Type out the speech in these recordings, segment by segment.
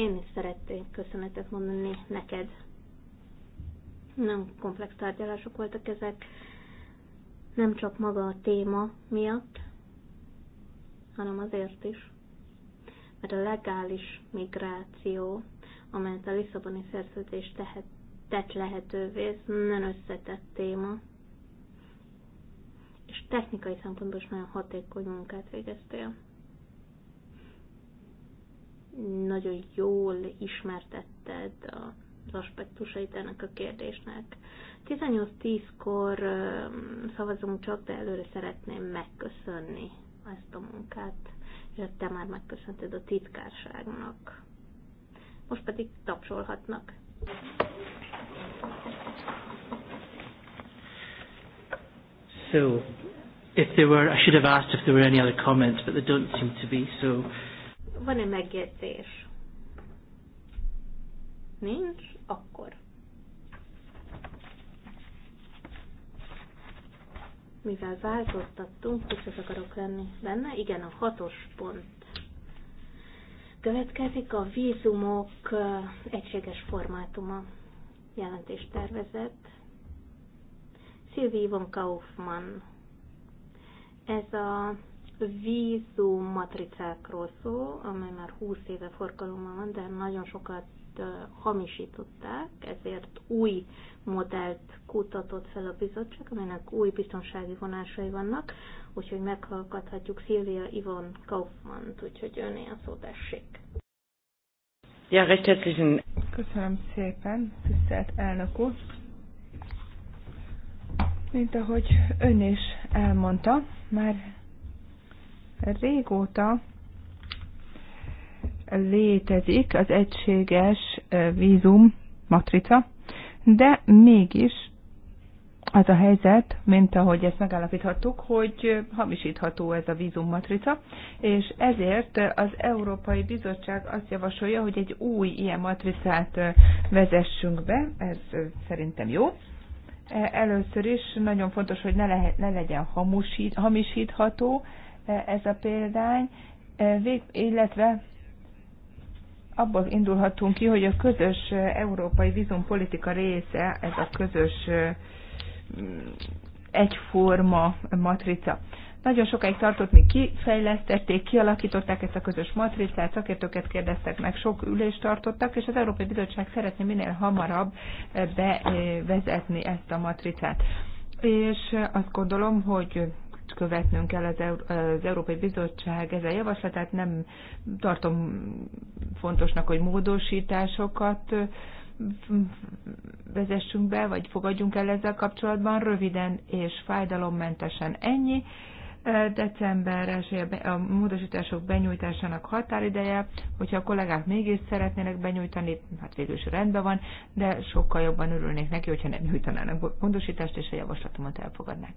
Én is szeretnék köszönetet mondani neked. Nem komplex tárgyalások voltak ezek, nem csak maga a téma miatt, hanem azért is, mert a legális migráció, amelyet a Lisszaboni szerződés tehet, tett lehetővé, ez nem összetett téma, és technikai szempontból is nagyon hatékony munkát végeztél nagyon jól ismertetted az aspektusait ennek a kérdésnek. 18-10-kor szavazunk csak, de előre szeretném megköszönni ezt a munkát, és te már megköszönted a titkárságnak. Most pedig tapsolhatnak. So, if there were, I should have asked if there were any other comments, but there don't seem to be, so van-e megjegyzés? Nincs? Akkor. Mivel változtattunk, Kicsit akarok lenni benne. Igen, a hatos pont. Következik a vízumok egységes formátuma jelentéstervezet. Szilvi von Kaufmann. Ez a vízum matricákról szó, amely már 20 éve forgalomban van, de nagyon sokat hamisították, ezért új modellt kutatott fel a bizottság, amelynek új biztonsági vonásai vannak, úgyhogy meghallgathatjuk Szilvia Ivon Kaufmann-t, úgyhogy öné a szó tessék. Ja, Köszönöm szépen, tisztelt elnök úr. Mint ahogy ön is elmondta, már régóta létezik az egységes vízum matrica, de mégis az a helyzet, mint ahogy ezt megállapíthattuk, hogy hamisítható ez a vízummatrica, és ezért az Európai Bizottság azt javasolja, hogy egy új ilyen matricát vezessünk be, ez szerintem jó. E, először is nagyon fontos, hogy ne, lehet, ne legyen hamusít, hamisítható, ez a példány, e, illetve abból indulhatunk ki, hogy a közös e, európai vízumpolitika része ez a közös e, egyforma matrica. Nagyon sokáig tartott, mi kifejlesztették, kialakították ezt a közös matricát, szakértőket kérdeztek meg, sok ülést tartottak, és az Európai Bizottság szeretné minél hamarabb bevezetni ezt a matricát. És azt gondolom, hogy követnünk kell az, az Európai Bizottság ezen javaslatát. Nem tartom fontosnak, hogy módosításokat vezessünk be, vagy fogadjunk el ezzel kapcsolatban röviden és fájdalommentesen ennyi. December 1 a módosítások benyújtásának határideje, hogyha a kollégák mégis szeretnének benyújtani, hát végül is rendben van, de sokkal jobban örülnék neki, hogyha nem nyújtanának módosítást, és a javaslatomat elfogadnák.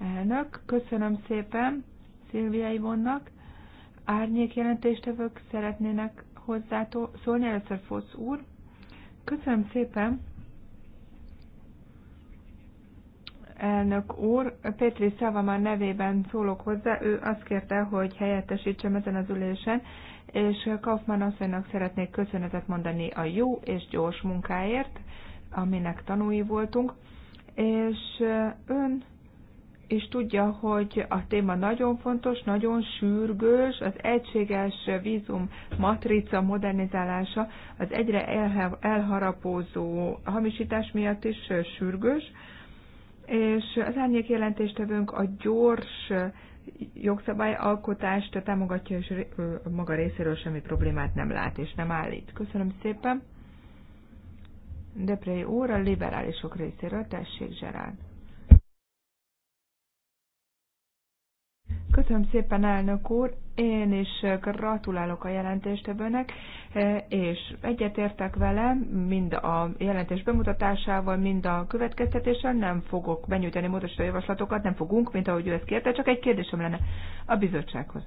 Elnök, köszönöm szépen Szilvia Ivonnak. Árnyék jelentéstevők szeretnének hozzá szólni. Először Fosz úr. Köszönöm szépen. elnök úr, Pétri Szavamán nevében szólok hozzá, ő azt kérte, hogy helyettesítsem ezen az ülésen, és Kaufmann asszonynak szeretnék köszönetet mondani a jó és gyors munkáért, aminek tanúi voltunk, és ön és tudja, hogy a téma nagyon fontos, nagyon sürgős, az egységes vízum matrica modernizálása az egyre elharapózó hamisítás miatt is sürgős, és az árnyék jelentéstevőnk a gyors jogszabályalkotást támogatja, és maga részéről semmi problémát nem lát és nem állít. Köszönöm szépen. Depré úr, a liberálisok részéről, tessék Zserád! Köszönöm szépen, elnök úr! Én is gratulálok a jelentéstevőnek, e, és egyetértek vele, mind a jelentés bemutatásával, mind a következtetéssel. Nem fogok benyújtani módosító javaslatokat, nem fogunk, mint ahogy ő ezt kérte, csak egy kérdésem lenne a bizottsághoz.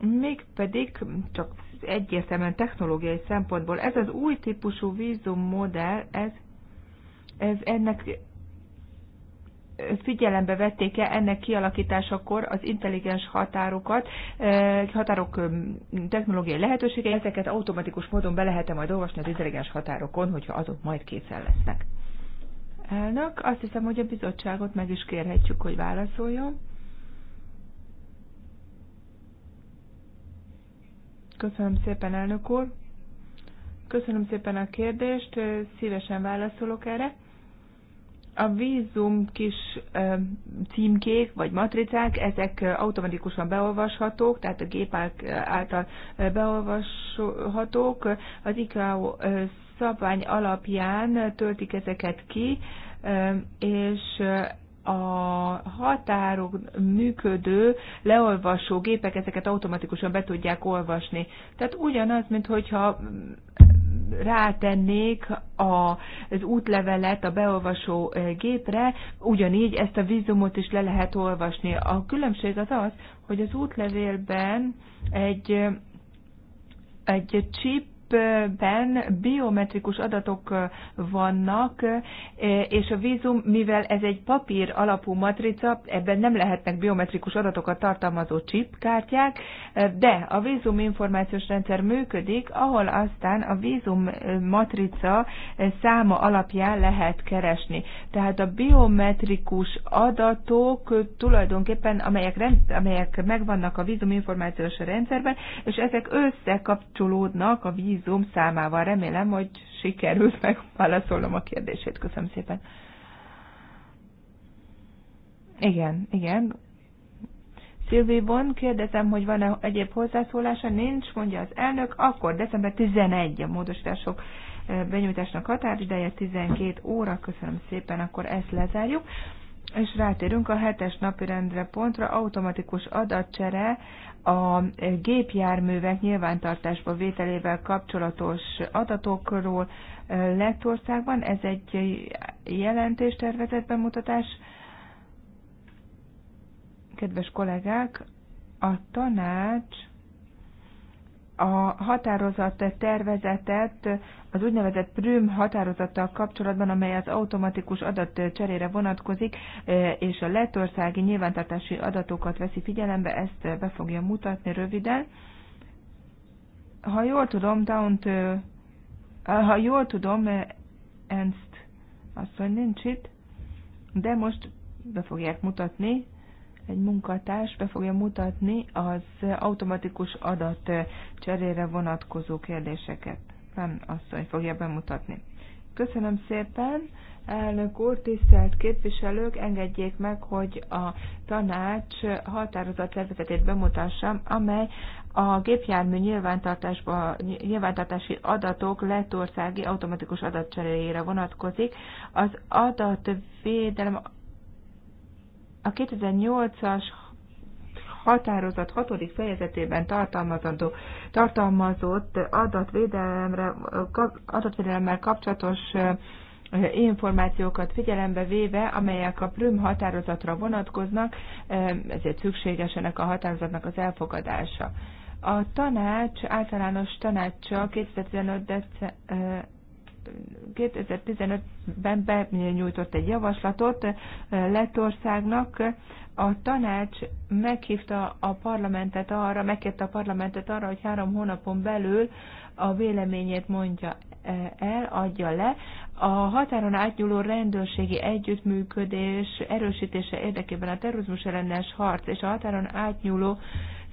Mégpedig csak egyértelműen technológiai szempontból ez az új típusú vízummodell, ez, ez ennek figyelembe vették-e ennek kialakításakor az intelligens határokat, határok technológiai lehetőségei, ezeket automatikus módon be lehet -e majd olvasni az intelligens határokon, hogyha azok majd készen lesznek. Elnök, azt hiszem, hogy a bizottságot meg is kérhetjük, hogy válaszoljon. Köszönöm szépen, elnök úr. Köszönöm szépen a kérdést, szívesen válaszolok erre. A vízum kis címkék vagy matricák, ezek automatikusan beolvashatók, tehát a gépák által beolvashatók. Az ICAO szabvány alapján töltik ezeket ki, és a határok működő leolvasó gépek ezeket automatikusan be tudják olvasni. Tehát ugyanaz, mint hogyha rátennék a, az útlevelet a beolvasó gépre, ugyanígy ezt a vízumot is le lehet olvasni. A különbség az az, hogy az útlevélben egy egy chip többben biometrikus adatok vannak, és a vízum, mivel ez egy papír alapú matrica, ebben nem lehetnek biometrikus adatokat tartalmazó chipkártyák, de a vízum információs rendszer működik, ahol aztán a vízum matrica száma alapján lehet keresni. Tehát a biometrikus adatok tulajdonképpen, amelyek, rend, amelyek megvannak a vízum információs rendszerben, és ezek összekapcsolódnak a víz Zoom számával. Remélem, hogy sikerült megválaszolnom a kérdését. Köszönöm szépen. Igen, igen. Szilvi Bon, kérdezem, hogy van-e egyéb hozzászólása? Nincs, mondja az elnök. Akkor december 11 a módosítások eh, benyújtásnak határideje 12 óra. Köszönöm szépen, akkor ezt lezárjuk. És rátérünk a hetes napi rendre pontra, automatikus adatcsere a gépjárművek nyilvántartásba vételével kapcsolatos adatokról eh, Lettországban. Ez egy tervezett bemutatás. Kedves kollégák, a tanács a határozat tervezetet az úgynevezett Prüm határozattal kapcsolatban, amely az automatikus adatcserére vonatkozik, e, és a letországi nyilvántartási adatokat veszi figyelembe, ezt be fogja mutatni röviden. Ha jól tudom, Daunt, e, ha jól tudom, e, Ernst asszony nincs itt, de most be fogják mutatni egy munkatárs be fogja mutatni az automatikus adat cserére vonatkozó kérdéseket. Nem asszony fogja bemutatni. Köszönöm szépen, elnök úr, tisztelt képviselők, engedjék meg, hogy a tanács határozat tervezetét bemutassam, amely a gépjármű nyilvántartási adatok letországi automatikus adatcseréjére vonatkozik. Az adatvédelem a 2008-as határozat hatodik fejezetében tartalmazandó, tartalmazott adatvédelemre, adatvédelemmel kapcsolatos eh, információkat figyelembe véve, amelyek a Prüm határozatra vonatkoznak, eh, ezért szükséges ennek a határozatnak az elfogadása. A tanács általános tanácsa 2015. 2015-ben benyújtott egy javaslatot eh, Lettországnak. A tanács meghívta a parlamentet arra, megkérte a parlamentet arra, hogy három hónapon belül a véleményét mondja eh, el, adja le. A határon átnyúló rendőrségi együttműködés erősítése érdekében a terrorizmus ellenes harc és a határon átnyúló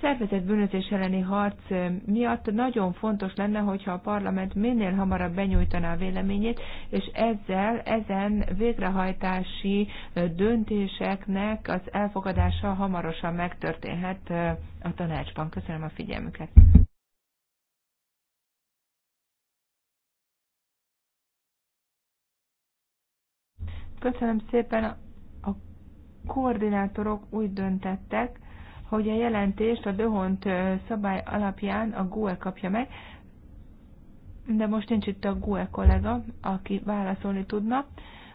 szervezett bűnözés elleni harc miatt nagyon fontos lenne, hogyha a parlament minél hamarabb benyújtaná a véleményét, és ezzel ezen végrehajtási döntéseknek az elfogadása hamarosan megtörténhet a tanácsban. Köszönöm a figyelmüket. Köszönöm szépen. A koordinátorok úgy döntettek, hogy a jelentést a Dehont szabály alapján a GUE kapja meg, de most nincs itt a GUE kollega, aki válaszolni tudna.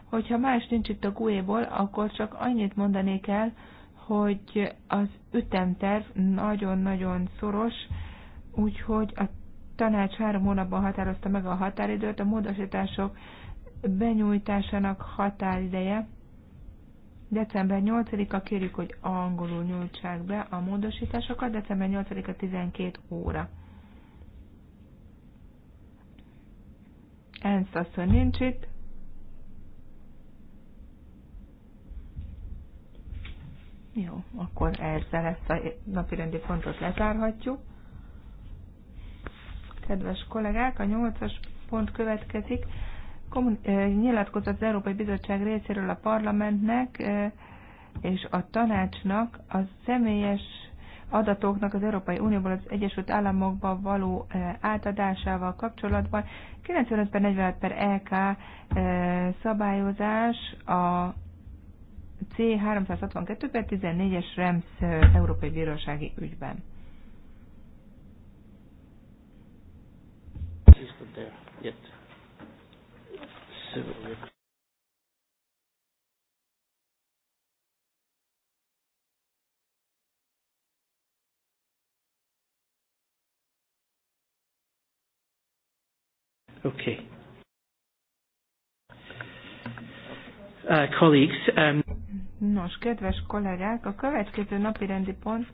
Hogyha más nincs itt a GUE-ból, akkor csak annyit mondanék el, hogy az ütemterv nagyon-nagyon szoros, úgyhogy a tanács három hónapban határozta meg a határidőt, a módosítások benyújtásának határideje December 8-a kérjük, hogy angolul nyújtsák be a módosításokat, december 8-a 12 óra. Ernst asszony nincs itt. Jó, akkor ezzel ezt a napirendi pontot lezárhatjuk. Kedves kollégák, a 8 pont következik nyilatkozat az Európai Bizottság részéről a parlamentnek és a tanácsnak a személyes adatoknak az Európai Unióból az Egyesült Államokba való átadásával kapcsolatban 95 per 46 per EK szabályozás a C362 per 14-es REMS Európai Bírósági ügyben. Yet. Okay. Uh, colleagues, um... Nos, kedves kollégák, a következő napi rendi pont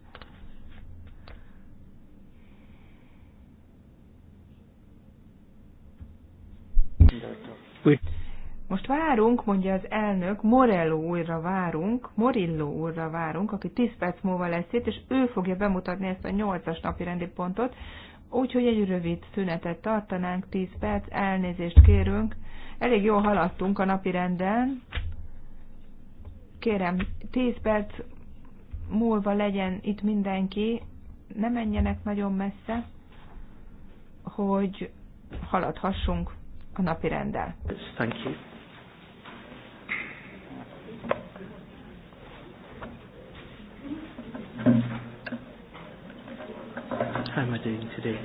most várunk, mondja az elnök, Morello úrra várunk, Morillo úrra várunk, aki 10 perc múlva lesz itt, és ő fogja bemutatni ezt a 8-as napi rendi pontot, úgyhogy egy rövid szünetet tartanánk, 10 perc, elnézést kérünk. Elég jól haladtunk a napi renden. Kérem, 10 perc múlva legyen itt mindenki, ne menjenek nagyon messze, hogy haladhassunk a napi rendel. Thank you. How am I doing today?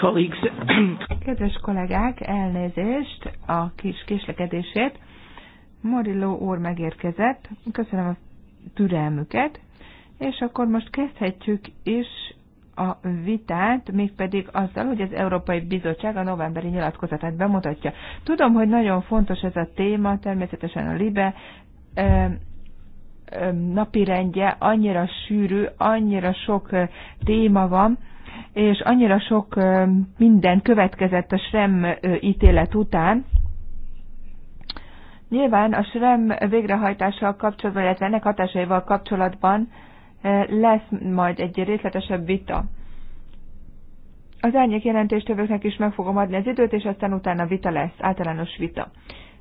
Colleagues. Kedves kollégák, elnézést a kis késlekedését. Moriló úr megérkezett, köszönöm a türelmüket, és akkor most kezdhetjük is a vitát, mégpedig azzal, hogy az Európai Bizottság a novemberi nyilatkozatát bemutatja. Tudom, hogy nagyon fontos ez a téma, természetesen a LIBE napirendje annyira sűrű, annyira sok téma van, és annyira sok minden következett a Srem ítélet után, Nyilván a SREM végrehajtással kapcsolatban, illetve ennek hatásaival kapcsolatban lesz majd egy részletesebb vita. Az árnyék jelentéstevőknek is meg fogom adni az időt, és aztán utána vita lesz, általános vita.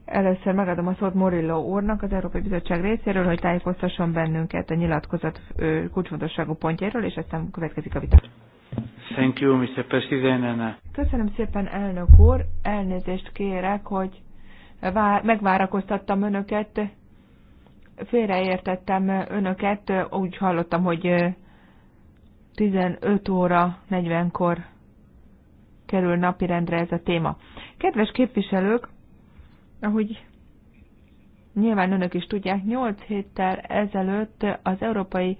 Először megadom a szót Morillo úrnak az Európai Bizottság részéről, hogy tájékoztasson bennünket a nyilatkozat kulcsfontosságú pontjáról, és aztán következik a vita. Thank you, Mr. President. Uh, Köszönöm szépen, elnök úr. Elnézést kérek, hogy vár, megvárakoztattam önöket. Félreértettem önöket. Úgy hallottam, hogy 15 óra 40-kor kerül napirendre ez a téma. Kedves képviselők, ahogy nyilván önök is tudják, 8 héttel ezelőtt az Európai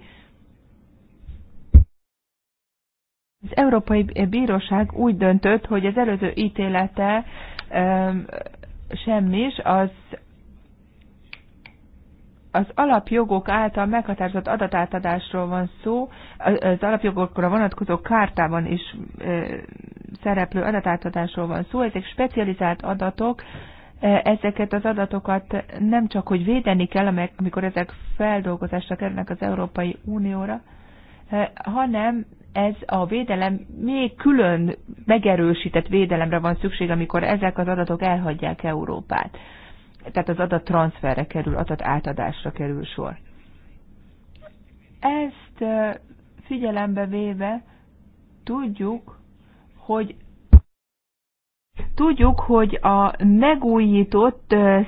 Az Európai Bíróság úgy döntött, hogy az előző ítélete semmis, az az alapjogok által meghatározott adatátadásról van szó, az alapjogokra vonatkozó kártában is ö, szereplő adatátadásról van szó, ezek specializált adatok, ezeket az adatokat nem csak, hogy védeni kell, amikor ezek feldolgozásra kerülnek az Európai Unióra, hanem ez a védelem még külön megerősített védelemre van szükség, amikor ezek az adatok elhagyják Európát. Tehát az adat transferre kerül, adat átadásra kerül sor. Ezt figyelembe véve tudjuk, hogy Tudjuk, hogy a megújított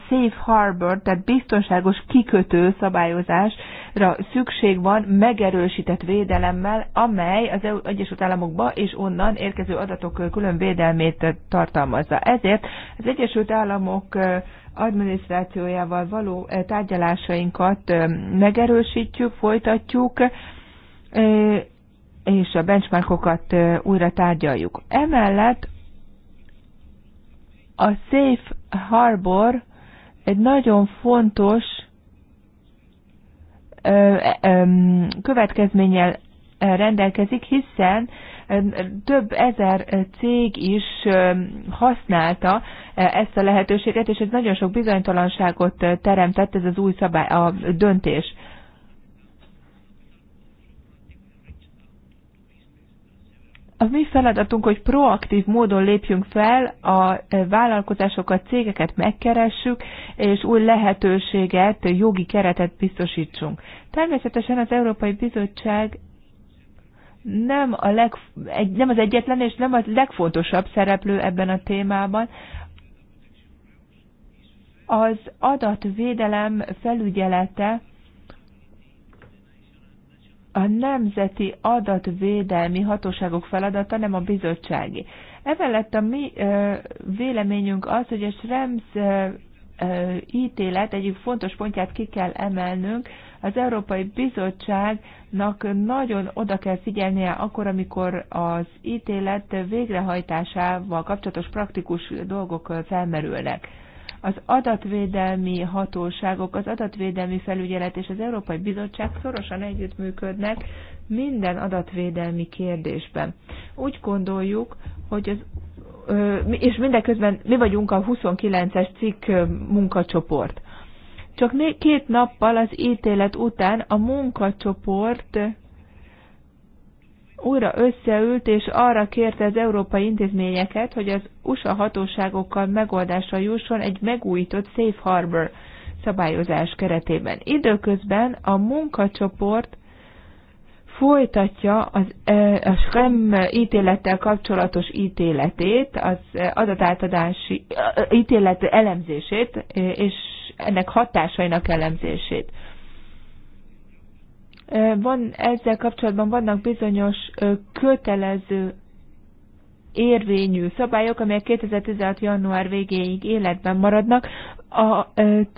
Safe Harbor, tehát biztonságos kikötő szabályozásra szükség van megerősített védelemmel, amely az e Egyesült Államokba és onnan érkező adatok külön védelmét tartalmazza. Ezért az Egyesült Államok adminisztrációjával való tárgyalásainkat megerősítjük, folytatjuk, és a benchmarkokat újra tárgyaljuk. Emellett a Safe Harbor egy nagyon fontos következménnyel rendelkezik, hiszen több ezer cég is használta ezt a lehetőséget, és ez nagyon sok bizonytalanságot teremtett ez az új szabály, a döntés. A mi feladatunk, hogy proaktív módon lépjünk fel, a e, vállalkozásokat, cégeket megkeressük, és új lehetőséget, jogi keretet biztosítsunk. Természetesen az Európai Bizottság nem, a leg, nem az egyetlen és nem a legfontosabb szereplő ebben a témában. Az adatvédelem felügyelete a nemzeti adatvédelmi hatóságok feladata, nem a bizottsági. Emellett a mi véleményünk az, hogy a ö, ítélet egyik fontos pontját ki kell emelnünk. Az Európai Bizottságnak nagyon oda kell figyelnie akkor, amikor az ítélet végrehajtásával kapcsolatos praktikus dolgok felmerülnek. Az adatvédelmi hatóságok, az adatvédelmi felügyelet és az Európai Bizottság szorosan együttműködnek minden adatvédelmi kérdésben. Úgy gondoljuk, hogy az és mindeközben mi vagyunk a 29-es cikk munkacsoport. Csak két nappal az ítélet után a munkacsoport újra összeült, és arra kérte az európai intézményeket, hogy az USA hatóságokkal megoldásra jusson egy megújított Safe Harbor szabályozás keretében. Időközben a munkacsoport folytatja az, e, a SREM ítélettel kapcsolatos ítéletét, az adatátadási e, ítélet elemzését, és ennek hatásainak elemzését. Van, ezzel kapcsolatban vannak bizonyos kötelező érvényű szabályok, amelyek 2016. január végéig életben maradnak. A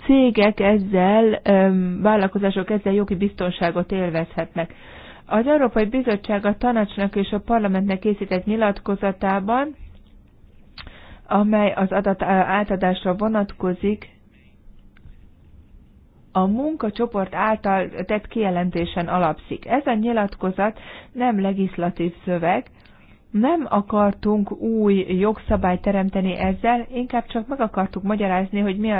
cégek ezzel, vállalkozások ezzel jogi biztonságot élvezhetnek. Az Európai Bizottság a tanácsnak és a parlamentnek készített nyilatkozatában, amely az adat átadásra vonatkozik, a munkacsoport által tett kijelentésen alapszik. Ez a nyilatkozat nem legislatív szöveg, nem akartunk új jogszabályt teremteni ezzel, inkább csak meg akartuk magyarázni, hogy mi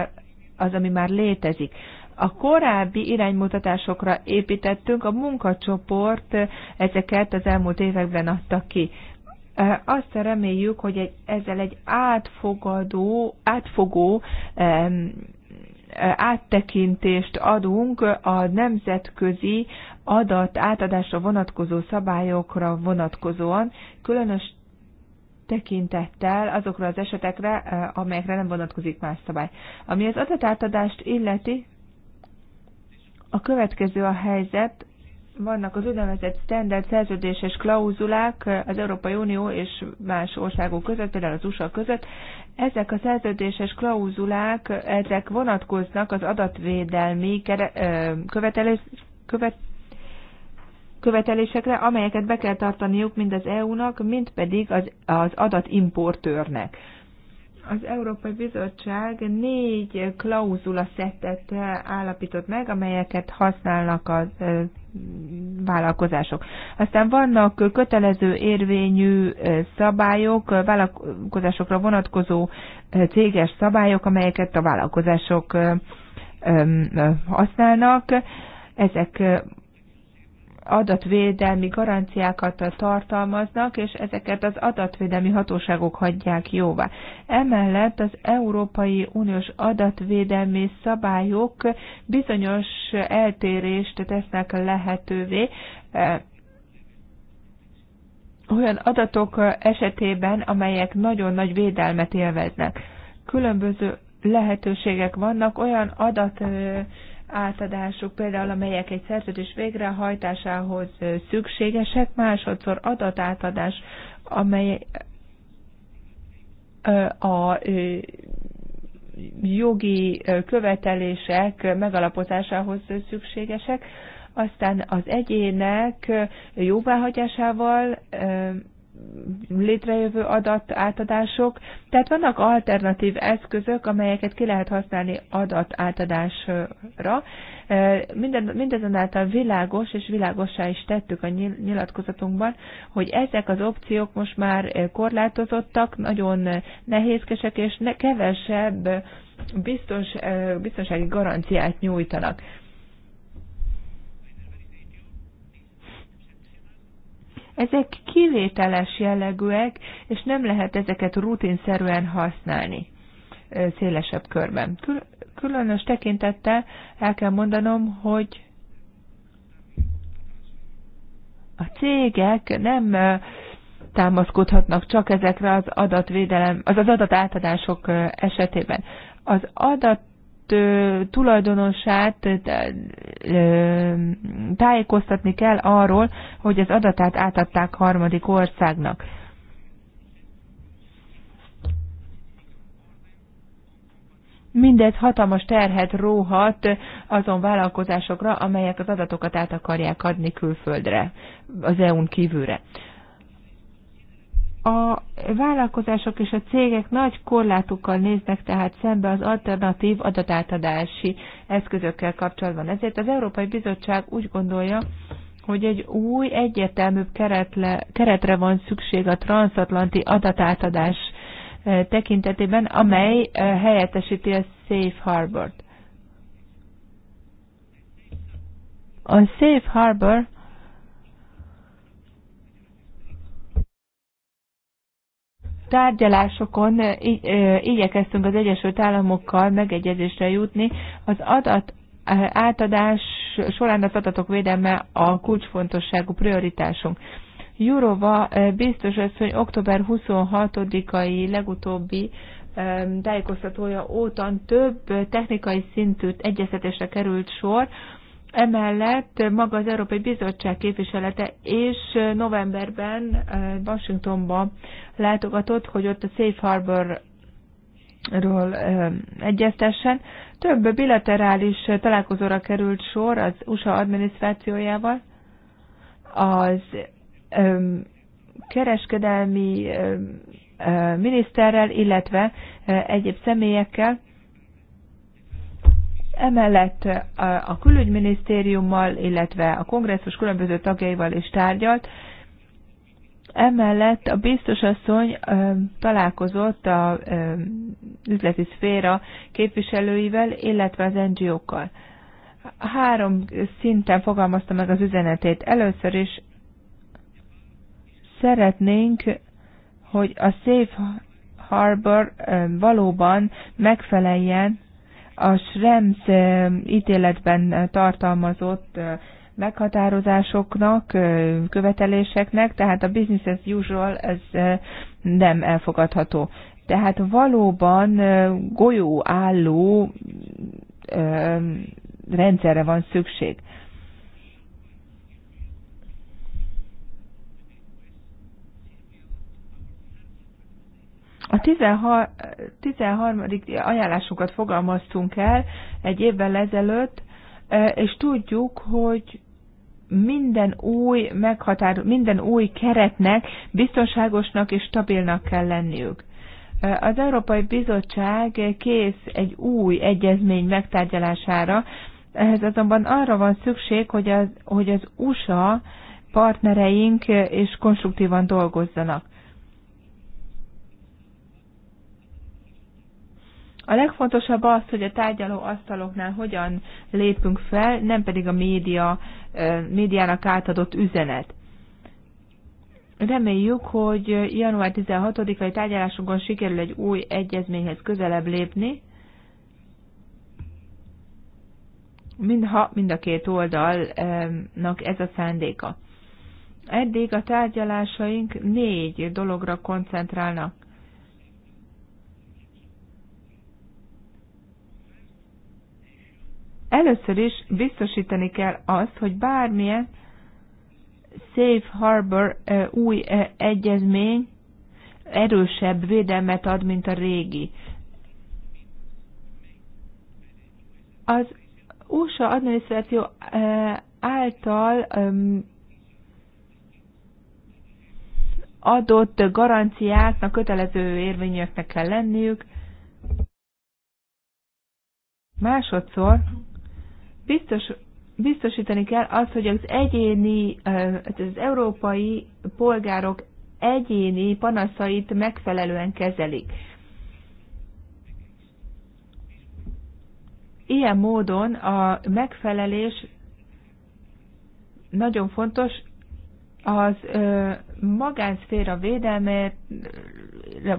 az, ami már létezik. A korábbi iránymutatásokra építettünk, a munkacsoport ezeket az elmúlt években adta ki. Azt reméljük, hogy egy, ezzel egy átfogadó, átfogó áttekintést adunk a nemzetközi adat átadásra vonatkozó szabályokra vonatkozóan, különös tekintettel azokra az esetekre, eh, amelyekre nem vonatkozik más szabály. Ami az adatátadást illeti, a következő a helyzet, vannak az úgynevezett standard szerződéses klauzulák az Európai Unió és más országok között, például az USA között. Ezek a szerződéses klauzulák, ezek vonatkoznak az adatvédelmi követelés, követ, követelésekre, amelyeket be kell tartaniuk mind az EU-nak, mind pedig az, az adatimportőrnek az Európai Bizottság négy klauzula szettet eh, állapított meg, amelyeket használnak a eh, vállalkozások. Aztán vannak kötelező érvényű eh, szabályok, vállalkozásokra vonatkozó céges szabályok, amelyeket a vállalkozások használnak. Ezek adatvédelmi garanciákat tartalmaznak, és ezeket az adatvédelmi hatóságok hagyják jóvá. Emellett az Európai Uniós adatvédelmi szabályok bizonyos eltérést tesznek lehetővé eh, olyan adatok esetében, amelyek nagyon nagy védelmet élveznek. Különböző lehetőségek vannak olyan adat eh, átadások, például amelyek egy szerződés végrehajtásához szükségesek, másodszor adatátadás, amely a jogi követelések megalapozásához szükségesek, aztán az egyének jóváhagyásával létrejövő adatátadások. Tehát vannak alternatív eszközök, amelyeket ki lehet használni adatátadásra. E, minden, mindezonáltal világos, és világossá is tettük a nyilatkozatunkban, hogy ezek az opciók most már korlátozottak, nagyon nehézkesek, és ne, kevesebb biztons, e, biztonsági garanciát nyújtanak. Ezek kivételes jellegűek, és nem lehet ezeket rutinszerűen használni szélesebb körben. Különös tekintettel el kell mondanom, hogy a cégek nem támaszkodhatnak csak ezekre az adatvédelem, az, az adatátadások esetében. Az adat tulajdonosát tájékoztatni kell arról, hogy az adatát átadták harmadik országnak. Mindez hatalmas terhet róhat azon vállalkozásokra, amelyek az adatokat át akarják adni külföldre, az EU-n kívülre. A vállalkozások és a cégek nagy korlátokkal néznek tehát szembe az alternatív adatátadási eszközökkel kapcsolatban. Ezért az Európai Bizottság úgy gondolja, hogy egy új, egyértelműbb keretle, keretre van szükség a transatlanti adatátadás e, tekintetében, amely e, helyettesíti a Safe Harbor-t. A Safe Harbor tárgyalásokon igyekeztünk az Egyesült Államokkal megegyezésre jutni. Az adat átadás során az adatok védelme a kulcsfontosságú prioritásunk. Jurova biztos az, hogy október 26-ai legutóbbi tájékoztatója óta több technikai szintű egyeztetésre került sor Emellett maga az Európai Bizottság képviselete és novemberben eh, Washingtonba látogatott, hogy ott a Safe Harbor ről eh, egyeztessen. Több bilaterális találkozóra került sor az USA adminisztrációjával, az kereskedelmi eh, miniszterrel, illetve egyéb személyekkel. Emellett a külügyminisztériummal, illetve a kongresszus különböző tagjaival is tárgyalt. Emellett a biztosasszony találkozott a üzleti szféra képviselőivel, illetve az NGO-kkal. Három szinten fogalmazta meg az üzenetét. Először is szeretnénk, hogy a Safe Harbor valóban megfeleljen a Schrems ítéletben tartalmazott meghatározásoknak, követeléseknek, tehát a business as usual ez nem elfogadható. Tehát valóban golyó álló rendszerre van szükség. A 13. ajánlásunkat fogalmaztunk el egy évvel ezelőtt, e, és tudjuk, hogy minden új meghatár, minden új keretnek biztonságosnak és stabilnak kell lenniük. E, az Európai Bizottság kész egy új egyezmény megtárgyalására, ehhez azonban arra van szükség, hogy az, hogy az USA partnereink e, és konstruktívan dolgozzanak. A legfontosabb az, hogy a tárgyaló asztaloknál hogyan lépünk fel, nem pedig a média, médiának átadott üzenet. Reméljük, hogy január 16-ai tárgyalásokon sikerül egy új egyezményhez közelebb lépni, mindha mind a két oldalnak ez a szándéka. Eddig a tárgyalásaink négy dologra koncentrálnak. Először is biztosítani kell azt, hogy bármilyen Safe Harbor új egyezmény erősebb védelmet ad, mint a régi. Az USA adminisztráció által adott garanciáknak kötelező érvényeknek kell lenniük. Másodszor Biztos, biztosítani kell azt, hogy az egyéni, hát az európai polgárok egyéni panaszait megfelelően kezelik. Ilyen módon a megfelelés nagyon fontos, az ö, magánszféra védelmére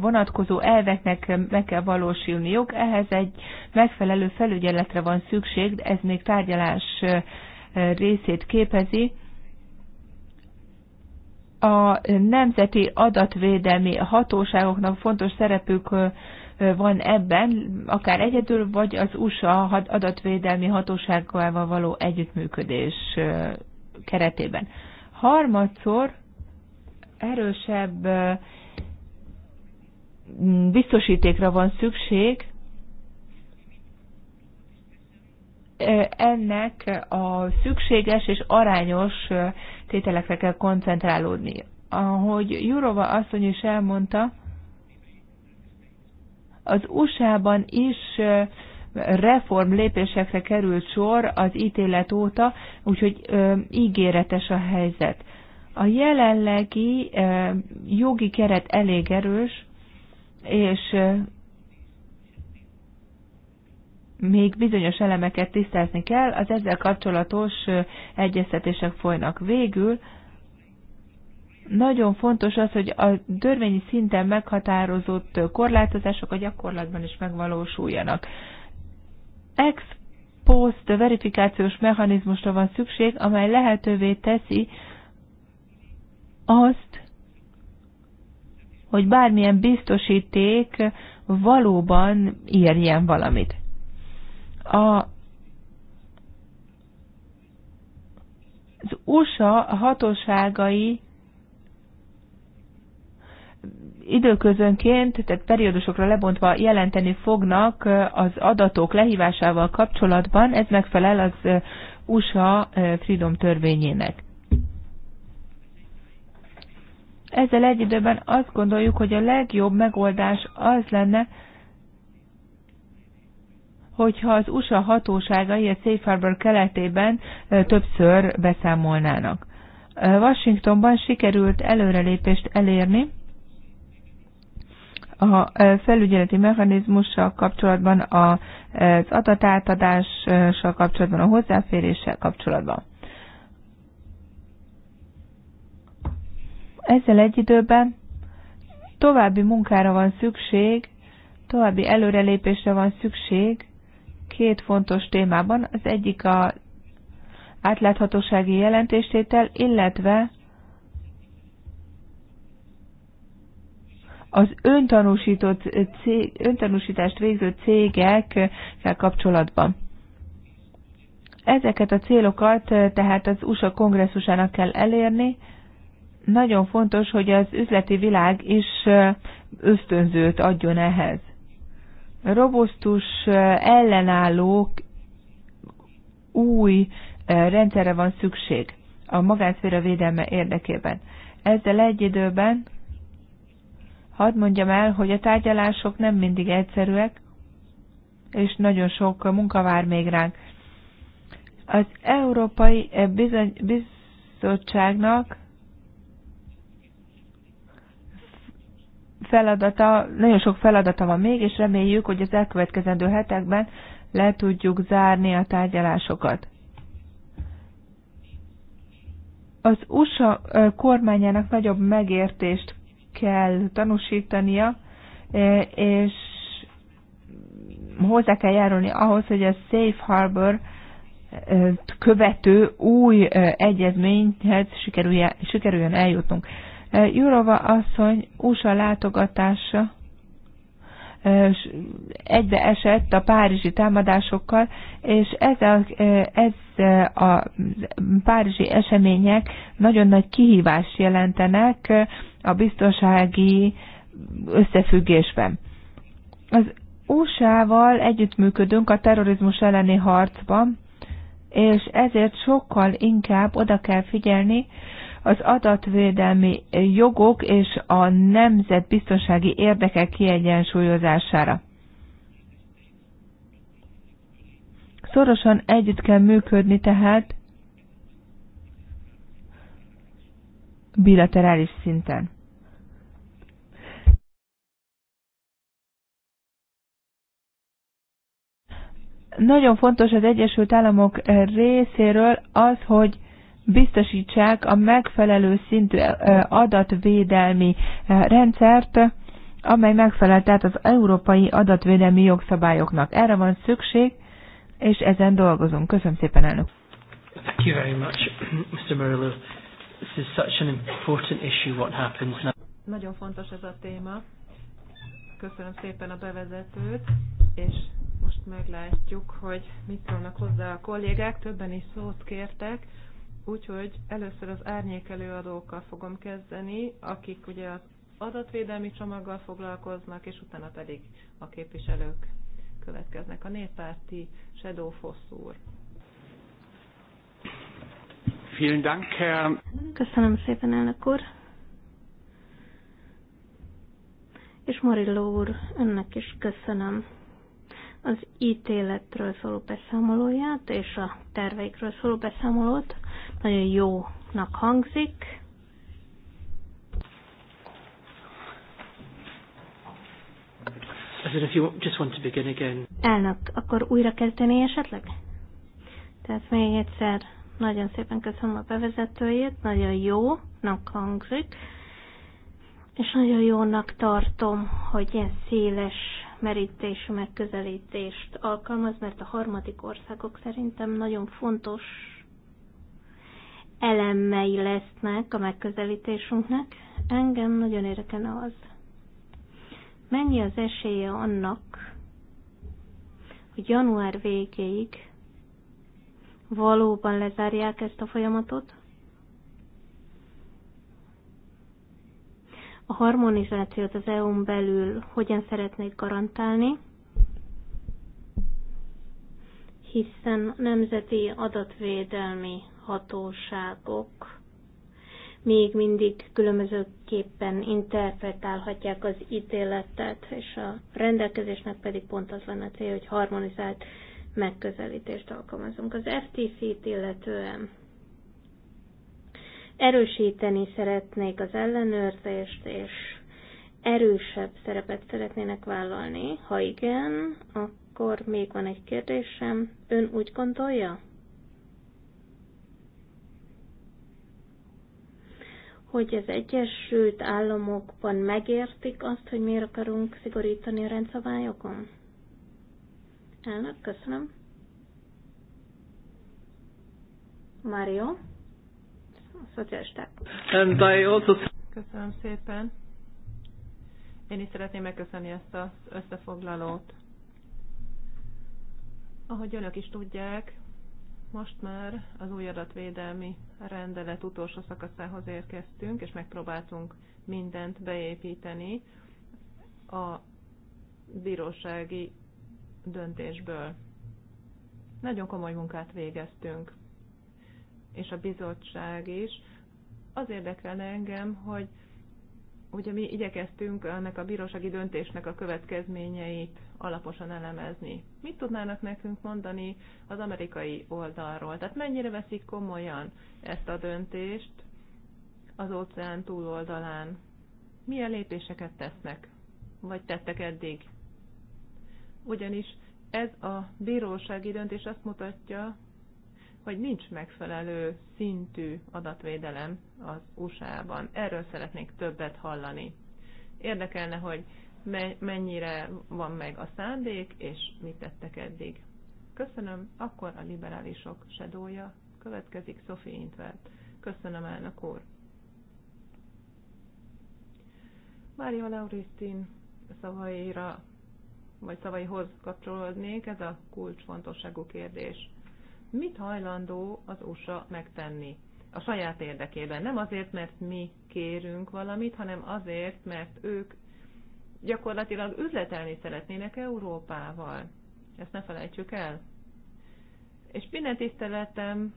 vonatkozó elveknek meg kell valósulniuk, ehhez egy megfelelő felügyeletre van szükség, de ez még tárgyalás részét képezi. A nemzeti adatvédelmi hatóságoknak fontos szerepük van ebben, akár egyedül, vagy az USA adatvédelmi hatóságával való együttműködés keretében. Harmadszor erősebb biztosítékra van szükség, ennek a szükséges és arányos tételekre kell koncentrálódni. Ahogy Jurova asszony is elmondta, az USA-ban is reform lépésekre került sor az ítélet óta, úgyhogy ö, ígéretes a helyzet. A jelenlegi ö, jogi keret elég erős, és ö, még bizonyos elemeket tisztázni kell, az ezzel kapcsolatos egyeztetések folynak végül. Nagyon fontos az, hogy a törvényi szinten meghatározott korlátozások a gyakorlatban is megvalósuljanak ex post verifikációs mechanizmusra van szükség, amely lehetővé teszi azt, hogy bármilyen biztosíték valóban írjen valamit. A az USA hatóságai időközönként, tehát periódusokra lebontva jelenteni fognak az adatok lehívásával kapcsolatban, ez megfelel az USA Freedom törvényének. Ezzel egy időben azt gondoljuk, hogy a legjobb megoldás az lenne, hogyha az USA hatóságai a Safe Harbor keletében többször beszámolnának. Washingtonban sikerült előrelépést elérni, a e, felügyeleti mechanizmussal kapcsolatban, e, az adatátadással kapcsolatban, a hozzáféréssel kapcsolatban. Ezzel egy időben további munkára van szükség, további előrelépésre van szükség két fontos témában. Az egyik a átláthatósági jelentéstétel, illetve az öntanúsított cég, öntanúsítást végző cégekkel kapcsolatban. Ezeket a célokat eh, tehát az USA kongresszusának kell elérni. Nagyon fontos, hogy az üzleti világ is eh, ösztönzőt adjon ehhez. Robusztus, eh, ellenállók új rendszerre van szükség a magánszféra védelme érdekében. Ezzel egy időben Hadd mondjam el, hogy a tárgyalások nem mindig egyszerűek, és nagyon sok munka vár még ránk. Az Európai Bizottságnak feladata, nagyon sok feladata van még, és reméljük, hogy az elkövetkezendő hetekben le tudjuk zárni a tárgyalásokat. Az USA kormányának nagyobb megértést kell tanúsítania, e, és hozzá kell járulni ahhoz, hogy a Safe Harbor e, követő új e, egyezményhez sikerüljön eljutnunk. Jurova asszony USA látogatása esett a párizsi támadásokkal, és ez a, ez a párizsi események nagyon nagy kihívást jelentenek a biztonsági összefüggésben. Az USA-val együttműködünk a terrorizmus elleni harcban, és ezért sokkal inkább oda kell figyelni az adatvédelmi jogok és a nemzetbiztonsági érdekek kiegyensúlyozására. Szorosan együtt kell működni tehát bilaterális szinten. Nagyon fontos az Egyesült Államok eh, részéről az, hogy biztosítsák a megfelelő szintű eh, adatvédelmi eh, rendszert, amely megfelel tehát az európai adatvédelmi jogszabályoknak. Erre van szükség, és ezen dolgozunk. Köszönöm szépen, elnök. Thank you very much, Mr. Murillo. This is such an important issue, what happens now. Nagyon fontos ez a téma. Köszönöm szépen a bevezetőt és most meglátjuk, hogy mit szólnak hozzá a kollégák, többen is szót kértek, úgyhogy először az árnyék előadókkal fogom kezdeni, akik ugye az adatvédelmi csomaggal foglalkoznak, és utána pedig a képviselők következnek. A néppárti Shadow Fosz úr. Köszönöm szépen, elnök úr. És Marilló úr, önnek is köszönöm az ítéletről szóló beszámolóját és a terveikről szóló beszámolót. Nagyon jónak hangzik. Elnök, akkor újra kezdeni esetleg? Tehát még egyszer nagyon szépen köszönöm a bevezetőjét, nagyon jónak hangzik, és nagyon jónak tartom, hogy ilyen széles merítésű megközelítést alkalmaz, mert a harmadik országok szerintem nagyon fontos elemei lesznek a megközelítésünknek. Engem nagyon érdekel az, mennyi az esélye annak, hogy január végéig valóban lezárják ezt a folyamatot, a harmonizációt az EU-n belül hogyan szeretnéd garantálni, hiszen a nemzeti adatvédelmi hatóságok még mindig különbözőképpen interpretálhatják az ítéletet, és a rendelkezésnek pedig pont az lenne célja, hogy harmonizált megközelítést alkalmazunk. Az FTC-t illetően erősíteni szeretnék az ellenőrzést, és erősebb szerepet szeretnének vállalni. Ha igen, akkor még van egy kérdésem. Ön úgy gondolja, hogy az Egyesült Államokban megértik azt, hogy miért akarunk szigorítani a rendszabályokon? Elnök, köszönöm. Mario? And I also... Köszönöm szépen. Én is szeretném megköszönni ezt az összefoglalót. Ahogy önök is tudják, most már az új adatvédelmi rendelet utolsó szakaszához érkeztünk, és megpróbáltunk mindent beépíteni a bírósági döntésből. Nagyon komoly munkát végeztünk és a bizottság is. Az érdekelne engem, hogy ugye mi igyekeztünk ennek a bírósági döntésnek a következményeit alaposan elemezni. Mit tudnának nekünk mondani az amerikai oldalról? Tehát mennyire veszik komolyan ezt a döntést az óceán túloldalán? Milyen lépéseket tesznek? Vagy tettek eddig? Ugyanis ez a bírósági döntés azt mutatja, hogy nincs megfelelő szintű adatvédelem az USA-ban. Erről szeretnék többet hallani. Érdekelne, hogy mennyire van meg a szándék, és mit tettek eddig. Köszönöm, akkor a liberálisok sedója. Következik Sophie Intvert. Köszönöm, elnök úr. Mária Lauristin szavaira, vagy szavaihoz kapcsolódnék, ez a kulcsfontosságú kérdés mit hajlandó az USA megtenni a saját érdekében. Nem azért, mert mi kérünk valamit, hanem azért, mert ők gyakorlatilag üzletelni szeretnének Európával. Ezt ne felejtsük el. És minden tiszteletem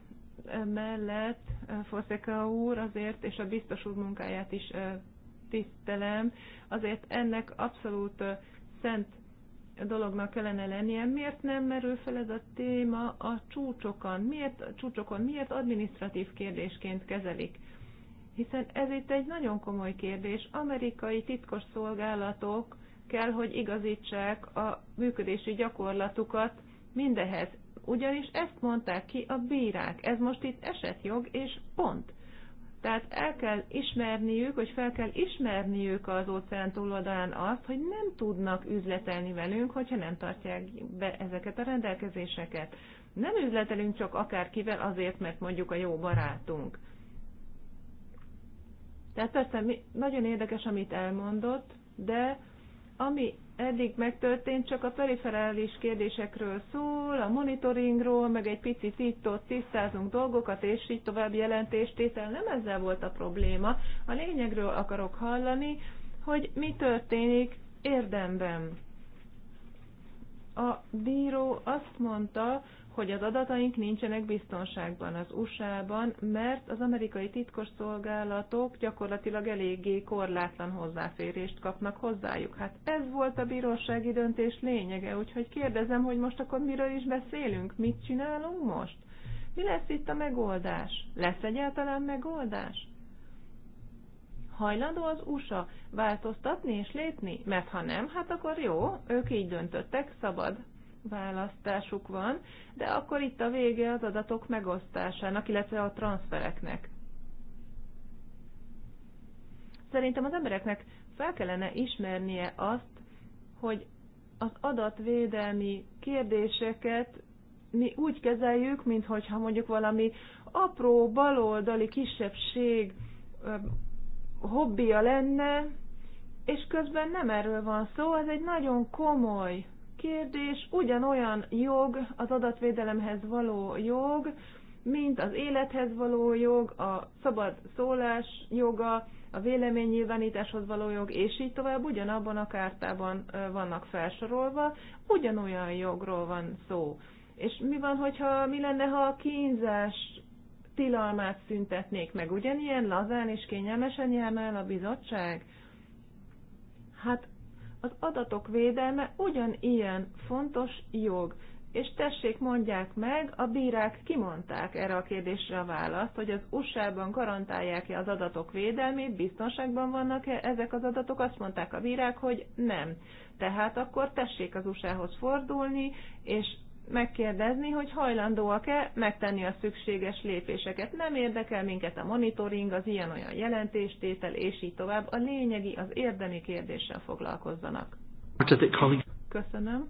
mellett Foszeka úr azért, és a biztos úr munkáját is tisztelem, azért ennek abszolút szent dolognak kellene lennie. Miért nem merül fel ez a téma a csúcsokon? Miért, a csúcsokon, miért administratív kérdésként kezelik? Hiszen ez itt egy nagyon komoly kérdés. Amerikai titkos szolgálatok kell, hogy igazítsák a működési gyakorlatukat mindehez. Ugyanis ezt mondták ki a bírák. Ez most itt esetjog, és pont. Tehát el kell ismerniük, hogy fel kell ismerniük az óceán túloldalán azt, hogy nem tudnak üzletelni velünk, hogyha nem tartják be ezeket a rendelkezéseket. Nem üzletelünk csak akárkivel azért, mert mondjuk a jó barátunk. Tehát persze nagyon érdekes, amit elmondott, de ami eddig megtörtént, csak a periferális kérdésekről szól, a monitoringról, meg egy picit itt-ott tisztázunk dolgokat, és így tovább jelentéstétel. Nem ezzel volt a probléma. A lényegről akarok hallani, hogy mi történik érdemben. A bíró azt mondta, hogy az adataink nincsenek biztonságban az USA-ban, mert az amerikai szolgálatok gyakorlatilag eléggé korlátlan hozzáférést kapnak hozzájuk. Hát ez volt a bírósági döntés lényege, úgyhogy kérdezem, hogy most akkor miről is beszélünk, mit csinálunk most? Mi lesz itt a megoldás? Lesz egyáltalán megoldás? Hajlandó az USA változtatni és lépni? Mert ha nem, hát akkor jó, ők így döntöttek, szabad választásuk van, de akkor itt a vége az adatok megosztásának, illetve a transfereknek. Szerintem az embereknek fel kellene ismernie azt, hogy az adatvédelmi kérdéseket mi úgy kezeljük, mintha mondjuk valami apró baloldali kisebbség hobbija lenne, és közben nem erről van szó, ez egy nagyon komoly kérdés ugyanolyan jog, az adatvédelemhez való jog, mint az élethez való jog, a szabad szólás joga, a véleménynyilvánításhoz való jog, és így tovább ugyanabban a kártában vannak felsorolva, ugyanolyan jogról van szó. És mi van, hogyha mi lenne, ha a kínzás tilalmát szüntetnék meg? Ugyanilyen lazán és kényelmesen járna el a bizottság? Hát az adatok védelme ugyanilyen fontos jog. És tessék, mondják meg, a bírák kimondták erre a kérdésre a választ, hogy az USA-ban garantálják-e az adatok védelmét, biztonságban vannak-e ezek az adatok, azt mondták a bírák, hogy nem. Tehát akkor tessék az USA-hoz fordulni, és megkérdezni, hogy hajlandóak-e megtenni a szükséges lépéseket. Nem érdekel minket a monitoring, az ilyen-olyan jelentéstétel, és így tovább. A lényegi, az érdemi kérdéssel foglalkozzanak. Köszönöm.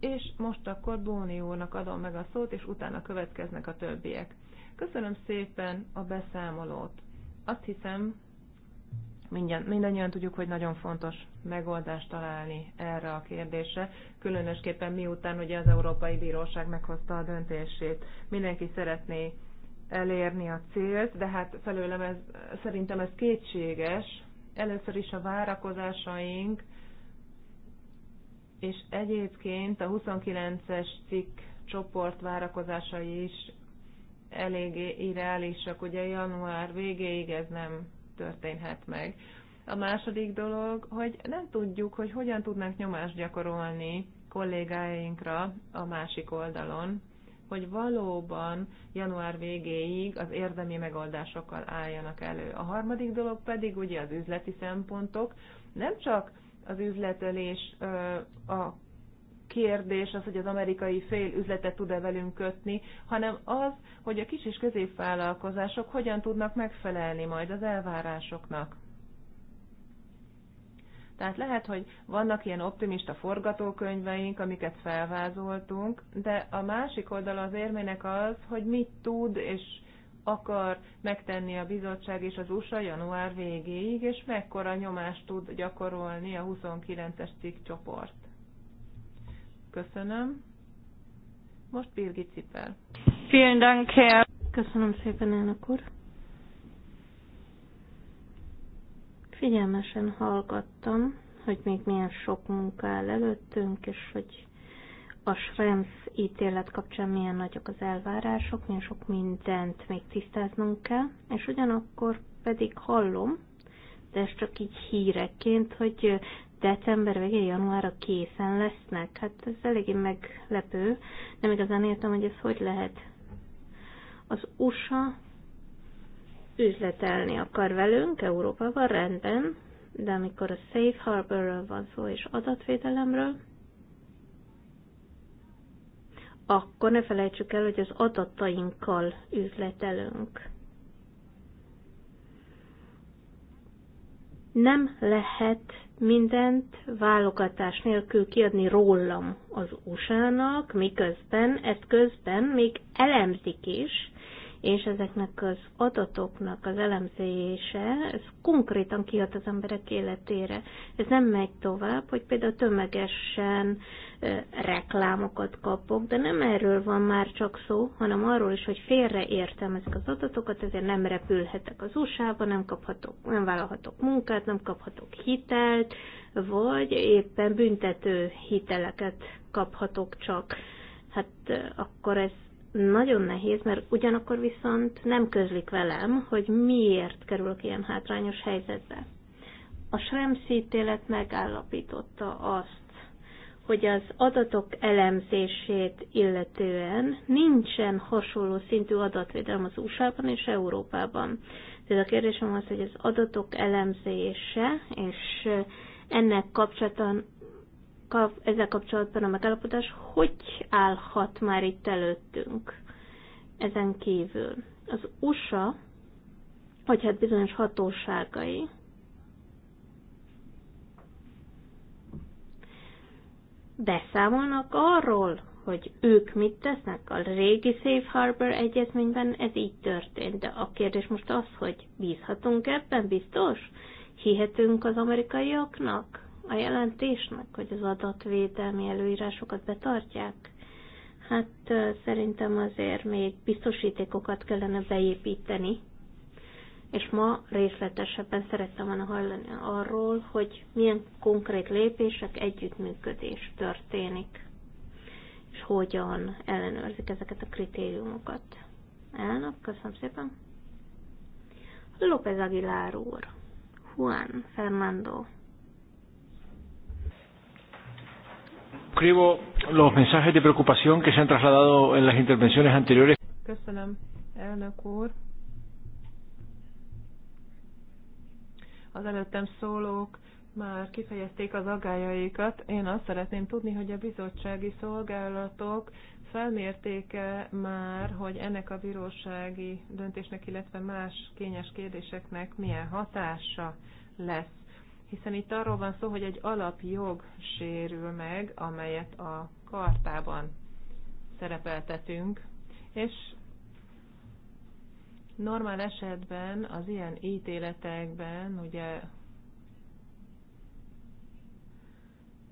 És most akkor Bóni úrnak adom meg a szót, és utána következnek a többiek. Köszönöm szépen a beszámolót. Azt hiszem, Mindjárt, mindannyian tudjuk, hogy nagyon fontos megoldást találni erre a kérdésre, különösképpen miután ugye az Európai Bíróság meghozta a döntését. Mindenki szeretné elérni a célt, de hát felőlem ez, szerintem ez kétséges. Először is a várakozásaink, és egyébként a 29-es cikk csoport várakozásai is eléggé irreálisak. Ugye január végéig ez nem történhet meg. A második dolog, hogy nem tudjuk, hogy hogyan tudnánk nyomást gyakorolni kollégáinkra a másik oldalon, hogy valóban január végéig az érdemi megoldásokkal álljanak elő. A harmadik dolog pedig ugye az üzleti szempontok, nem csak az üzletelés a kérdés az, hogy az amerikai fél üzletet tud-e velünk kötni, hanem az, hogy a kis és középvállalkozások hogyan tudnak megfelelni majd az elvárásoknak. Tehát lehet, hogy vannak ilyen optimista forgatókönyveink, amiket felvázoltunk, de a másik oldal az érmének az, hogy mit tud és akar megtenni a bizottság és az USA január végéig, és mekkora nyomást tud gyakorolni a 29-es cikk csoport. Köszönöm. Most Birgit Cipel. Vielen Dank, Herr. Köszönöm szépen, elnök úr. Figyelmesen hallgattam, hogy még milyen sok munka áll előttünk, és hogy a Schrems ítélet kapcsán milyen nagyok az elvárások, milyen sok mindent még tisztáznunk kell, és ugyanakkor pedig hallom, de ez csak így híreként, hogy december végén, januárra készen lesznek. Hát ez eléggé meglepő. Nem igazán értem, hogy ez hogy lehet. Az USA üzletelni akar velünk, Európában rendben, de amikor a Safe Harborról van szó és adatvédelemről, akkor ne felejtsük el, hogy az adatainkkal üzletelünk. Nem lehet mindent válogatás nélkül kiadni rólam az USA-nak, miközben ezt közben még elemzik is, és ezeknek az adatoknak az elemzése, ez konkrétan kiad az emberek életére. Ez nem megy tovább, hogy például tömegesen reklámokat kapok, de nem erről van már csak szó, hanem arról is, hogy félreértem ezek az adatokat, ezért nem repülhetek az USA-ba, nem, kaphatok, nem vállalhatok munkát, nem kaphatok hitelt, vagy éppen büntető hiteleket kaphatok csak. Hát akkor ez nagyon nehéz, mert ugyanakkor viszont nem közlik velem, hogy miért kerülök ilyen hátrányos helyzetbe. A Schrems ítélet megállapította azt, hogy az adatok elemzését illetően nincsen hasonló szintű adatvédelem az USA-ban és Európában. Tehát a kérdésem az, hogy az adatok elemzése és ennek kapcsolatban kap, ezzel kapcsolatban a megállapodás hogy állhat már itt előttünk ezen kívül? Az USA, vagy hát bizonyos hatóságai, beszámolnak arról, hogy ők mit tesznek. A régi Safe Harbor egyezményben ez így történt, de a kérdés most az, hogy bízhatunk ebben, biztos? Hihetünk az amerikaiaknak? a jelentésnek, hogy az adatvédelmi előírásokat betartják? Hát szerintem azért még biztosítékokat kellene beépíteni, és ma részletesebben szerettem volna hallani arról, hogy milyen konkrét lépések, együttműködés történik, és hogyan ellenőrzik ezeket a kritériumokat. Elnök, köszönöm szépen. López Aguilar úr, Juan Fernando Escribo los mensajes de preocupación que se han trasladado en las intervenciones anteriores. Köszönöm, elnök úr. Az előttem szólók már kifejezték az agályaikat. Én azt szeretném tudni, hogy a bizottsági szolgálatok felmértéke már, hogy ennek a bírósági döntésnek, illetve más kényes kérdéseknek milyen hatása lesz hiszen itt arról van szó, hogy egy alapjog sérül meg, amelyet a kartában szerepeltetünk, és normál esetben az ilyen ítéletekben ugye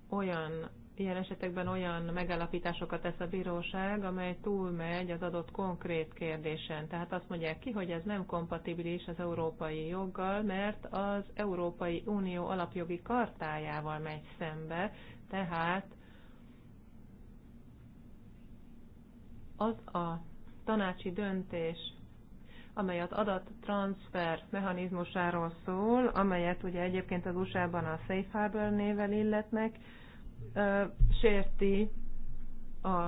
olyan ilyen esetekben olyan megállapításokat tesz a bíróság, amely túlmegy az adott konkrét kérdésen. Tehát azt mondják ki, hogy ez nem kompatibilis az európai joggal, mert az Európai Unió alapjogi kartájával megy szembe, tehát az a tanácsi döntés, amely az adattranszfer mechanizmusáról szól, amelyet ugye egyébként az USA-ban a Safe Harbor néven illetnek, sérti a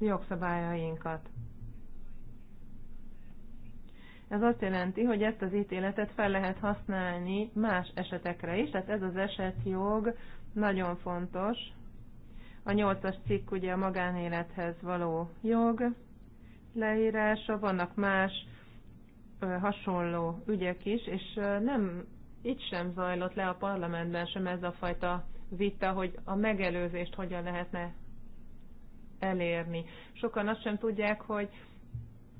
jogszabályainkat. Ez azt jelenti, hogy ezt az ítéletet fel lehet használni más esetekre is, tehát ez az esetjog nagyon fontos. A nyolcas cikk ugye a magánélethez való jog leírása, vannak más hasonló ügyek is, és nem itt sem zajlott le a parlamentben sem ez a fajta vita, hogy a megelőzést hogyan lehetne elérni. Sokan azt sem tudják, hogy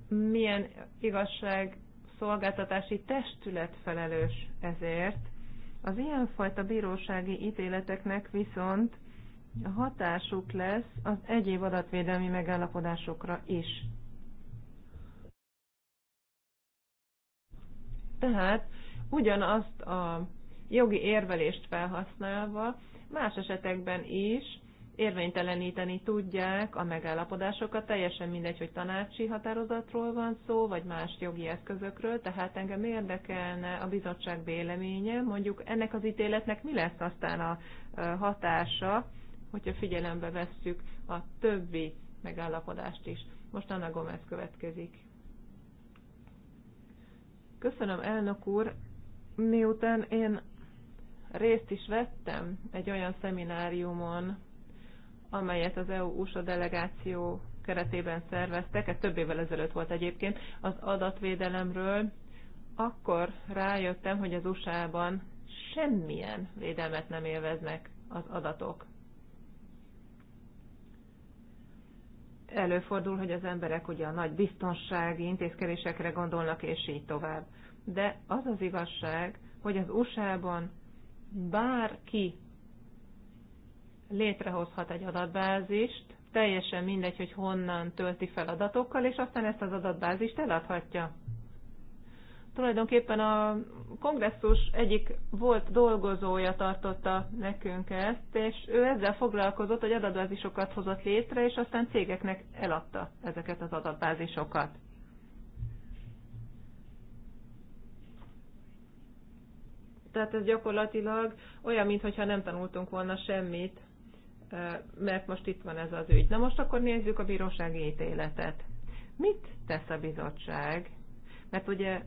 milyen igazság szolgáltatási testület felelős ezért. Az ilyenfajta bírósági ítéleteknek viszont a hatásuk lesz az egyéb adatvédelmi megállapodásokra is. Tehát ugyanazt a jogi érvelést felhasználva más esetekben is érvényteleníteni tudják a megállapodásokat, teljesen mindegy, hogy tanácsi határozatról van szó, vagy más jogi eszközökről, tehát engem érdekelne a bizottság véleménye, mondjuk ennek az ítéletnek mi lesz aztán a hatása, hogyha figyelembe vesszük a többi megállapodást is. Most Anna Gomez következik. Köszönöm, elnök úr! Miután én részt is vettem egy olyan szemináriumon, amelyet az EU-USA delegáció keretében szerveztek, ez több évvel ezelőtt volt egyébként, az adatvédelemről, akkor rájöttem, hogy az USA-ban semmilyen védelmet nem élveznek az adatok. Előfordul, hogy az emberek ugye a nagy biztonsági intézkedésekre gondolnak, és így tovább. De az az igazság, hogy az USA-ban bárki létrehozhat egy adatbázist, teljesen mindegy, hogy honnan tölti fel adatokkal, és aztán ezt az adatbázist eladhatja. Tulajdonképpen a kongresszus egyik volt dolgozója tartotta nekünk ezt, és ő ezzel foglalkozott, hogy adatbázisokat hozott létre, és aztán cégeknek eladta ezeket az adatbázisokat. Tehát ez gyakorlatilag olyan, mintha nem tanultunk volna semmit, mert most itt van ez az ügy. Na most akkor nézzük a bírósági ítéletet. Mit tesz a bizottság? Mert ugye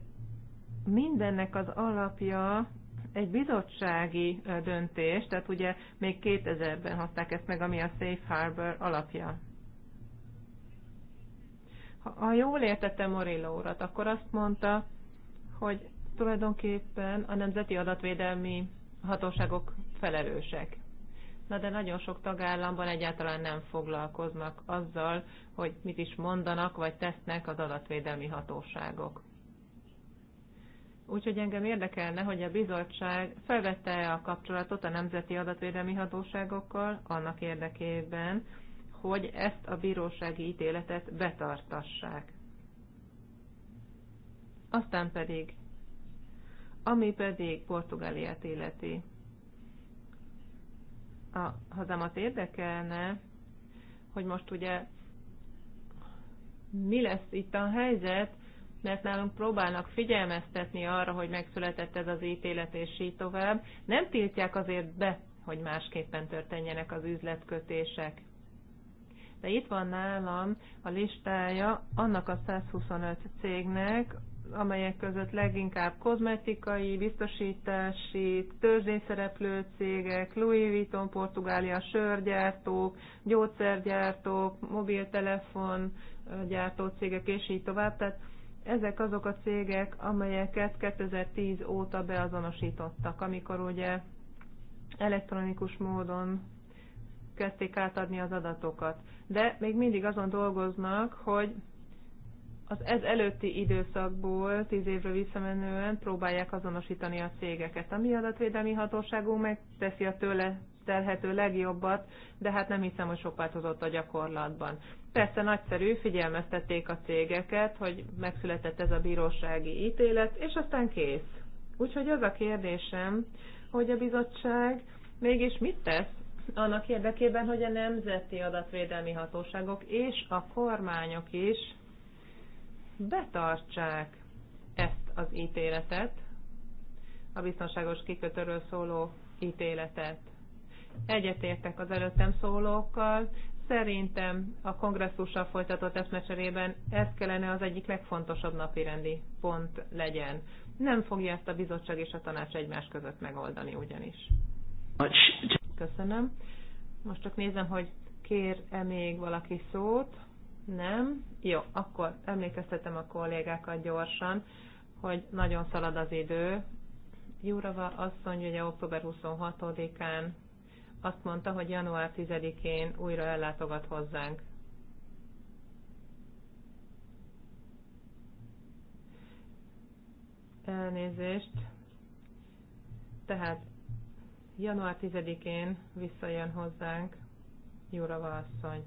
mindennek az alapja egy bizottsági döntés, tehát ugye még 2000-ben hozták ezt meg, ami a Safe Harbor alapja. Ha jól értettem Morillo urat, akkor azt mondta, hogy tulajdonképpen a nemzeti adatvédelmi hatóságok felelősek. Na de nagyon sok tagállamban egyáltalán nem foglalkoznak azzal, hogy mit is mondanak vagy tesznek az adatvédelmi hatóságok. Úgyhogy engem érdekelne, hogy a bizottság felvette -e a kapcsolatot a nemzeti adatvédelmi hatóságokkal annak érdekében, hogy ezt a bírósági ítéletet betartassák. Aztán pedig ami pedig Portugáliát illeti. A hazámat érdekelne, hogy most ugye mi lesz itt a helyzet, mert nálunk próbálnak figyelmeztetni arra, hogy megszületett ez az ítélet, és így tovább. Nem tiltják azért be, hogy másképpen történjenek az üzletkötések. De itt van nálam a listája annak a 125 cégnek, amelyek között leginkább kozmetikai, biztosítási, tőzsdényszereplő cégek, Louis Vuitton, Portugália, sörgyártók, gyógyszergyártók, mobiltelefon gyártó cégek, és így tovább. Tehát ezek azok a cégek, amelyeket 2010 óta beazonosítottak, amikor ugye elektronikus módon kezdték átadni az adatokat. De még mindig azon dolgoznak, hogy az ez előtti időszakból, tíz évre visszamenően próbálják azonosítani a cégeket. A mi adatvédelmi hatóságú megteszi a tőle telhető legjobbat, de hát nem hiszem, hogy sok változott a gyakorlatban. Persze nagyszerű, figyelmeztették a cégeket, hogy megszületett ez a bírósági ítélet, és aztán kész. Úgyhogy az a kérdésem, hogy a bizottság mégis mit tesz annak érdekében, hogy a nemzeti adatvédelmi hatóságok és a kormányok is betartsák ezt az ítéletet, a biztonságos kikötőről szóló ítéletet. Egyetértek az előttem szólókkal, szerintem a kongresszussal folytatott eszmecserében ez kellene az egyik legfontosabb napirendi pont legyen. Nem fogja ezt a bizottság és a tanács egymás között megoldani ugyanis. Köszönöm. Most csak nézem, hogy kér-e még valaki szót. Nem? Jó, akkor emlékeztetem a kollégákat gyorsan, hogy nagyon szalad az idő. Jurava mondja, hogy október 26-án azt mondta, hogy január 10-én újra ellátogat hozzánk. Elnézést. Tehát január 10-én visszajön hozzánk Jurava asszony.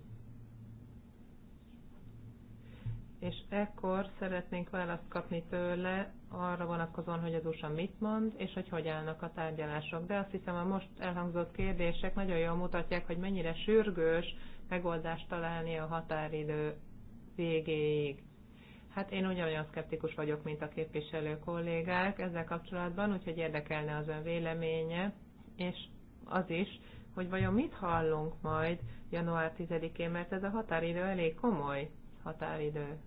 és ekkor szeretnénk választ kapni tőle arra vonatkozóan, hogy az USA mit mond, és hogy hogy állnak a tárgyalások. De azt hiszem a most elhangzott kérdések nagyon jól mutatják, hogy mennyire sürgős megoldást találni a határidő végéig. Hát én ugyanolyan szkeptikus vagyok, mint a képviselő kollégák ezzel kapcsolatban, úgyhogy érdekelne az ön véleménye, és az is, hogy vajon mit hallunk majd január 10-én, mert ez a határidő elég komoly határidő.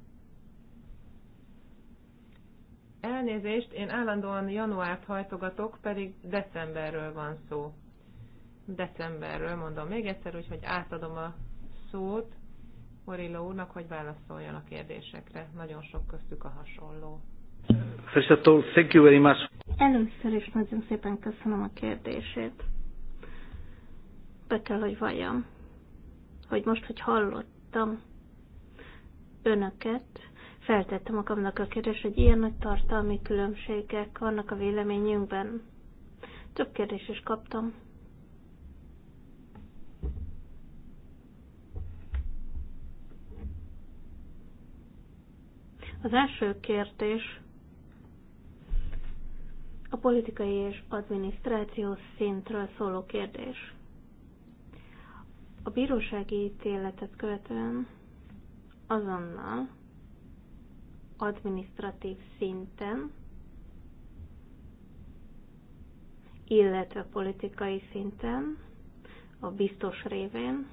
Elnézést, én állandóan januárt hajtogatok, pedig decemberről van szó. Decemberről mondom még egyszer, úgyhogy átadom a szót Morilla úrnak, hogy válaszoljon a kérdésekre. Nagyon sok köztük a hasonló. thank you very much. Először is nagyon szépen köszönöm a kérdését. Be kell, hogy valljam, hogy most, hogy hallottam önöket, Feltettem magamnak a kérdés, hogy ilyen nagy tartalmi különbségek vannak a véleményünkben. Több kérdést is kaptam. Az első kérdés a politikai és adminisztrációs szintről szóló kérdés. A bírósági ítéletet követően azonnal administratív szinten, illetve politikai szinten, a biztos révén.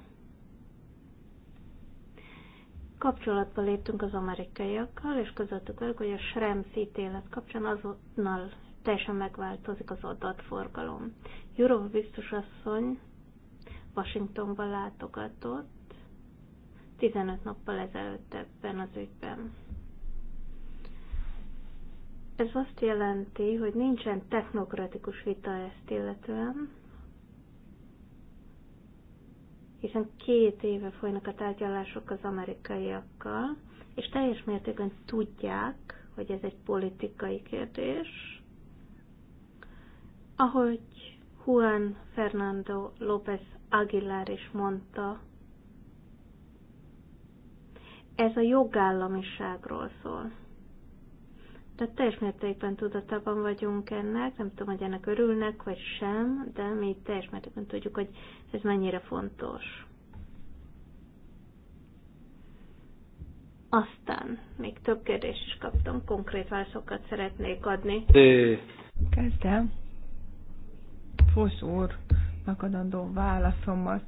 Kapcsolatba léptünk az amerikaiakkal, és közöttük velük, hogy a Schrems ítélet kapcsán azonnal teljesen megváltozik az adatforgalom. Jurova biztos asszony Washingtonban látogatott 15 nappal ezelőtt ebben az ügyben. Ez azt jelenti, hogy nincsen technokratikus vita ezt illetően, hiszen két éve folynak a tárgyalások az amerikaiakkal, és teljes mértékben tudják, hogy ez egy politikai kérdés. Ahogy Juan Fernando López Aguilar is mondta, ez a jogállamiságról szól. Tehát teljes mértékben tudatában vagyunk ennek, nem tudom, hogy ennek örülnek, vagy sem, de mi teljes mértékben tudjuk, hogy ez mennyire fontos. Aztán még több kérdést is kaptam, konkrét válaszokat szeretnék adni. Kezdem. Fosz úr, megadandó válaszomat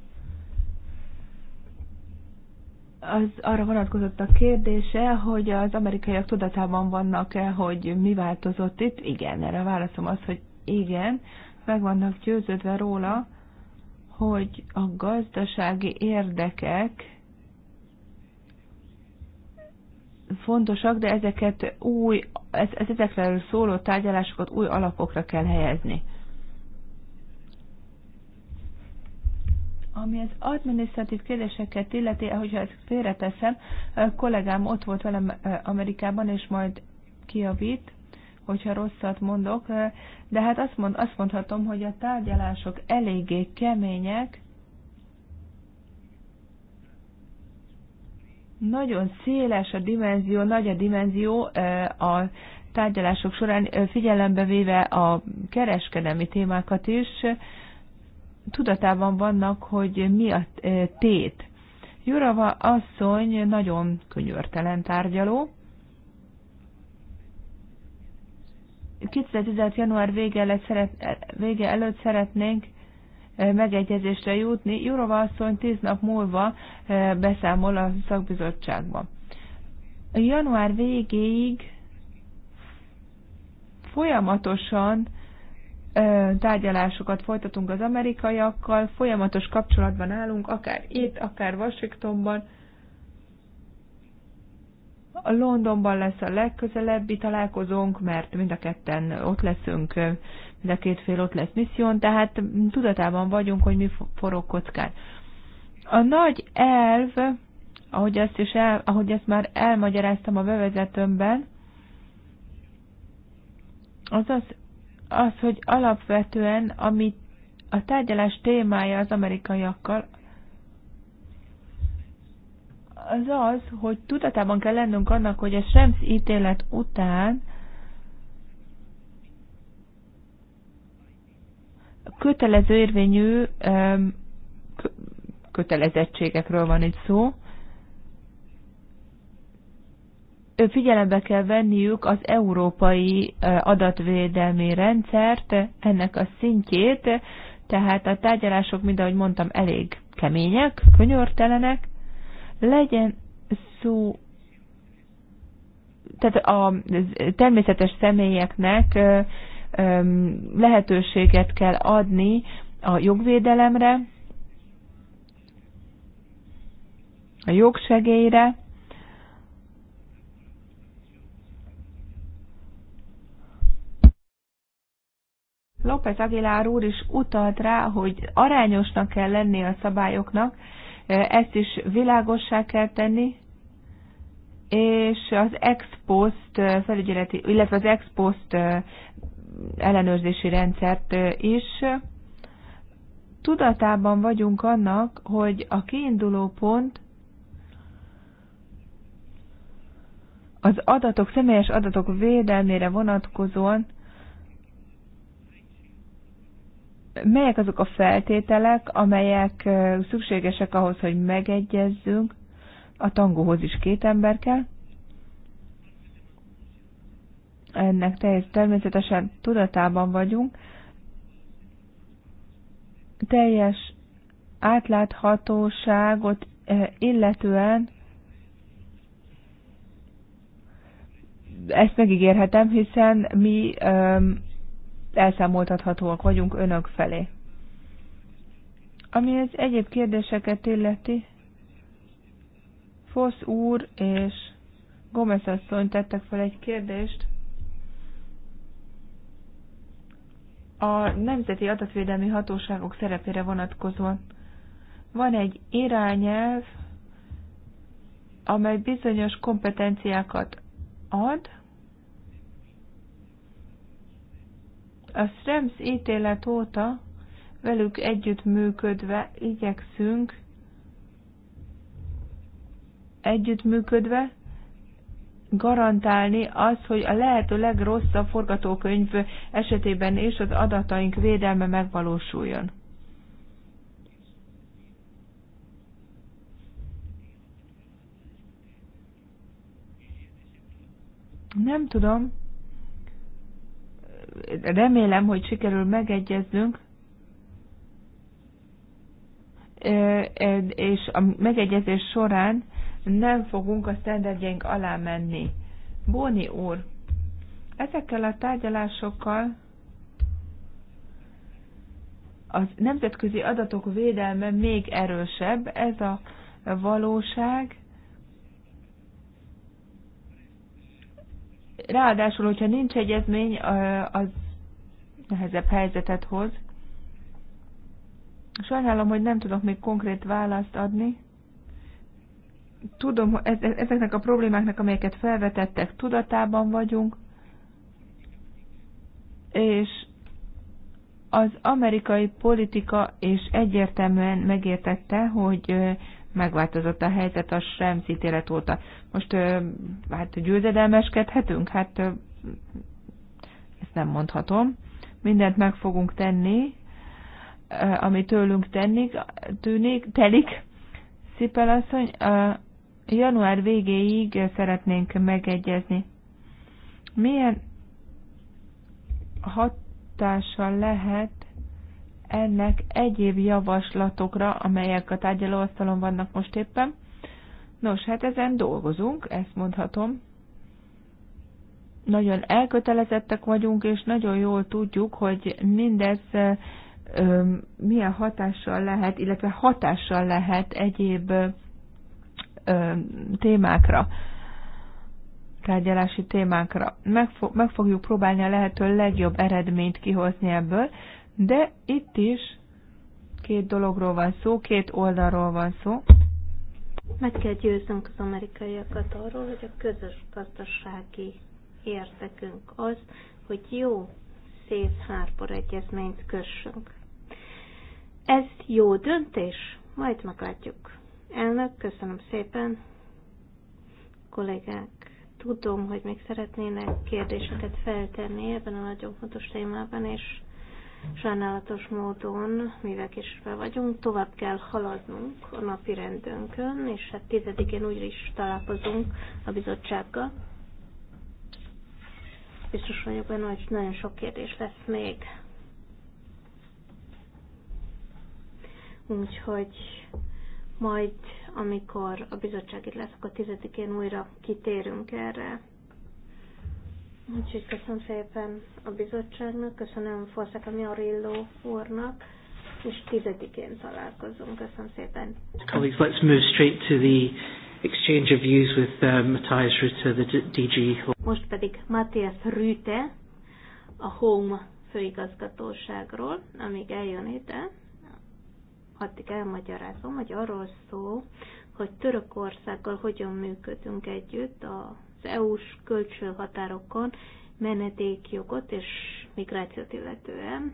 az arra vonatkozott a kérdése, hogy az amerikaiak tudatában vannak-e, hogy mi változott itt. Igen, erre a válaszom az, hogy igen, meg vannak győződve róla, hogy a gazdasági érdekek fontosak, de ezeket új, ez ezekről szóló tárgyalásokat új alapokra kell helyezni. Ami az adminisztratív kérdéseket illeti, ahogyha ezt félreteszem, kollégám ott volt velem Amerikában, és majd kiavít, hogyha rosszat mondok, de hát azt, mond, azt mondhatom, hogy a tárgyalások eléggé kemények, nagyon széles a dimenzió, nagy a dimenzió a tárgyalások során, figyelembe véve a kereskedelmi témákat is, tudatában vannak, hogy mi a e, tét. Jurava asszony nagyon könyörtelen tárgyaló. 2016. január vége, lett, szeret, e, vége előtt szeretnénk e, megegyezésre jutni. Jurova asszony tíz nap múlva beszámol a szakbizottságba. Január végéig folyamatosan tárgyalásokat folytatunk az amerikaiakkal, folyamatos kapcsolatban állunk, akár itt, akár Washingtonban. A Londonban lesz a legközelebbi találkozónk, mert mind a ketten ott leszünk, mind a két fél ott lesz misszión, tehát tudatában vagyunk, hogy mi forog kockán. A nagy elv, ahogy ezt, is el, ahogy ezt már elmagyaráztam a bevezetőmben, az az az, hogy alapvetően, amit a tárgyalás témája az amerikaiakkal, az az, hogy tudatában kell lennünk annak, hogy a Schrems ítélet után kötelező érvényű kötelezettségekről van itt szó, figyelembe kell venniük az európai adatvédelmi rendszert, ennek a szintjét, tehát a tárgyalások, mind ahogy mondtam, elég kemények, könyörtelenek. Legyen szó, tehát a természetes személyeknek lehetőséget kell adni a jogvédelemre, a jogsegélyre, López Aguilar úr is utalt rá, hogy arányosnak kell lenni a szabályoknak, ezt is világossá kell tenni, és az ex post felügyeleti, illetve az ex post ellenőrzési rendszert is. Tudatában vagyunk annak, hogy a kiinduló pont az adatok, személyes adatok védelmére vonatkozóan melyek azok a feltételek, amelyek szükségesek ahhoz, hogy megegyezzünk. A tangóhoz is két ember kell. Ennek teljes természetesen tudatában vagyunk. Teljes átláthatóságot illetően ezt megígérhetem, hiszen mi elszámoltathatóak vagyunk önök felé. Ami az egyéb kérdéseket illeti, Fosz úr és Gomez asszony tettek fel egy kérdést. A Nemzeti Adatvédelmi Hatóságok szerepére vonatkozóan van egy irányelv, amely bizonyos kompetenciákat ad, A Sremsz ítélet óta velük együttműködve igyekszünk együttműködve garantálni az, hogy a lehető legrosszabb forgatókönyv esetében is az adataink védelme megvalósuljon. Nem tudom, remélem, hogy sikerül megegyeznünk, és a megegyezés során nem fogunk a standardjaink alá menni. Bóni úr, ezekkel a tárgyalásokkal az nemzetközi adatok védelme még erősebb, ez a valóság, Ráadásul, hogyha nincs egyezmény, az nehezebb helyzetet hoz. Sajnálom, hogy nem tudok még konkrét választ adni. Tudom, ezeknek a problémáknak, amelyeket felvetettek, tudatában vagyunk, és az amerikai politika és egyértelműen megértette, hogy megváltozott a helyzet a Srems ítélet óta. Most hát győzedelmeskedhetünk? Hát ezt nem mondhatom. Mindent meg fogunk tenni, ami tőlünk tennik, tűnik, telik. Szipel asszony, január végéig szeretnénk megegyezni. Milyen hatása lehet ennek egyéb javaslatokra, amelyek a tárgyalóasztalon vannak most éppen. Nos, hát ezen dolgozunk, ezt mondhatom. Nagyon elkötelezettek vagyunk, és nagyon jól tudjuk, hogy mindez milyen hatással lehet, illetve hatással lehet egyéb témákra, tárgyalási témákra. Meg, fo- meg fogjuk próbálni a lehető legjobb eredményt kihozni ebből, de itt is két dologról van szó, két oldalról van szó. Meg kell győznünk az amerikaiakat arról, hogy a közös gazdasági érdekünk az, hogy jó, szép hárpor egyezményt kössünk. Ez jó döntés? Majd meglátjuk. Elnök, köszönöm szépen. Kollégák, tudom, hogy még szeretnének kérdéseket feltenni ebben a nagyon fontos témában, és Sajnálatos módon, mivel később vagyunk, tovább kell haladnunk a napi rendünkön, és hát tizedikén újra is találkozunk a bizottsággal. Biztos vagyok benne, hogy nagyon sok kérdés lesz még. Úgyhogy majd, amikor a bizottság itt lesz, akkor tizedikén újra kitérünk erre. Úgyhogy köszönöm szépen a bizottságnak, köszönöm Forszak Miorillo úrnak, és tizedikén találkozunk. Köszönöm szépen. Colleagues, let's move straight to the exchange of views with uh, Matthias Rütte, the DG. Most pedig Matthias Rüte a Home főigazgatóságról, amíg eljön ide, addig elmagyarázom, hogy arról szó, hogy Törökországgal hogyan működünk együtt a EU-s kölcsönhatárokon menedékjogot és migrációt illetően,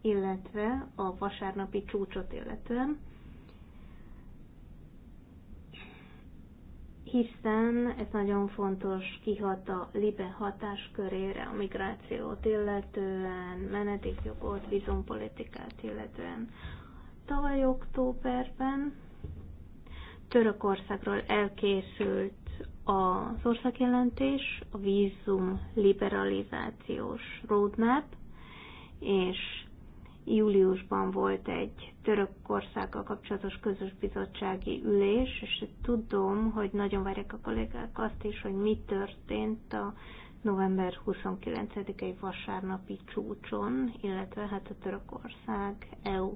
illetve a vasárnapi csúcsot illetően, hiszen ez nagyon fontos kihat a libe hatáskörére a migrációt illetően, menedékjogot, vízumpolitikát illetően. Tavaly októberben Törökországról elkészült az országjelentés, a vízum liberalizációs roadmap, és júliusban volt egy Törökországgal kapcsolatos közös bizottsági ülés, és tudom, hogy nagyon várják a kollégák azt is, hogy mi történt a november 29-i vasárnapi csúcson, illetve hát a Törökország EU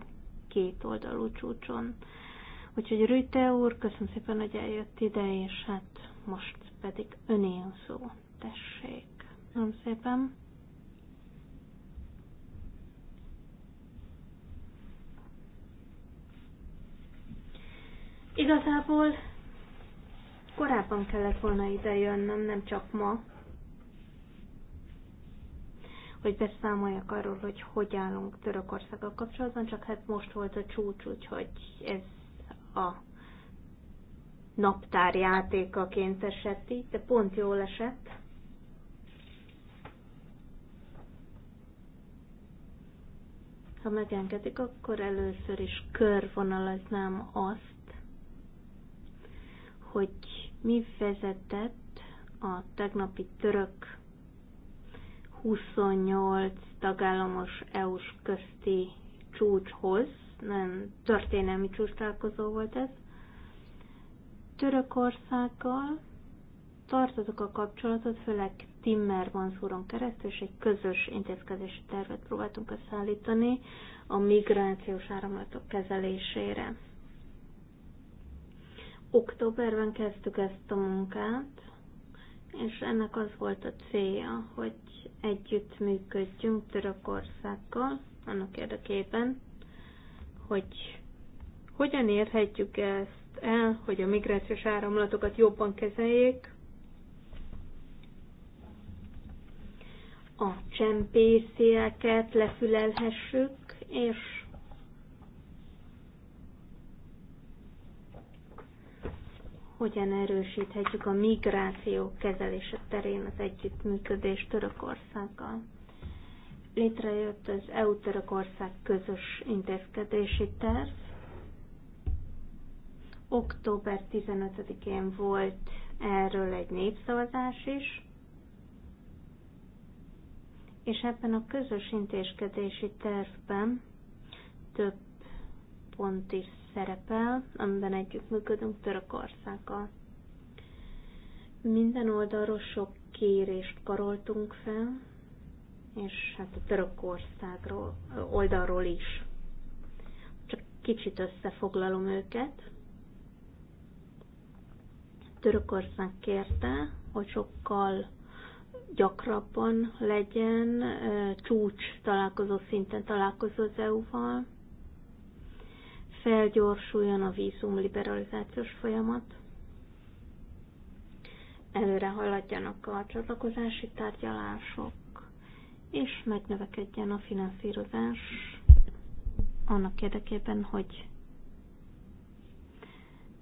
két oldalú csúcson. Úgyhogy Rüte úr, köszönöm szépen, hogy eljött ide, és hát most pedig önén szó. Tessék. Köszönöm szépen. Igazából korábban kellett volna ide jönnöm, nem csak ma, hogy beszámoljak arról, hogy hogy állunk Törökországgal kapcsolatban, csak hát most volt a csúcs, úgyhogy ez a naptár játékaként esett így, de pont jól esett. Ha megengedik, akkor először is körvonalaznám azt, hogy mi vezetett a tegnapi török 28 tagállamos EU-s közti csúcshoz, nem történelmi csúcstalálkozó volt ez, Törökországgal tartozok a kapcsolatot, főleg Timmermans úron keresztül, és egy közös intézkedési tervet próbáltunk összeállítani a migrációs áramlatok kezelésére. Októberben kezdtük ezt a munkát, és ennek az volt a célja, hogy együtt működjünk Törökországgal, annak érdekében, hogy hogyan érhetjük ezt el, hogy a migrációs áramlatokat jobban kezeljék, a csempészéket lefülelhessük, és hogyan erősíthetjük a migráció kezelése terén az együttműködést Törökországgal létrejött az EU-Törökország közös intézkedési terv. Október 15-én volt erről egy népszavazás is, és ebben a közös intézkedési tervben több pont is szerepel, amiben együttműködünk Törökországgal. Minden oldalról sok kérést karoltunk fel, és hát a Törökországról oldalról is. Csak kicsit összefoglalom őket. Törökország kérte, hogy sokkal gyakrabban legyen csúcs találkozó szinten találkozó az EU-val, felgyorsuljon a vízum liberalizációs folyamat, előre haladjanak a csatlakozási tárgyalások, és megnövekedjen a finanszírozás annak érdekében, hogy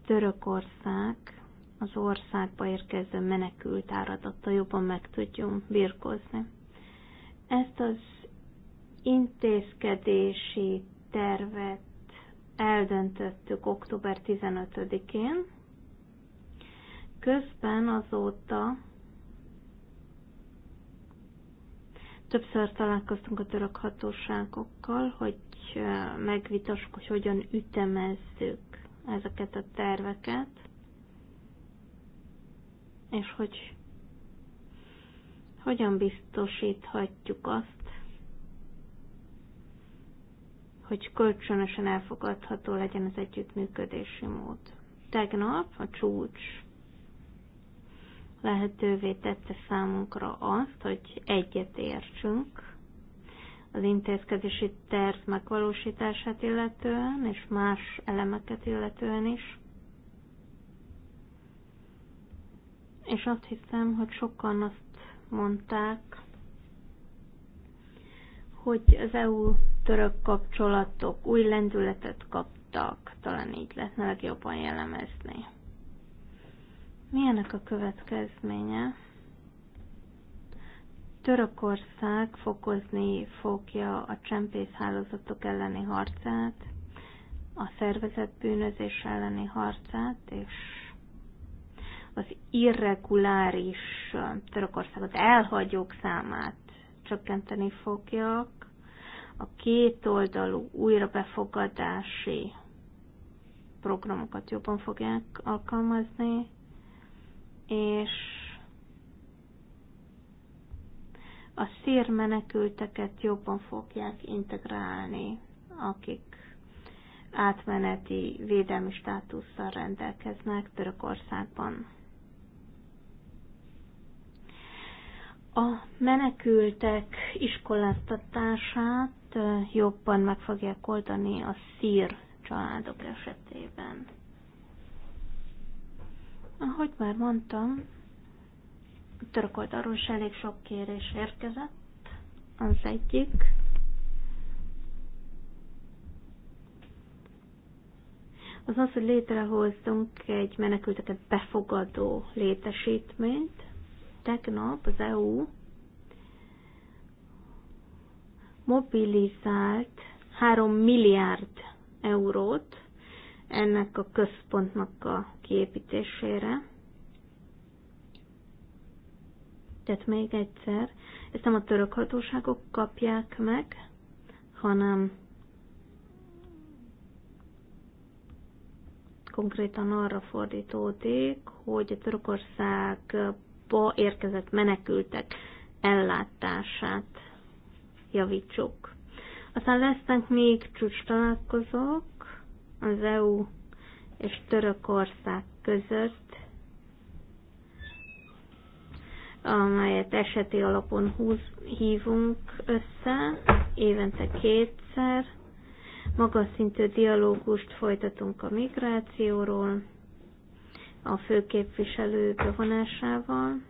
Törökország az országba érkező menekült áradata jobban meg tudjunk birkozni. Ezt az intézkedési tervet eldöntöttük október 15-én, közben azóta Többször találkoztunk a török hatóságokkal, hogy megvitassuk, hogy hogyan ütemezzük ezeket a terveket, és hogy hogyan biztosíthatjuk azt, hogy kölcsönösen elfogadható legyen az együttműködési mód. Tegnap a csúcs lehetővé tette számunkra azt, hogy egyet értsünk az intézkedési terv megvalósítását illetően, és más elemeket illetően is. És azt hiszem, hogy sokan azt mondták, hogy az EU-török kapcsolatok új lendületet kaptak, talán így lehetne legjobban jellemezni. Milyenek a következménye? Törökország fokozni fogja a csempészhálózatok elleni harcát, a szervezett bűnözés elleni harcát, és az irreguláris Törökországot elhagyók számát csökkenteni fogják, a kétoldalú újrabefogadási programokat jobban fogják alkalmazni, és a szérmenekülteket menekülteket jobban fogják integrálni, akik átmeneti védelmi státusszal rendelkeznek Törökországban. A menekültek iskoláztatását jobban meg fogják oldani a szír családok esetében. Ahogy már mondtam, török oldalról is elég sok kérés érkezett. Az egyik. Az az, hogy létrehoztunk egy menekülteket befogadó létesítményt. Tegnap az EU mobilizált 3 milliárd eurót ennek a központnak a kiépítésére. Tehát még egyszer, ezt nem a török hatóságok kapják meg, hanem konkrétan arra fordítódik, hogy a Törökországba érkezett menekültek ellátását javítsuk. Aztán lesznek még csúcs találkozók, az EU és Törökország között, amelyet eseti alapon húz, hívunk össze, évente kétszer. Magas szintű dialógust folytatunk a migrációról, a főképviselő bevonásával.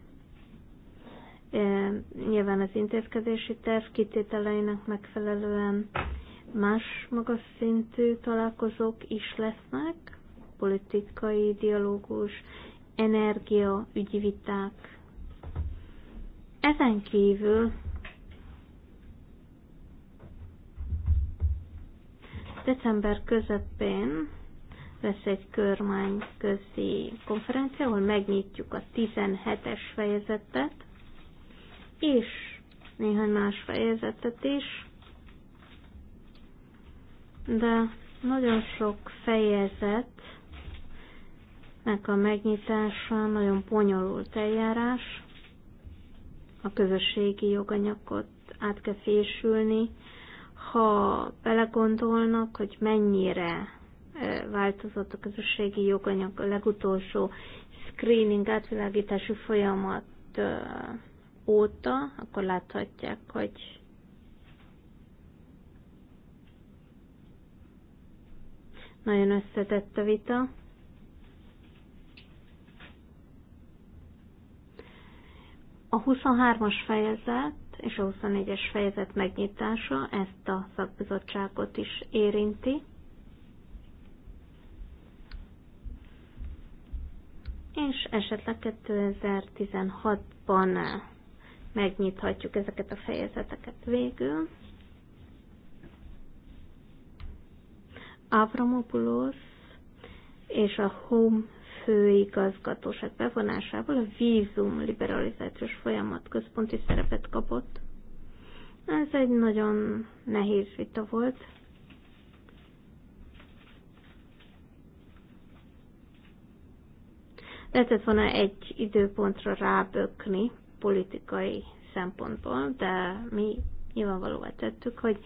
Nyilván az intézkedési terv kitételeinek megfelelően Más magas szintű találkozók is lesznek, politikai dialógus, energia, ügyi viták. Ezen kívül december közepén lesz egy közi konferencia, ahol megnyitjuk a 17-es fejezetet, és néhány más fejezetet is, de nagyon sok fejezetnek a megnyitása nagyon bonyolult eljárás. A közösségi joganyagot át kell fésülni. Ha belegondolnak, hogy mennyire változott a közösségi joganyag a legutolsó screening átvilágítási folyamat óta, akkor láthatják, hogy Nagyon összetett a vita. A 23-as fejezet és a 24-es fejezet megnyitása ezt a szakbizottságot is érinti. És esetleg 2016-ban megnyithatjuk ezeket a fejezeteket végül. Avramopoulos és a Home főigazgatóság bevonásával a vízum liberalizációs folyamat központi szerepet kapott. Ez egy nagyon nehéz vita volt. Lehetett volna egy időpontra rábökni politikai szempontból, de mi nyilvánvalóan tettük, hogy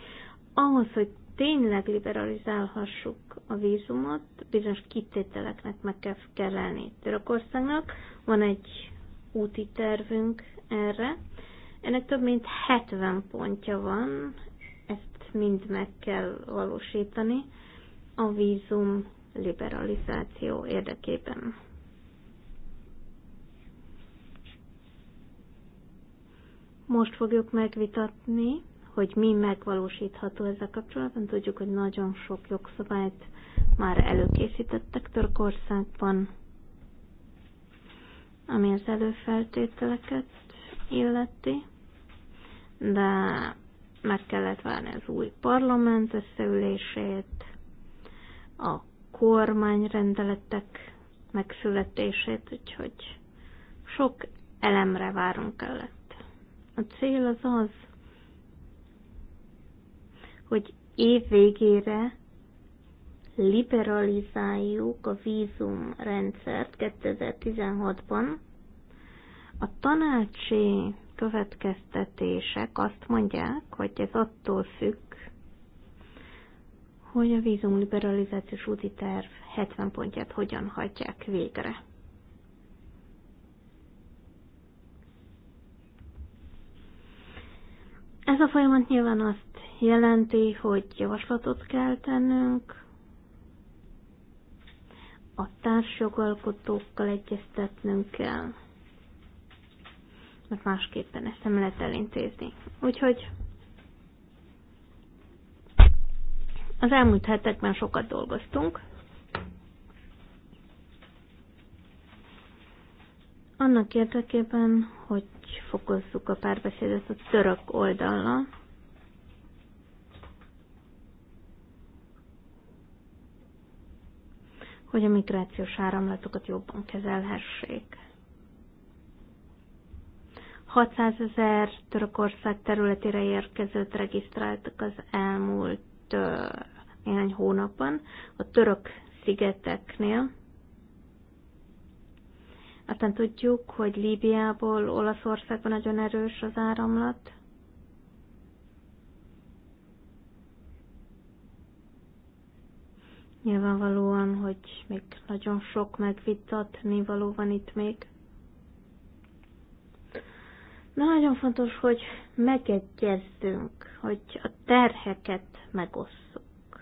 ahhoz, hogy tényleg liberalizálhassuk a vízumot, bizonyos kitételeknek meg kell kerelni Törökországnak. Van egy úti tervünk erre. Ennek több mint 70 pontja van, ezt mind meg kell valósítani a vízum liberalizáció érdekében. Most fogjuk megvitatni hogy mi megvalósítható ezzel kapcsolatban. Tudjuk, hogy nagyon sok jogszabályt már előkészítettek Törökországban, ami az előfeltételeket illeti, de meg kellett várni az új parlament összeülését, a kormányrendeletek megszületését, úgyhogy sok elemre várunk kellett. A cél az az, hogy év végére liberalizáljuk a vízumrendszert 2016-ban. A tanácsi következtetések azt mondják, hogy ez attól függ, hogy a vízumliberalizációs úti terv 70 pontját hogyan hagyják végre. Ez a folyamat nyilván azt jelenti, hogy javaslatot kell tennünk, a társjogalkotókkal egyeztetnünk kell, mert másképpen ezt nem lehet elintézni. Úgyhogy az elmúlt hetekben sokat dolgoztunk, annak érdekében, hogy fokozzuk a párbeszédet a török oldallal, hogy a migrációs áramlatokat jobban kezelhessék. 600 ezer Törökország területére érkezőt regisztráltak az elmúlt néhány hónapban a török szigeteknél. Aztán tudjuk, hogy Líbiából Olaszországban nagyon erős az áramlat. Nyilvánvalóan, hogy még nagyon sok megvitatni való van itt még. Nagyon fontos, hogy megegyezzünk, hogy a terheket megosszuk.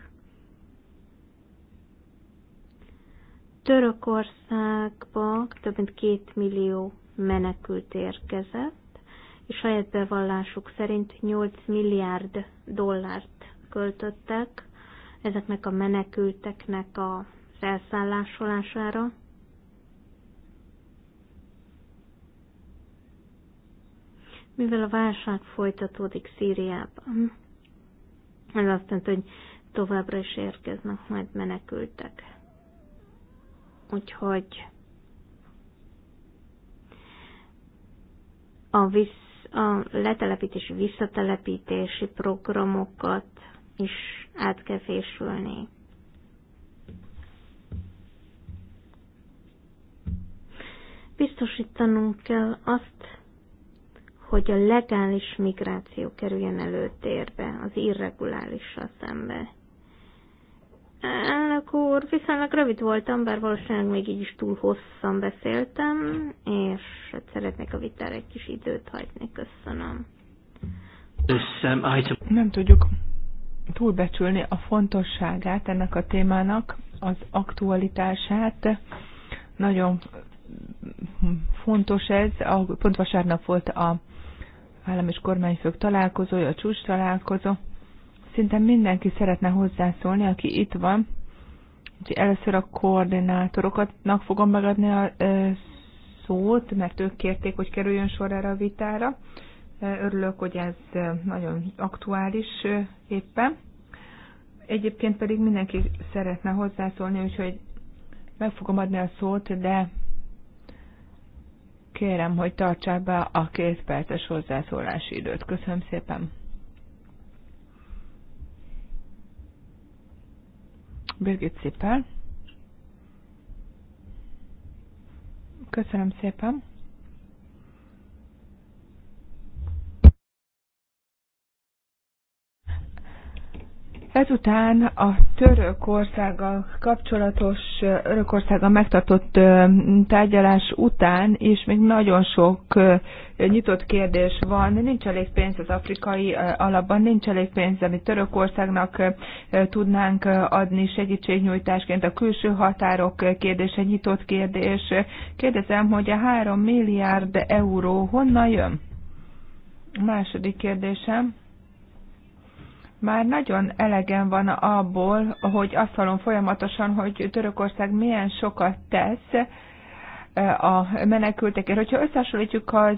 Törökországba több mint két millió menekült érkezett, és saját bevallásuk szerint 8 milliárd dollárt költöttek ezeknek a menekülteknek a felszállásolására. Mivel a válság folytatódik Szíriában, ez azt jelenti, hogy továbbra is érkeznek majd menekültek. Úgyhogy a, visz, a letelepítési, visszatelepítési programokat is át kell fésülni. Biztosítanunk kell azt, hogy a legális migráció kerüljen előtérbe, az irregulárissal szembe. Elnök úr, viszonylag rövid voltam, bár valószínűleg még így is túl hosszan beszéltem, és szeretnék a vitára egy kis időt hagyni. Köszönöm. Nem tudjuk túlbecsülni a fontosságát ennek a témának, az aktualitását. Nagyon fontos ez. A, pont vasárnap volt a állam és kormányfők találkozója, a csúcs találkozó. Szinte mindenki szeretne hozzászólni, aki itt van. Úgyhogy először a koordinátorokatnak fogom megadni a szót, mert ők kérték, hogy kerüljön sor erre a vitára. Örülök, hogy ez nagyon aktuális éppen. Egyébként pedig mindenki szeretne hozzászólni, úgyhogy meg fogom adni a szót, de kérem, hogy tartsák be a két perces hozzászólási időt. Köszönöm szépen. Birgit szépen. Köszönöm szépen. Ezután a Törökországgal kapcsolatos, Törökországgal megtartott tárgyalás után is még nagyon sok nyitott kérdés van. Nincs elég pénz az afrikai alapban, nincs elég pénz, amit Törökországnak tudnánk adni segítségnyújtásként. A külső határok kérdése nyitott kérdés. Kérdezem, hogy a három milliárd euró honnan jön? második kérdésem már nagyon elegen van abból, hogy azt hallom folyamatosan, hogy Törökország milyen sokat tesz, a menekültekért. Hogyha összehasonlítjuk az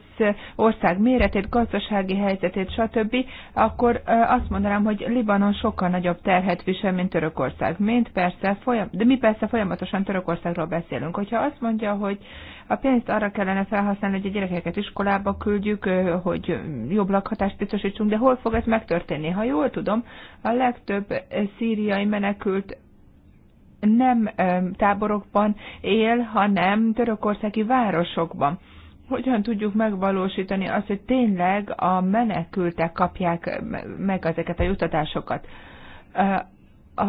ország méretét, gazdasági helyzetét, stb., akkor azt mondanám, hogy Libanon sokkal nagyobb terhet visel, mint Törökország. Mint persze folyam- de mi persze folyamatosan Törökországról beszélünk. Hogyha azt mondja, hogy a pénzt arra kellene felhasználni, hogy a gyerekeket iskolába küldjük, hogy jobb lakhatást biztosítsunk, de hol fog ez megtörténni? Ha jól tudom, a legtöbb szíriai menekült nem táborokban él, hanem törökországi városokban. Hogyan tudjuk megvalósítani azt, hogy tényleg a menekültek kapják meg ezeket a juttatásokat? A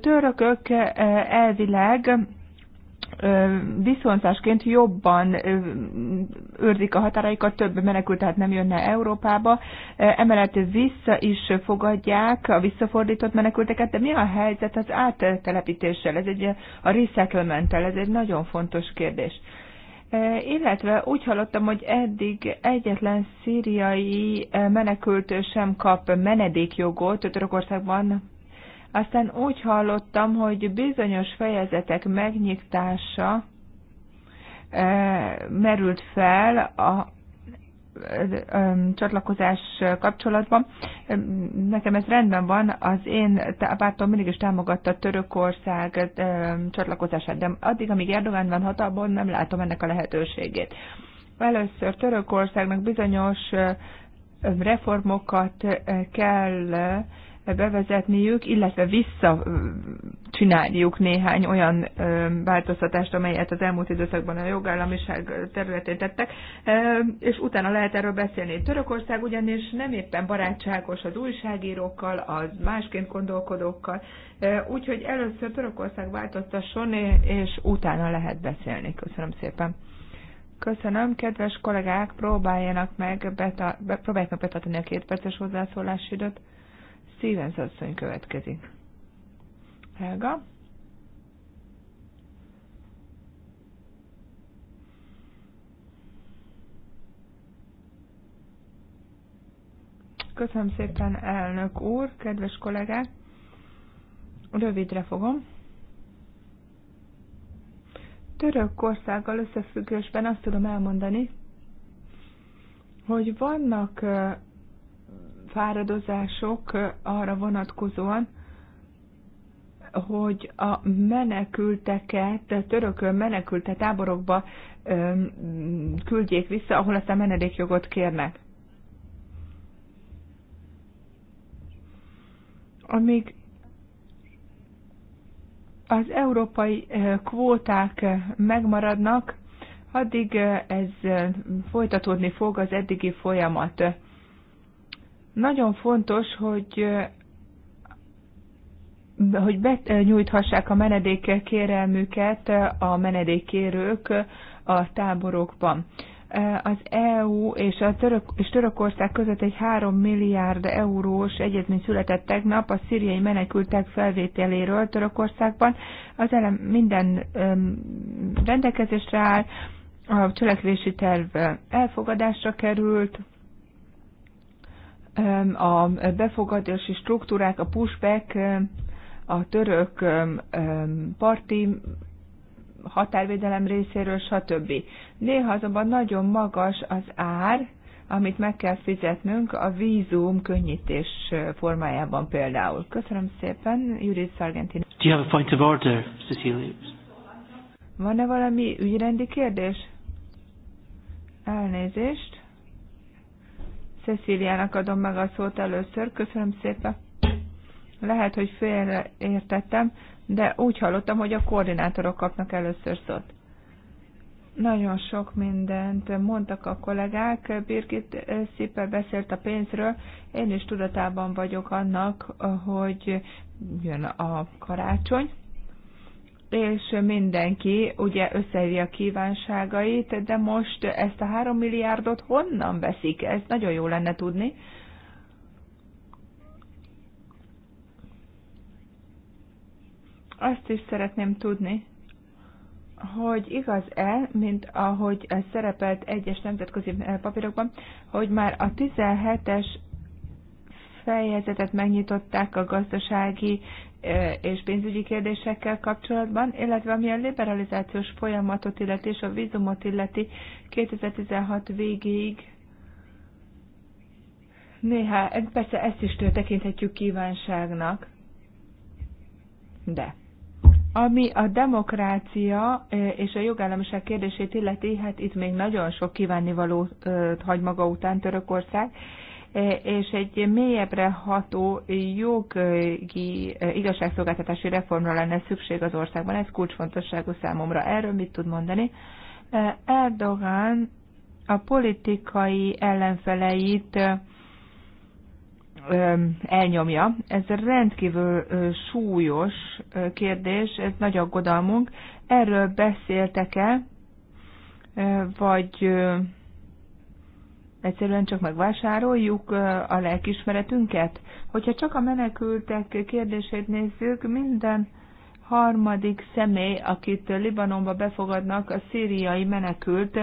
törökök elvileg viszontásként jobban őrzik a határaikat, több menekült tehát nem jönne Európába. Emellett vissza is fogadják a visszafordított menekülteket, de mi a helyzet az áttelepítéssel? Ez egy a resettlementtel, ez egy nagyon fontos kérdés. Illetve úgy hallottam, hogy eddig egyetlen szíriai menekült sem kap menedékjogot Törökországban, aztán úgy hallottam, hogy bizonyos fejezetek megnyitása e, merült fel a e, e, csatlakozás kapcsolatban. Nekem ez rendben van, az én pártom mindig is támogatta Törökország csatlakozását, de addig, amíg Erdogan van hatalmon, nem látom ennek a lehetőségét. Először Törökországnak bizonyos reformokat kell bevezetniük, illetve visszacsinálniuk néhány olyan változtatást, amelyet az elmúlt időszakban a jogállamiság területén tettek, és utána lehet erről beszélni. Törökország ugyanis nem éppen barátságos az újságírókkal, az másként gondolkodókkal, úgyhogy először Törökország változtasson, és utána lehet beszélni. Köszönöm szépen. Köszönöm, kedves kollégák, próbáljanak meg, beta, próbálják meg betartani a két perces hozzászólási időt. Stevens asszony következik. Helga. Köszönöm szépen, elnök úr, kedves kollégák. Rövidre fogom. Törökországgal összefüggésben azt tudom elmondani, hogy vannak fáradozások arra vonatkozóan, hogy a menekülteket, török menekültet táborokba küldjék vissza, ahol aztán menedékjogot kérnek. Amíg az európai kvóták megmaradnak, addig ez folytatódni fog az eddigi folyamat. Nagyon fontos, hogy eh, hogy benyújthassák a menedék kérelmüket a menedékkérők a táborokban. Eh, az EU és, a török, és Törökország között egy 3 milliárd eurós egyezmény született tegnap a szíriai menekültek felvételéről Törökországban. Az elem minden rendelkezésre áll, a cselekvési terv elfogadásra került, a befogadási struktúrák, a pushback, a török parti határvédelem részéről, stb. Néha azonban nagyon magas az ár, amit meg kell fizetnünk a vízum könnyítés formájában például. Köszönöm szépen, Judith Sargentin. Do you have a point of order, Cecilia? Van-e valami ügyrendi kérdés? Elnézést. Cecíliának adom meg a szót először. Köszönöm szépen. Lehet, hogy félreértettem, de úgy hallottam, hogy a koordinátorok kapnak először szót. Nagyon sok mindent mondtak a kollégák. Birgit eh, szépen beszélt a pénzről. Én is tudatában vagyok annak, eh, hogy jön a karácsony és mindenki ugye összeírja a kívánságait, de most ezt a három milliárdot honnan veszik? Ez nagyon jó lenne tudni. Azt is szeretném tudni, hogy igaz-e, mint ahogy ez szerepelt egyes nemzetközi eh, papírokban, hogy már a 17-es fejezetet megnyitották a gazdasági és pénzügyi kérdésekkel kapcsolatban, illetve ami a liberalizációs folyamatot illeti és a vízumot illeti 2016 végéig néha, persze ezt is tekinthetjük kívánságnak, de ami a demokrácia és a jogállamiság kérdését illeti, hát itt még nagyon sok kívánnivalót hagy maga után Törökország, E, és egy mélyebbre ható jogi e, igazságszolgáltatási reformra lenne szükség az országban. Ez kulcsfontosságú számomra. Erről mit tud mondani? E, Erdogan a politikai ellenfeleit elnyomja. Ez rendkívül súlyos kérdés, ez nagy aggodalmunk. Erről beszéltek-e, vagy Egyszerűen csak megvásároljuk a lelkismeretünket? Hogyha csak a menekültek kérdését nézzük, minden harmadik személy, akit Libanonba befogadnak, a szíriai menekült,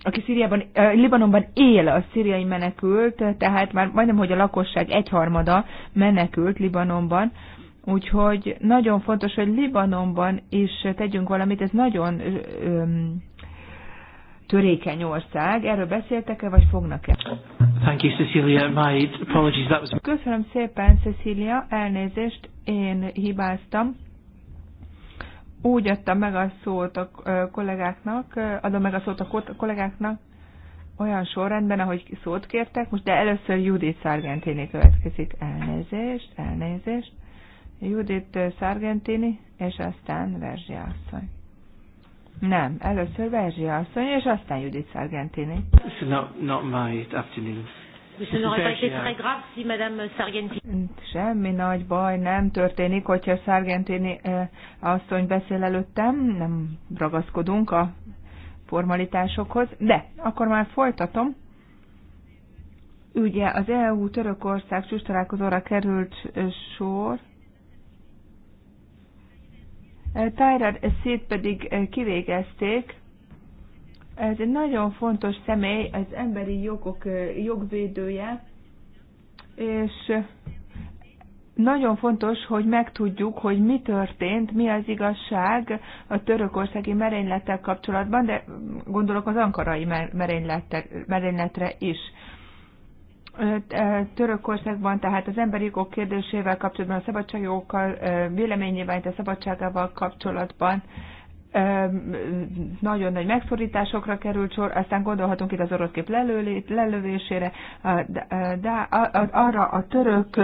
aki Szíriában, Libanonban él a szíriai menekült, tehát már majdnem, hogy a lakosság egyharmada menekült Libanonban, úgyhogy nagyon fontos, hogy Libanonban is tegyünk valamit, ez nagyon törékeny ország. Erről beszéltek-e, vagy fognak-e? Thank you, Cecilia. My apologies, that was... Köszönöm szépen, Cecilia. Elnézést, én hibáztam. Úgy adtam meg a szót a kollégáknak, adom meg a szót a kollégáknak, olyan sorrendben, ahogy szót kértek, most de először Judith Sargentini következik. Elnézést, elnézést. Judith Sargentini, és aztán Verzsi asszony. Nem, először Verzsia asszony, és aztán Judith Sargentini. Not, not my afternoon. Semmi nagy baj nem történik, hogyha Sargentini eh, asszony beszél előttem, nem ragaszkodunk a formalitásokhoz, de akkor már folytatom. Ugye az EU-Törökország csúcs találkozóra került eh, sor, Tyler Seed pedig eh, kivégezték. Ez egy nagyon fontos személy, az emberi jogok eh, jogvédője, és eh, nagyon fontos, hogy megtudjuk, hogy mi történt, mi az igazság a törökországi merénylettel kapcsolatban, de mm, gondolok az ankarai merényletre is. Törökországban, tehát az emberi jogok kérdésével kapcsolatban, a szabadságjogokkal, véleményével, a szabadságával kapcsolatban nagyon nagy megszorításokra került sor, aztán gondolhatunk itt az orosz kép lelövésére, de arra a török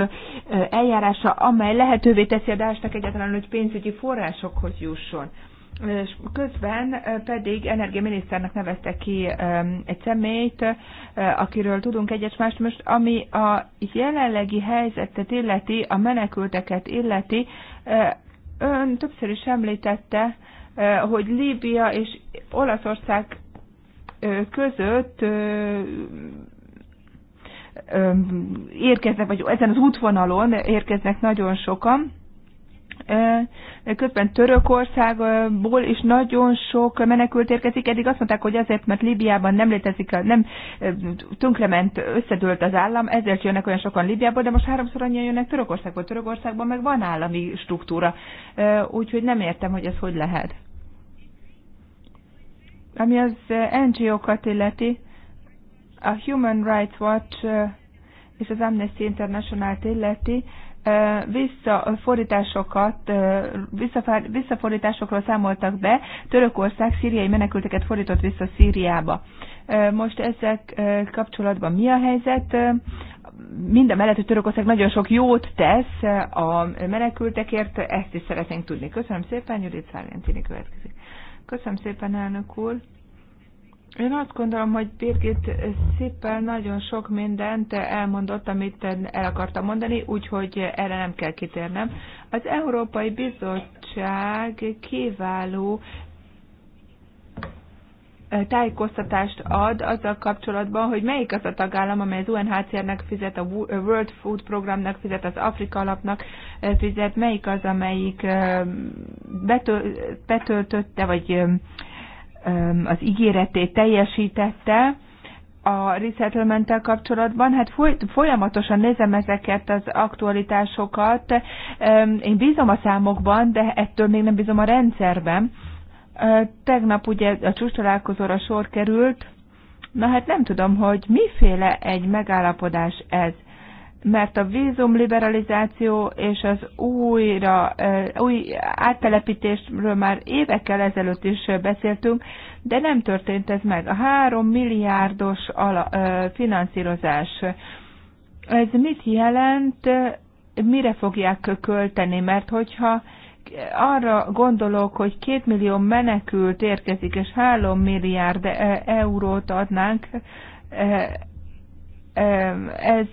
eljárása, amely lehetővé teszi a Dásnak egyáltalán, hogy pénzügyi forrásokhoz jusson és közben pedig energiaminiszternek nevezte ki egy személyt, akiről tudunk egyes mást. Most ami a jelenlegi helyzetet illeti, a menekülteket illeti, ön többször is említette, hogy Líbia és Olaszország között érkeznek, vagy ezen az útvonalon érkeznek nagyon sokan, közben Törökországból is nagyon sok menekült érkezik. Eddig azt mondták, hogy azért, mert Líbiában nem létezik, nem tönkrement, összedőlt az állam, ezért jönnek olyan sokan Líbiából, de most háromszor annyian jönnek Törökországból. Törökországban meg van állami struktúra, úgyhogy nem értem, hogy ez hogy lehet. Ami az NGO-kat illeti, a Human Rights Watch és az Amnesty International-t illeti, visszafordításokat, visszafordításokról számoltak be, Törökország szíriai menekülteket fordított vissza Szíriába. Most ezek kapcsolatban mi a helyzet? Minden mellett, hogy Törökország nagyon sok jót tesz a menekültekért, ezt is szeretnénk tudni. Köszönöm szépen, Judit Szárjentini következik. Köszönöm szépen, elnök úr. Én azt gondolom, hogy Birgit Szippel nagyon sok mindent elmondott, amit el akartam mondani, úgyhogy erre nem kell kitérnem. Az Európai Bizottság kiváló tájékoztatást ad azzal kapcsolatban, hogy melyik az a tagállam, amely az UNHCR-nek fizet, a World Food Programnak fizet, az Afrika alapnak fizet, melyik az, amelyik betöltötte, vagy az ígéretét teljesítette a resettlementtel kapcsolatban. Hát folyamatosan nézem ezeket az aktualitásokat. Én bízom a számokban, de ettől még nem bízom a rendszerben. Tegnap ugye a csúcs találkozóra sor került. Na hát nem tudom, hogy miféle egy megállapodás ez mert a vízum liberalizáció és az újra, új áttelepítésről már évekkel ezelőtt is beszéltünk, de nem történt ez meg. A három milliárdos ala, finanszírozás, ez mit jelent, mire fogják költeni, mert hogyha arra gondolok, hogy két millió menekült érkezik, és három milliárd eurót adnánk ez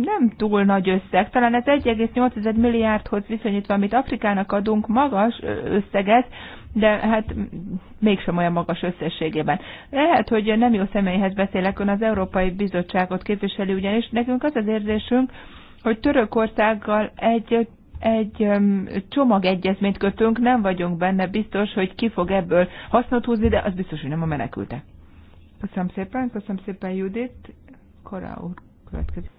nem túl nagy összeg, talán ez 1,8 milliárdhoz viszonyítva, amit Afrikának adunk, magas összeget, de hát mégsem olyan magas összességében. Lehet, hogy nem jó személyhez beszélek, ön az Európai Bizottságot képviseli, ugyanis nekünk az az érzésünk, hogy Törökországgal egy egy csomagegyezményt kötünk, nem vagyunk benne biztos, hogy ki fog ebből hasznot húzni, de az biztos, hogy nem a menekültek. Köszönöm szépen, köszönöm szépen Judit. Kora úr következik.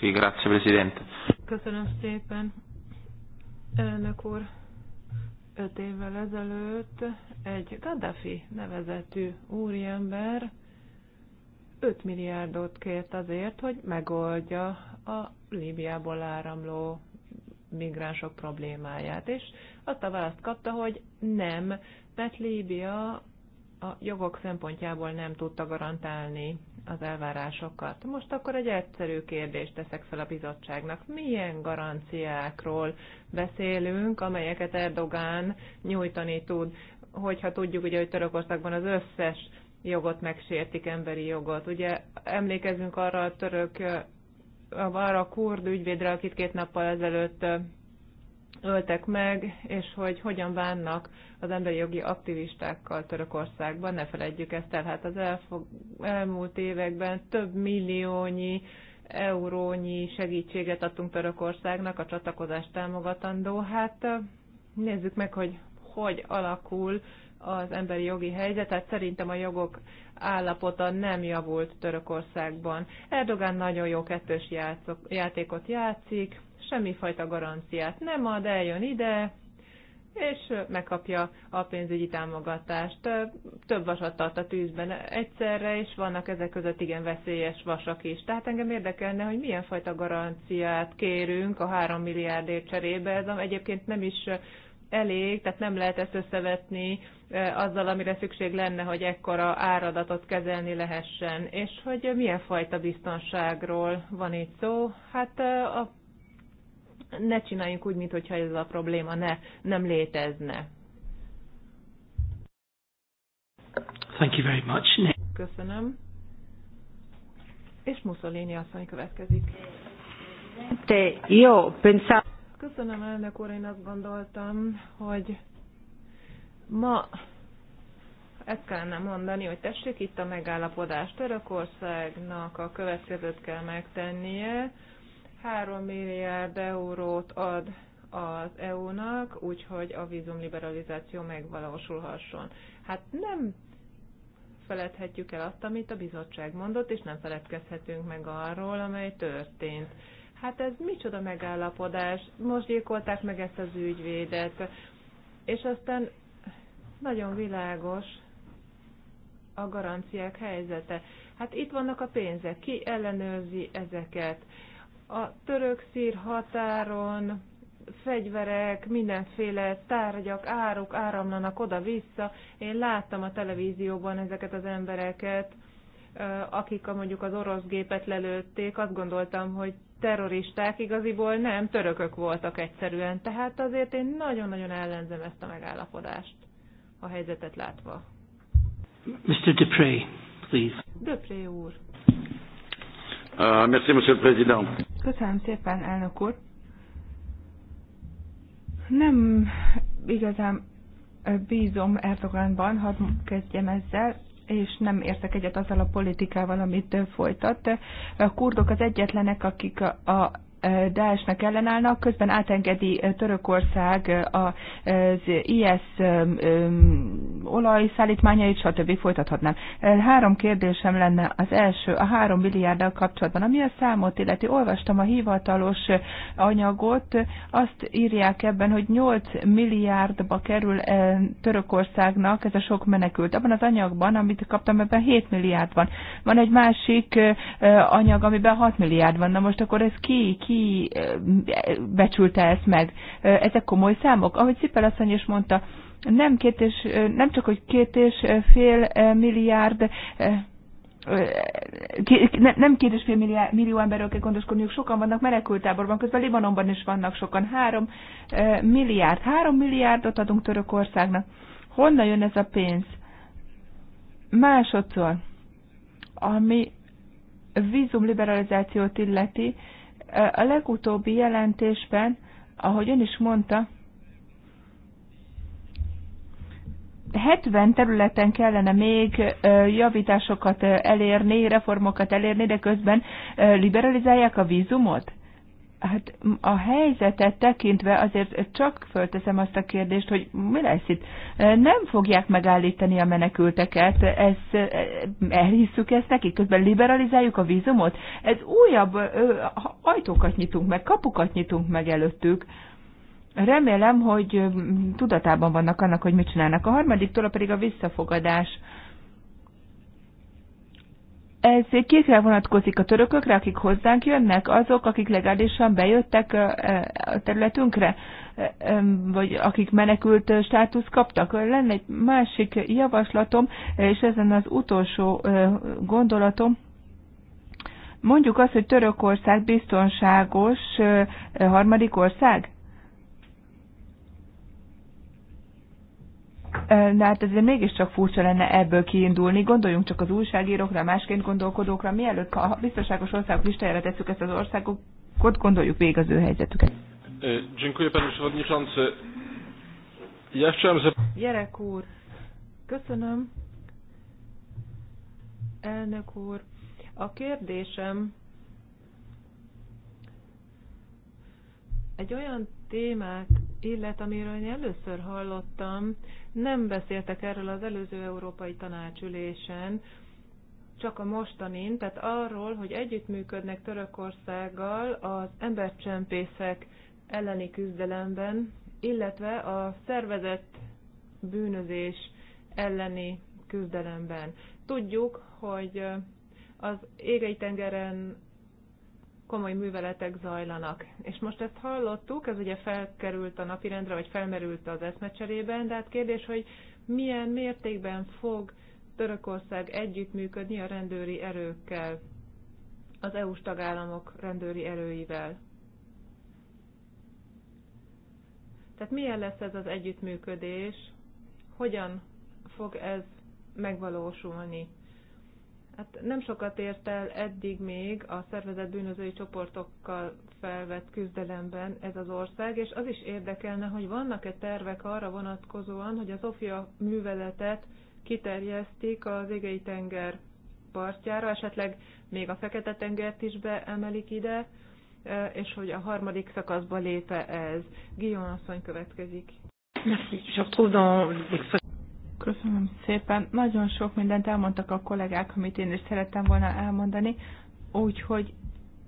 Sí, grazie, Presidente. Köszönöm szépen, elnök úr. Öt évvel ezelőtt egy Gaddafi nevezetű úriember 5 milliárdot kért azért, hogy megoldja a Líbiából áramló migránsok problémáját, és azt a választ kapta, hogy nem, mert Líbia a jogok szempontjából nem tudta garantálni az elvárásokat. Most akkor egy egyszerű kérdést teszek fel a bizottságnak. Milyen garanciákról beszélünk, amelyeket Erdogán nyújtani tud, hogyha tudjuk, ugye, hogy Törökországban az összes jogot megsértik, emberi jogot. Ugye emlékezünk arra a török, arra a kurd ügyvédre, akit két nappal ezelőtt öltek meg, és hogy hogyan bánnak az emberi jogi aktivistákkal Törökországban. Ne felejtjük ezt el. Hát az elfog, elmúlt években több milliónyi eurónyi segítséget adtunk Törökországnak a csatlakozást támogatandó. Hát nézzük meg, hogy hogy alakul az emberi jogi helyzet, tehát szerintem a jogok állapota nem javult Törökországban. Erdogán nagyon jó kettős játszok, játékot játszik, semmifajta garanciát nem ad, eljön ide, és megkapja a pénzügyi támogatást. Több vasat tart a tűzben egyszerre, és vannak ezek között igen veszélyes vasak is. Tehát engem érdekelne, hogy milyen fajta garanciát kérünk a 3 milliárdért cserébe. Ez egyébként nem is elég, tehát nem lehet ezt összevetni azzal, amire szükség lenne, hogy ekkora áradatot kezelni lehessen. És hogy milyen fajta biztonságról van itt szó? Hát a ne csináljunk úgy, mintha ez a probléma ne, nem létezne. Thank you very much. Köszönöm. És Mussolini asszony következik. Te jó, pensa... Köszönöm, elnök úr, én azt gondoltam, hogy ma ezt kellene mondani, hogy tessék itt a megállapodást Törökországnak a következőt kell megtennie, 3 milliárd eurót ad az EU-nak, úgyhogy a vízumliberalizáció megvalósulhasson. Hát nem feledhetjük el azt, amit a bizottság mondott, és nem feledkezhetünk meg arról, amely történt. Hát ez micsoda megállapodás, most gyilkolták meg ezt az ügyvédet, és aztán nagyon világos a garanciák helyzete. Hát itt vannak a pénzek, ki ellenőrzi ezeket? a török-szír határon fegyverek, mindenféle tárgyak, áruk áramlanak oda-vissza. Én láttam a televízióban ezeket az embereket, akik a mondjuk az orosz gépet lelőtték, azt gondoltam, hogy terroristák, igaziból nem, törökök voltak egyszerűen. Tehát azért én nagyon-nagyon ellenzem ezt a megállapodást, a helyzetet látva. Mr. Dupré, please. Dupré úr. Uh, merci, Monsieur le Président. Köszönöm szépen, elnök úr. Nem igazán bízom Erdoganban, hadd kezdjem ezzel és nem értek egyet azzal a politikával, amit folytat. A kurdok az egyetlenek, akik a, a Daesh-nak ellenállnak, közben átengedi Törökország az IS olajszállítmányait, stb. folytathatnám. Három kérdésem lenne. Az első, a három milliárddal kapcsolatban, ami a számot illeti, olvastam a hivatalos anyagot, azt írják ebben, hogy 8 milliárdba kerül Törökországnak ez a sok menekült. Abban az anyagban, amit kaptam, ebben 7 milliárd van. Van egy másik anyag, amiben 6 milliárd van. Na most akkor ez ki, ki ki becsülte ezt meg. Ezek komoly számok. Ahogy Szipel asszony is mondta, nem, két és, nem csak, hogy két és fél milliárd nem két és fél millió, millió emberről kell gondoskodniuk, sokan vannak menekültáborban, közben Libanonban is vannak sokan, három milliárd, három milliárdot adunk Törökországnak. Honnan jön ez a pénz? Másodszor, ami vízumliberalizációt illeti, a legutóbbi jelentésben, ahogy ön is mondta, 70 területen kellene még javításokat elérni, reformokat elérni, de közben liberalizálják a vízumot? Hát a helyzetet tekintve azért csak fölteszem azt a kérdést, hogy mi lesz itt. Nem fogják megállítani a menekülteket, ez, elhisszük ezt nekik, közben liberalizáljuk a vízumot. Ez újabb ajtókat nyitunk meg, kapukat nyitunk meg előttük. Remélem, hogy tudatában vannak annak, hogy mit csinálnak. A harmadik tóla pedig a visszafogadás. Ez kétre vonatkozik a törökökre, akik hozzánk jönnek, azok, akik legálisan bejöttek a területünkre, vagy akik menekült státusz kaptak. Lenne egy másik javaslatom, és ezen az utolsó gondolatom, Mondjuk azt, hogy Törökország biztonságos harmadik ország? De hát ezért mégiscsak furcsa lenne ebből kiindulni. Gondoljunk csak az újságírókra, másként gondolkodókra. Mielőtt a biztonságos országok listájára tesszük ezt az országokat, gondoljuk végig az ő helyzetüket. Dziękuję panie przewodniczący. Ja chciałem... Gyerek úr, köszönöm. Elnök úr, a kérdésem egy olyan témát illet, amiről én először hallottam, nem beszéltek erről az előző Európai Tanácsülésen, csak a mostanin, tehát arról, hogy együttműködnek Törökországgal az embercsempészek elleni küzdelemben, illetve a szervezett bűnözés elleni küzdelemben. Tudjuk, hogy az égei tengeren komoly műveletek zajlanak. És most ezt hallottuk, ez ugye felkerült a napirendre, vagy felmerült az eszmecserében, de hát kérdés, hogy milyen mértékben fog Törökország együttműködni a rendőri erőkkel, az EU-s tagállamok rendőri erőivel. Tehát milyen lesz ez az együttműködés, hogyan fog ez megvalósulni? Hát nem sokat ért el eddig még a szervezett bűnözői csoportokkal felvett küzdelemben ez az ország, és az is érdekelne, hogy vannak-e tervek arra vonatkozóan, hogy az OFIA műveletet kiterjesztik az égei tenger partjára, esetleg még a Fekete-tengert is beemelik ide, e, és hogy a harmadik szakaszba lépe ez. Guillaume asszony következik. Merci. Je retrouve dans Köszönöm szépen. Nagyon sok mindent elmondtak a kollégák, amit én is szerettem volna elmondani, úgyhogy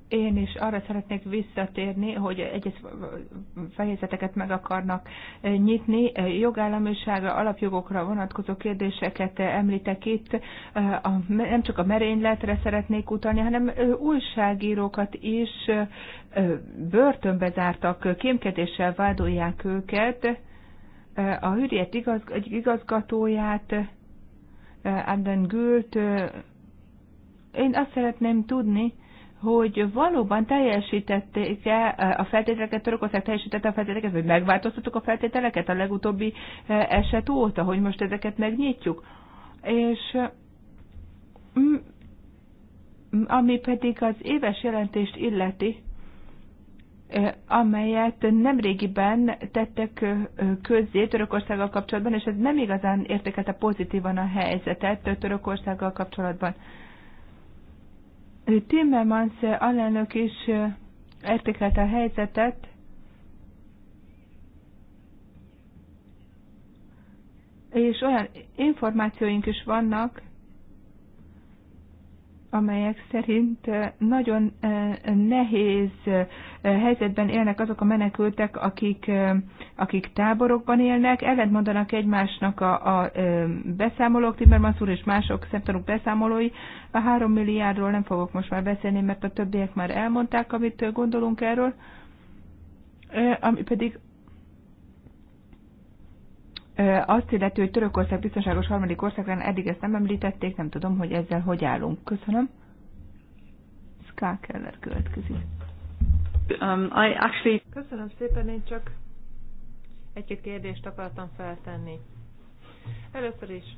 én is arra szeretnék visszatérni, hogy egyes fejezeteket meg akarnak nyitni. Jogállamisága, alapjogokra vonatkozó kérdéseket említek itt. A, nem csak a merényletre szeretnék utalni, hanem újságírókat is börtönbe zártak, kémkedéssel vádolják őket a Hürriyet igaz, egy igazgatóját, eh, Adam Gült. Eh, én azt szeretném tudni, hogy valóban teljesítették-e eh, a feltételeket, Törökország teljesítette a feltételeket, vagy megváltoztatok a feltételeket a legutóbbi eset óta, hogy most ezeket megnyitjuk. És ami pedig az éves jelentést illeti, amelyet nemrégiben tettek közzé Törökországgal kapcsolatban, és ez nem igazán értékelte pozitívan a helyzetet Törökországgal kapcsolatban. Timmermans alelnök is értékelte a helyzetet, és olyan információink is vannak, amelyek szerint nagyon nehéz helyzetben élnek azok a menekültek, akik, akik táborokban élnek, ellentmondanak egymásnak a, a beszámolók, Timmermans úr és mások szemtanúk beszámolói. A három milliárdról nem fogok most már beszélni, mert a többiek már elmondták, amit gondolunk erről. Ami pedig azt illető, hogy Törökország biztonságos harmadik országrán eddig ezt nem említették, nem tudom, hogy ezzel hogy állunk. Köszönöm. Ská Keller következik. Um, I actually... Köszönöm szépen, én csak egy-két kérdést akartam feltenni. Először is,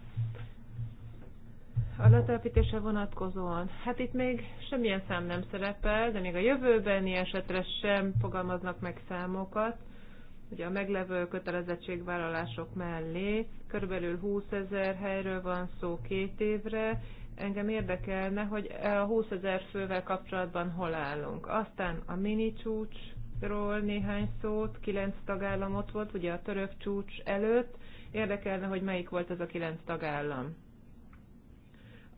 a letelepítése vonatkozóan. Hát itt még semmilyen szám nem szerepel, de még a jövőbeni esetre sem fogalmaznak meg számokat ugye a meglevő kötelezettségvállalások mellé körülbelül 20 ezer helyről van szó két évre. Engem érdekelne, hogy a 20 ezer fővel kapcsolatban hol állunk. Aztán a mini csúcsról néhány szót, kilenc tagállam ott volt, ugye a török csúcs előtt. Érdekelne, hogy melyik volt ez a kilenc tagállam.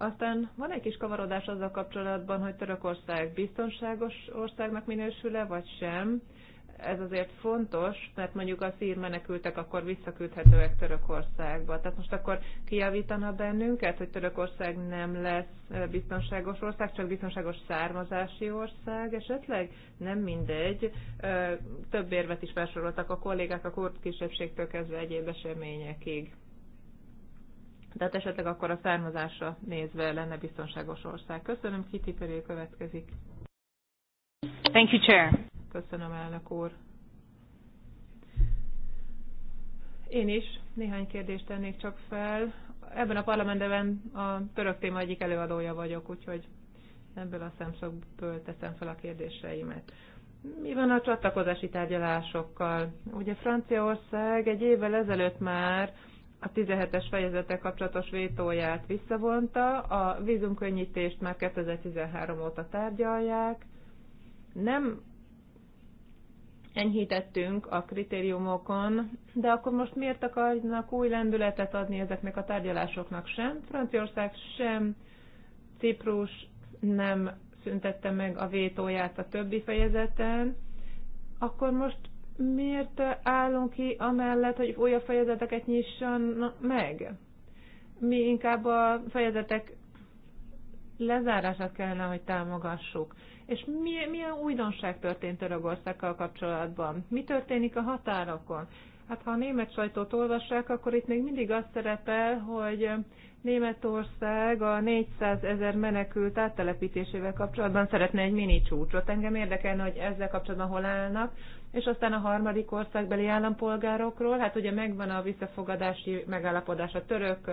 Aztán van egy kis kavarodás azzal kapcsolatban, hogy Törökország biztonságos országnak minősül-e, vagy sem ez azért fontos, mert mondjuk a szír menekültek akkor visszaküldhetőek Törökországba. Tehát most akkor kijavítana bennünket, hogy Törökország nem lesz eh, biztonságos ország, csak biztonságos származási ország esetleg? Nem mindegy. Eh, több érvet is felsoroltak a kollégák a kurd kisebbségtől kezdve egyéb eseményekig. Tehát esetleg akkor a származásra nézve lenne biztonságos ország. Köszönöm, Kiti Peré következik. Thank you, Chair. Köszönöm, elnök úr. Én is néhány kérdést tennék csak fel. Ebben a parlamentben a török téma egyik előadója vagyok, úgyhogy ebből a szemszögből teszem fel a kérdéseimet. Mi van a csatlakozási tárgyalásokkal? Ugye Franciaország egy évvel ezelőtt már a 17-es fejezete kapcsolatos vétóját visszavonta, a vízumkönnyítést már 2013 óta tárgyalják. Nem enyhítettünk a kritériumokon, de akkor most miért akarnak új lendületet adni ezeknek a tárgyalásoknak sem? Franciaország sem, Ciprus nem szüntette meg a vétóját a többi fejezeten, akkor most miért állunk ki amellett, hogy olyan fejezeteket nyisson meg? Mi inkább a fejezetek lezárását kellene, hogy támogassuk. És milyen, milyen újdonság történt Törökországgal kapcsolatban? Mi történik a határokon? Hát ha a német sajtót olvassák, akkor itt még mindig az szerepel, hogy Németország a 400 ezer menekült áttelepítésével kapcsolatban szeretne egy mini csúcsot. Engem érdekelne, hogy ezzel kapcsolatban hol állnak. És aztán a harmadik országbeli állampolgárokról, hát ugye megvan a visszafogadási megállapodás a török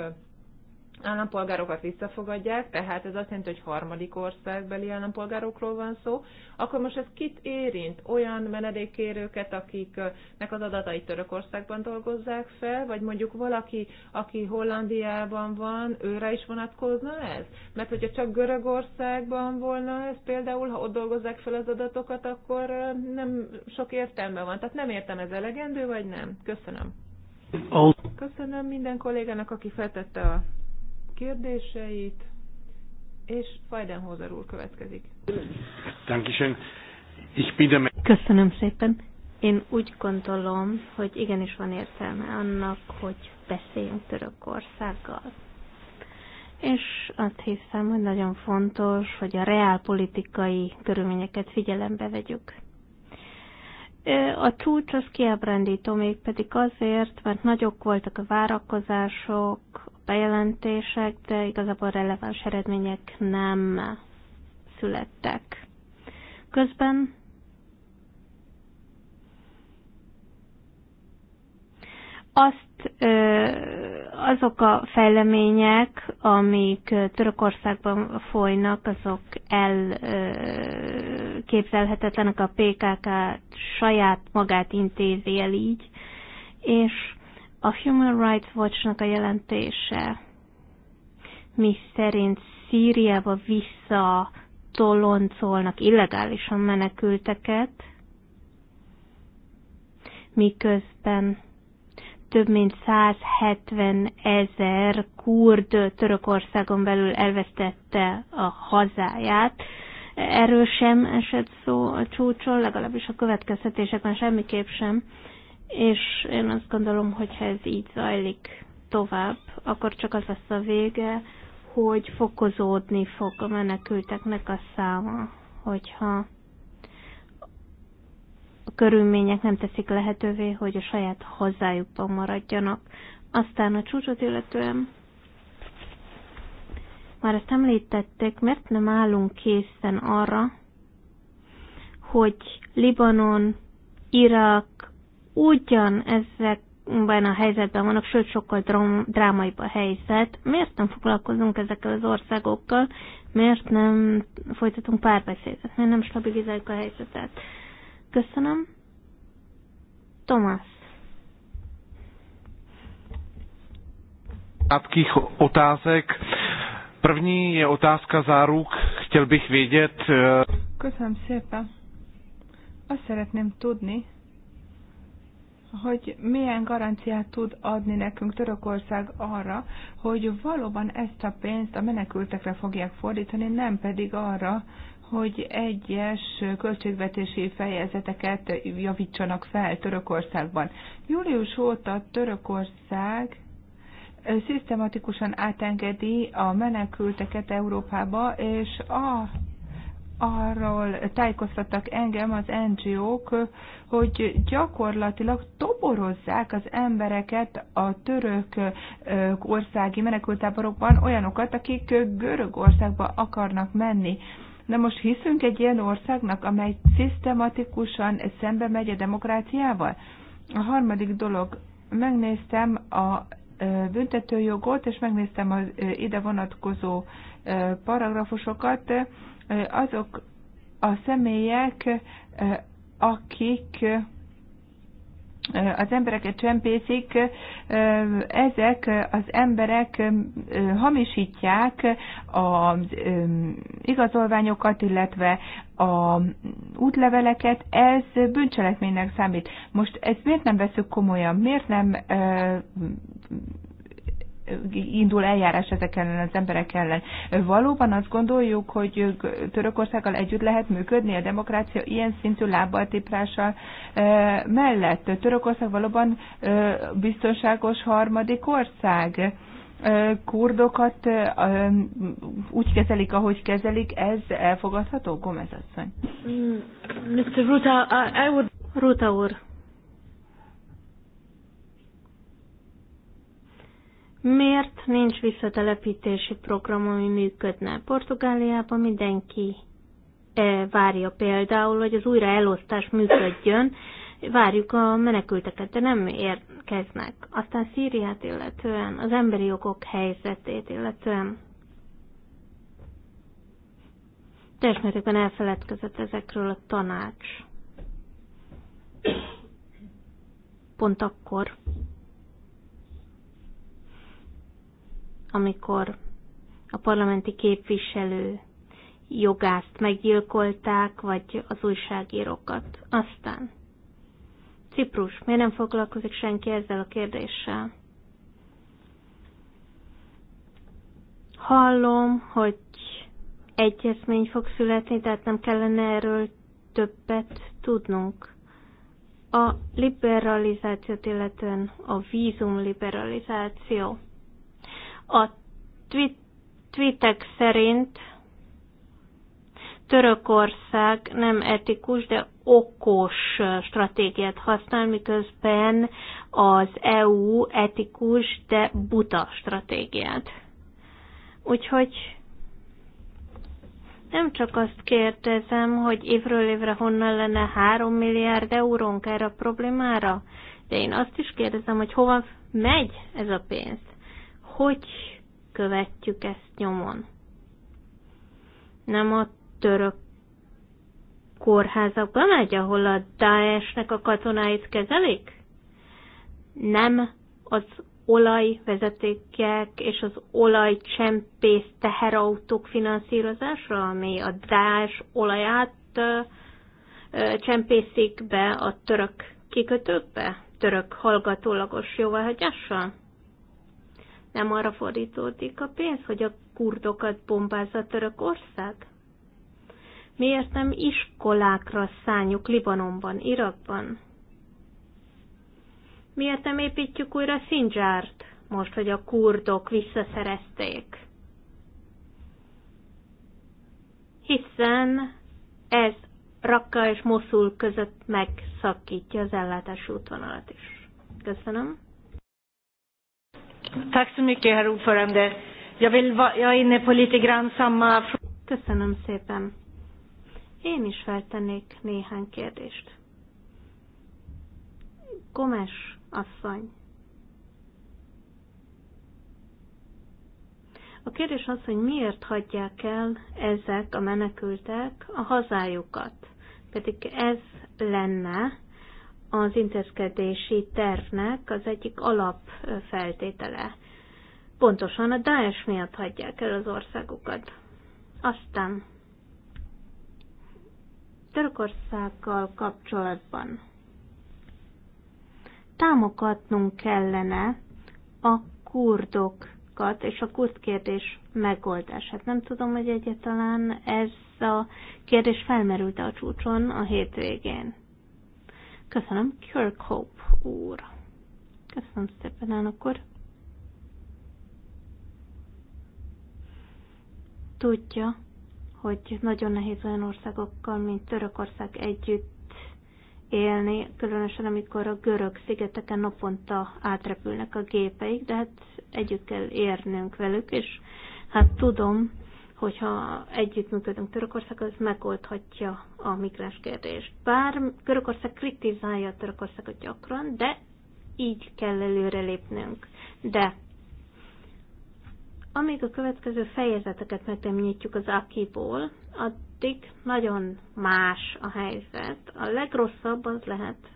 állampolgárokat visszafogadják, tehát ez azt jelenti, hogy harmadik országbeli állampolgárokról van szó, akkor most ez kit érint? Olyan menedékkérőket, akiknek az adatai Törökországban dolgozzák fel, vagy mondjuk valaki, aki Hollandiában van, őre is vonatkozna ez? Mert hogyha csak Görögországban volna ez például, ha ott dolgozzák fel az adatokat, akkor nem sok értelme van. Tehát nem értem, ez elegendő, vagy nem? Köszönöm. Köszönöm minden kollégának, aki feltette a kérdéseit, és Hozer úr következik. Köszönöm szépen. Én úgy gondolom, hogy igenis van értelme annak, hogy beszéljünk Törökországgal. És azt hiszem, hogy nagyon fontos, hogy a reálpolitikai körülményeket figyelembe vegyük. A csúcs az kiábrándító, pedig azért, mert nagyok voltak a várakozások, bejelentések, de igazából releváns eredmények nem születtek. Közben azt azok a fejlemények, amik Törökországban folynak, azok elképzelhetetlenek, a PKK saját magát intézi el így, és a Human Rights Watchnak a jelentése, mi szerint Szíriába vissza toloncolnak illegálisan menekülteket, miközben több mint 170 ezer kurd Törökországon belül elvesztette a hazáját. Erről sem esett szó a csúcson, legalábbis a következtetésekben semmiképp sem és én azt gondolom, hogy ha ez így zajlik tovább, akkor csak az lesz a vége, hogy fokozódni fog a menekülteknek a száma, hogyha a körülmények nem teszik lehetővé, hogy a saját hazájukban maradjanak. Aztán a csúcsot illetően már ezt említették, mert nem állunk készen arra, hogy Libanon, Irak, ugyan ezekben a helyzetben vannak, sőt sokkal drámaibb a helyzet. Miért nem foglalkozunk ezekkel az országokkal? Miért nem folytatunk párbeszédet? Miért nem stabilizáljuk a helyzetet? Köszönöm. Tomás. krátkých otázek. První je otázka záruk. Chtěl bych vědět... Eh, Köszönöm szépen. Azt szeretném tudni, hogy milyen garanciát tud adni nekünk Törökország arra, hogy valóban ezt a pénzt a menekültekre fogják fordítani, nem pedig arra, hogy egyes költségvetési fejezeteket javítsanak fel Törökországban. Július óta Törökország szisztematikusan átengedi a menekülteket Európába, és a arról tájékoztattak engem az NGO-k, hogy gyakorlatilag toborozzák az embereket a török országi menekültáborokban olyanokat, akik Görögországba akarnak menni. Na most hiszünk egy ilyen országnak, amely szisztematikusan szembe megy a demokráciával? A harmadik dolog, megnéztem a büntetőjogot, és megnéztem az ide vonatkozó paragrafusokat, azok a személyek, akik az embereket csempészik, ezek az emberek hamisítják az igazolványokat, illetve a útleveleket, ez bűncselekménynek számít. Most ezt miért nem veszük komolyan? Miért nem indul eljárás ezek ellen az emberek ellen. Valóban azt gondoljuk, hogy Törökországgal együtt lehet működni a demokrácia ilyen szintű lábbaltiprása eh, mellett. Törökország valóban eh, biztonságos harmadik ország eh, kurdokat úgy kezelik, ahogy kezelik, ez elfogadható, Gomez asszony? Mr. Mm, Ruta, I would... Ruta úr, Miért nincs visszatelepítési program, ami működne? Portugáliában mindenki e, várja például, hogy az újraelosztás működjön, várjuk a menekülteket, de nem érkeznek. Aztán Szíriát illetően, az emberi jogok helyzetét illetően teljes mértékben elfeledkezett ezekről a tanács. Pont akkor, amikor a parlamenti képviselő jogást meggyilkolták, vagy az újságírókat. Aztán Ciprus, miért nem foglalkozik senki ezzel a kérdéssel? Hallom, hogy egyezmény fog születni, tehát nem kellene erről többet tudnunk. A liberalizációt, illetően a vízum liberalizáció. A tweetek szerint Törökország nem etikus, de okos stratégiát használ, miközben az EU etikus, de buta stratégiát. Úgyhogy nem csak azt kérdezem, hogy évről évre honnan lenne 3 milliárd eurónk erre a problémára, de én azt is kérdezem, hogy hova megy ez a pénz hogy követjük ezt nyomon. Nem a török kórházakba megy, ahol a Daesh-nek a katonáit kezelik? Nem az olajvezetékek és az olajcsempész teherautók finanszírozásra, ami a Daesh olaját csempészik be a török kikötőkbe, török hallgatólagos jóváhagyással? nem arra fordítódik a pénz, hogy a kurdokat bombázza Törökország? Miért nem iskolákra szálljuk Libanonban, Irakban? Miért nem építjük újra Szindzsárt, most, hogy a kurdok visszaszerezték? Hiszen ez Rakka és Moszul között megszakítja az ellátási útvonalat is. Köszönöm. Tack så mycket, herr ordförande. Jag, vill, va, jag är inne på lite grann samma fråga. Köszönöm szépen. Én is feltennék néhány kérdést. Gomes asszony. A kérdés az, hogy miért hagyják el ezek a menekültek a hazájukat. Pedig ez lenne az intézkedési tervnek az egyik alapfeltétele. Pontosan a Daesh miatt hagyják el az országukat. Aztán Törökországgal kapcsolatban támogatnunk kellene a kurdokat és a kurd kérdés megoldását. Nem tudom, hogy egyáltalán ez a kérdés felmerült a csúcson a hétvégén. Köszönöm, Kirkhope úr. Köszönöm szépen, elnök úr. Tudja, hogy nagyon nehéz olyan országokkal, mint Törökország együtt élni, különösen amikor a görög szigeteken naponta átrepülnek a gépeik, de hát együtt kell érnünk velük, és hát tudom, hogyha működünk Törökország, az megoldhatja a migráns kérdést. Bár Törökország kritizálja a Törökországot gyakran, de így kell előrelépnünk. De amíg a következő fejezeteket megtemnyítjük az akiból, addig nagyon más a helyzet. A legrosszabb az lehet,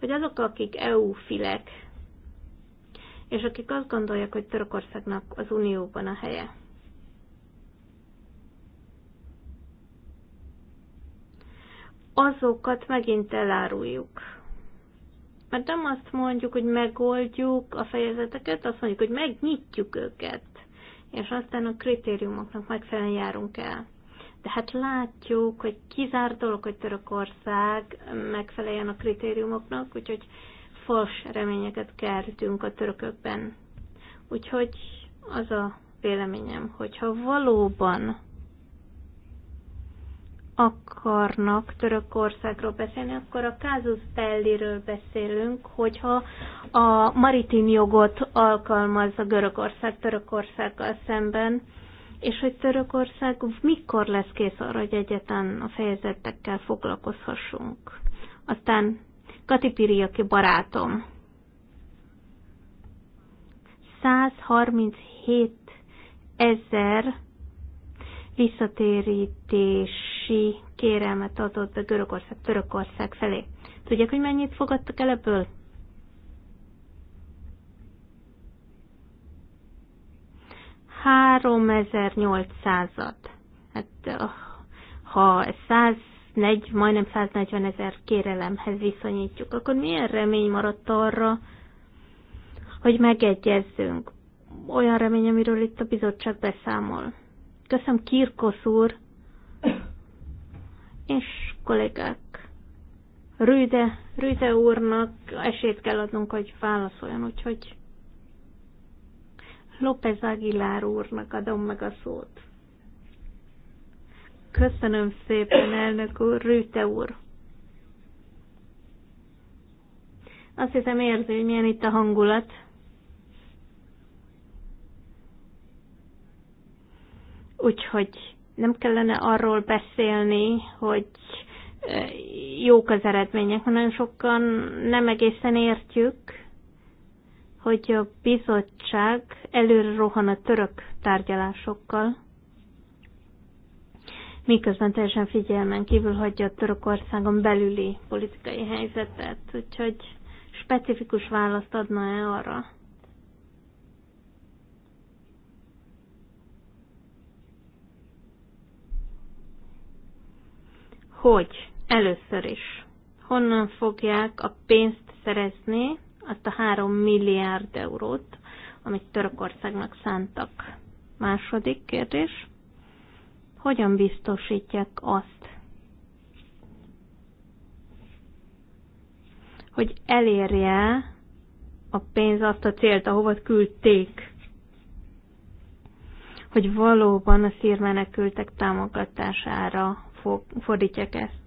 hogy azok, akik EU-filek, és akik azt gondolják, hogy Törökországnak az Unióban a helye. Azokat megint eláruljuk. Mert nem azt mondjuk, hogy megoldjuk a fejezeteket, azt mondjuk, hogy megnyitjuk őket, és aztán a kritériumoknak megfelelően járunk el. De hát látjuk, hogy kizár dolog, hogy Törökország megfeleljen a kritériumoknak, úgyhogy fals reményeket keltünk a törökökben. Úgyhogy az a véleményem, hogyha valóban akarnak Törökországról beszélni, akkor a Kázus Belliről beszélünk, hogyha a maritim jogot alkalmazza Görögország Törökországgal szemben, és hogy Törökország mikor lesz kész arra, hogy egyetlen a fejezetekkel foglalkozhassunk. Aztán Kati Piri, aki barátom. 137 ezer visszatérítési kérelmet adott be Görögország, Törökország felé. Tudják, hogy mennyit fogadtak el ebből? háromezer at Hát, ha ez száz negy, majdnem 140 ezer kérelemhez viszonyítjuk, akkor milyen remény maradt arra, hogy megegyezzünk? Olyan remény, amiről itt a bizottság beszámol. Köszönöm Kirkosz úr és kollégák. Rüde, Rüde úrnak esélyt kell adnunk, hogy válaszoljon, úgyhogy López Aguilar úrnak adom meg a szót. Köszönöm szépen, elnök úr, Rüte úr. Azt hiszem érzi, hogy milyen itt a hangulat. Úgyhogy nem kellene arról beszélni, hogy jók az eredmények, hanem sokan nem egészen értjük, hogy a bizottság előre rohan a török tárgyalásokkal miközben teljesen figyelmen kívül hagyja a Törökországon belüli politikai helyzetet. Úgyhogy specifikus választ adna-e arra? Hogy először is honnan fogják a pénzt szerezni, azt a három milliárd eurót, amit Törökországnak szántak. Második kérdés hogyan biztosítják azt, hogy elérje a pénz azt a célt, ahova küldték, hogy valóban a szírmenekültek támogatására fordítják ezt.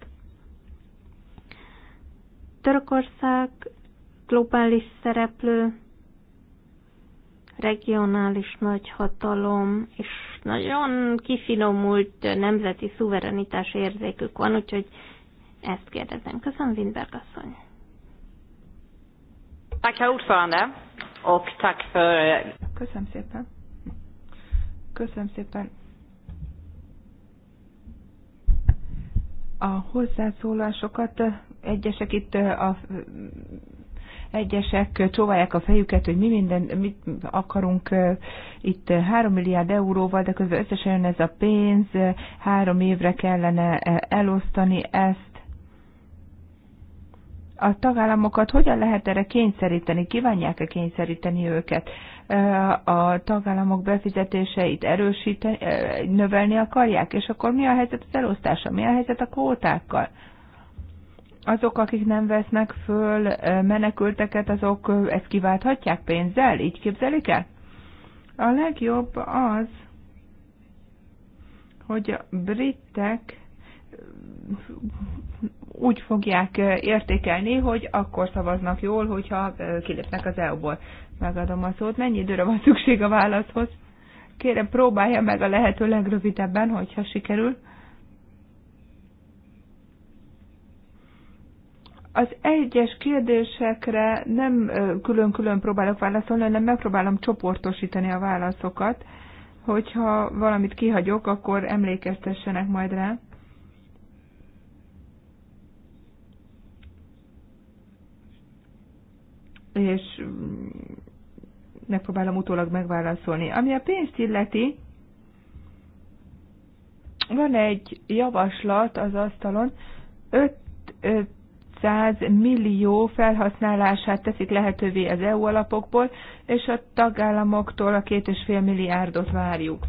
Törökország globális szereplő, regionális nagyhatalom, és nagyon kifinomult nemzeti szuverenitás érzékük van, úgyhogy ezt kérdezem. Köszönöm, Windberg asszony. Tack, herr ordförande, och tack för... Eh, Köszönöm szépen. Köszönöm szépen a hozzászólásokat. Eh, egyesek itt eh, a Egyesek csóválják a fejüket, hogy mi minden, mit akarunk itt 3 milliárd euróval, de közben összesen jön ez a pénz, három évre kellene elosztani ezt. A tagállamokat hogyan lehet erre kényszeríteni? Kívánják-e kényszeríteni őket? a tagállamok befizetéseit erősíteni, növelni akarják, és akkor mi a helyzet az elosztása, mi a helyzet a kvótákkal? azok, akik nem vesznek föl menekülteket, azok ezt kiválthatják pénzzel? Így képzelik el? A legjobb az, hogy a britek úgy fogják értékelni, hogy akkor szavaznak jól, hogyha kilépnek az EU-ból. Megadom a szót. Mennyi időre van szükség a válaszhoz? Kérem, próbálja meg a lehető legrövidebben, hogyha sikerül. Az egyes kérdésekre nem külön-külön próbálok válaszolni, hanem megpróbálom csoportosítani a válaszokat. Hogyha valamit kihagyok, akkor emlékeztessenek majd rá. És mm, megpróbálom utólag megválaszolni. Ami a pénzt illeti, van egy javaslat az asztalon, 5 100 millió felhasználását teszik lehetővé az EU alapokból, és a tagállamoktól a 2,5 milliárdot várjuk.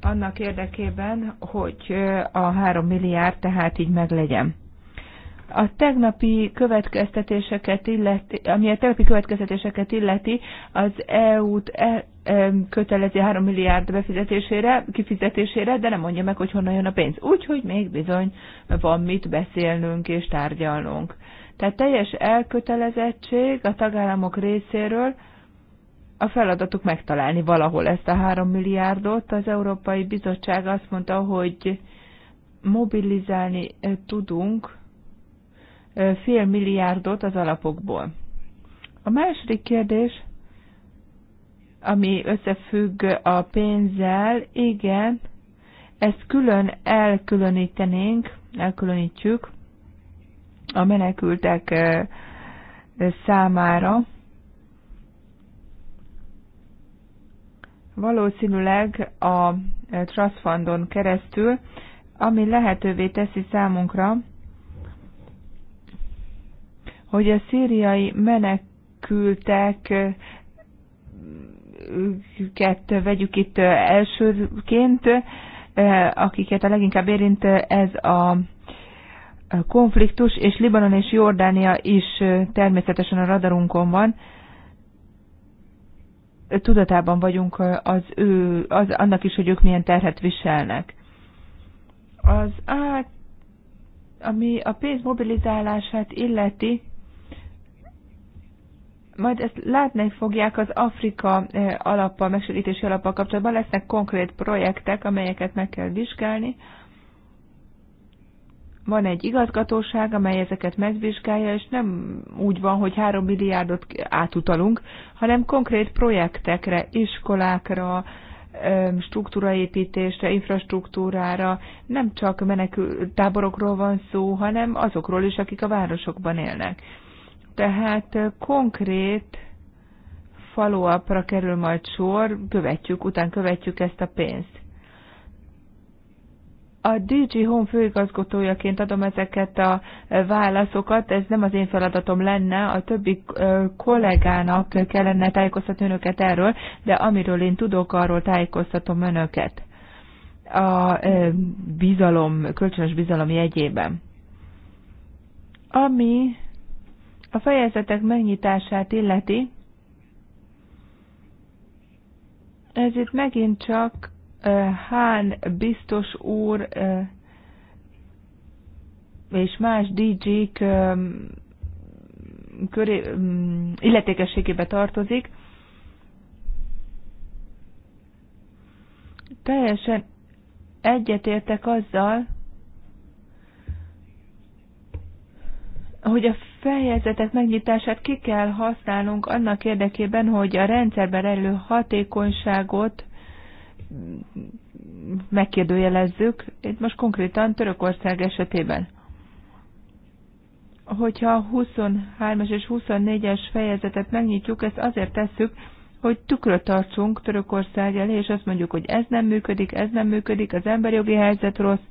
Annak érdekében, hogy a 3 milliárd tehát így meglegyen. A tegnapi következtetéseket illeti, ami a tegnapi következtetéseket illeti, az EU-t e, e, kötelezi 3 milliárd befizetésére, kifizetésére, de nem mondja meg, hogy honnan jön a pénz. Úgyhogy még bizony van mit beszélnünk és tárgyalnunk. Tehát teljes elkötelezettség a tagállamok részéről, a feladatuk megtalálni valahol ezt a három milliárdot. Az Európai Bizottság azt mondta, hogy mobilizálni e, tudunk fél milliárdot az alapokból. A második kérdés, ami összefügg a pénzzel, igen, ezt külön elkülönítenénk, elkülönítjük a menekültek számára. Valószínűleg a Trust Fundon keresztül, ami lehetővé teszi számunkra, hogy a szíriai menekültek őket vegyük itt elsőként, akiket a leginkább érint ez a konfliktus, és Libanon és Jordánia is természetesen a radarunkon van. Tudatában vagyunk az ő, az, annak is, hogy ők milyen terhet viselnek. Az át, ami a pénz mobilizálását illeti, majd ezt látni fogják az Afrika eh, alappal, megsegítési alappal kapcsolatban. Lesznek konkrét projektek, amelyeket meg kell vizsgálni. Van egy igazgatóság, amely ezeket megvizsgálja, és nem úgy van, hogy három milliárdot átutalunk, hanem konkrét projektekre, iskolákra, eh, struktúraépítésre, infrastruktúrára, nem csak menekül táborokról van szó, hanem azokról is, akik a városokban élnek tehát konkrét faluapra kerül majd sor, követjük, után követjük ezt a pénzt. A DG Home főigazgatójaként adom ezeket a válaszokat, ez nem az én feladatom lenne, a többi kollégának kellene tájékoztatni önöket erről, de amiről én tudok, arról tájékoztatom önöket. A bizalom, kölcsönös bizalom jegyében. Ami a fejezetek megnyitását illeti, ez itt megint csak Hán biztos úr és más dj k um, illetékességébe tartozik. Teljesen egyetértek azzal, hogy a Fejezetet megnyitását ki kell használnunk annak érdekében, hogy a rendszerben elő hatékonyságot megkérdőjelezzük, itt most konkrétan Törökország esetében. Hogyha a 23-as és 24-es fejezetet megnyitjuk, ezt azért tesszük, hogy tükröt tartsunk Törökország elé, és azt mondjuk, hogy ez nem működik, ez nem működik, az emberjogi helyzet rossz,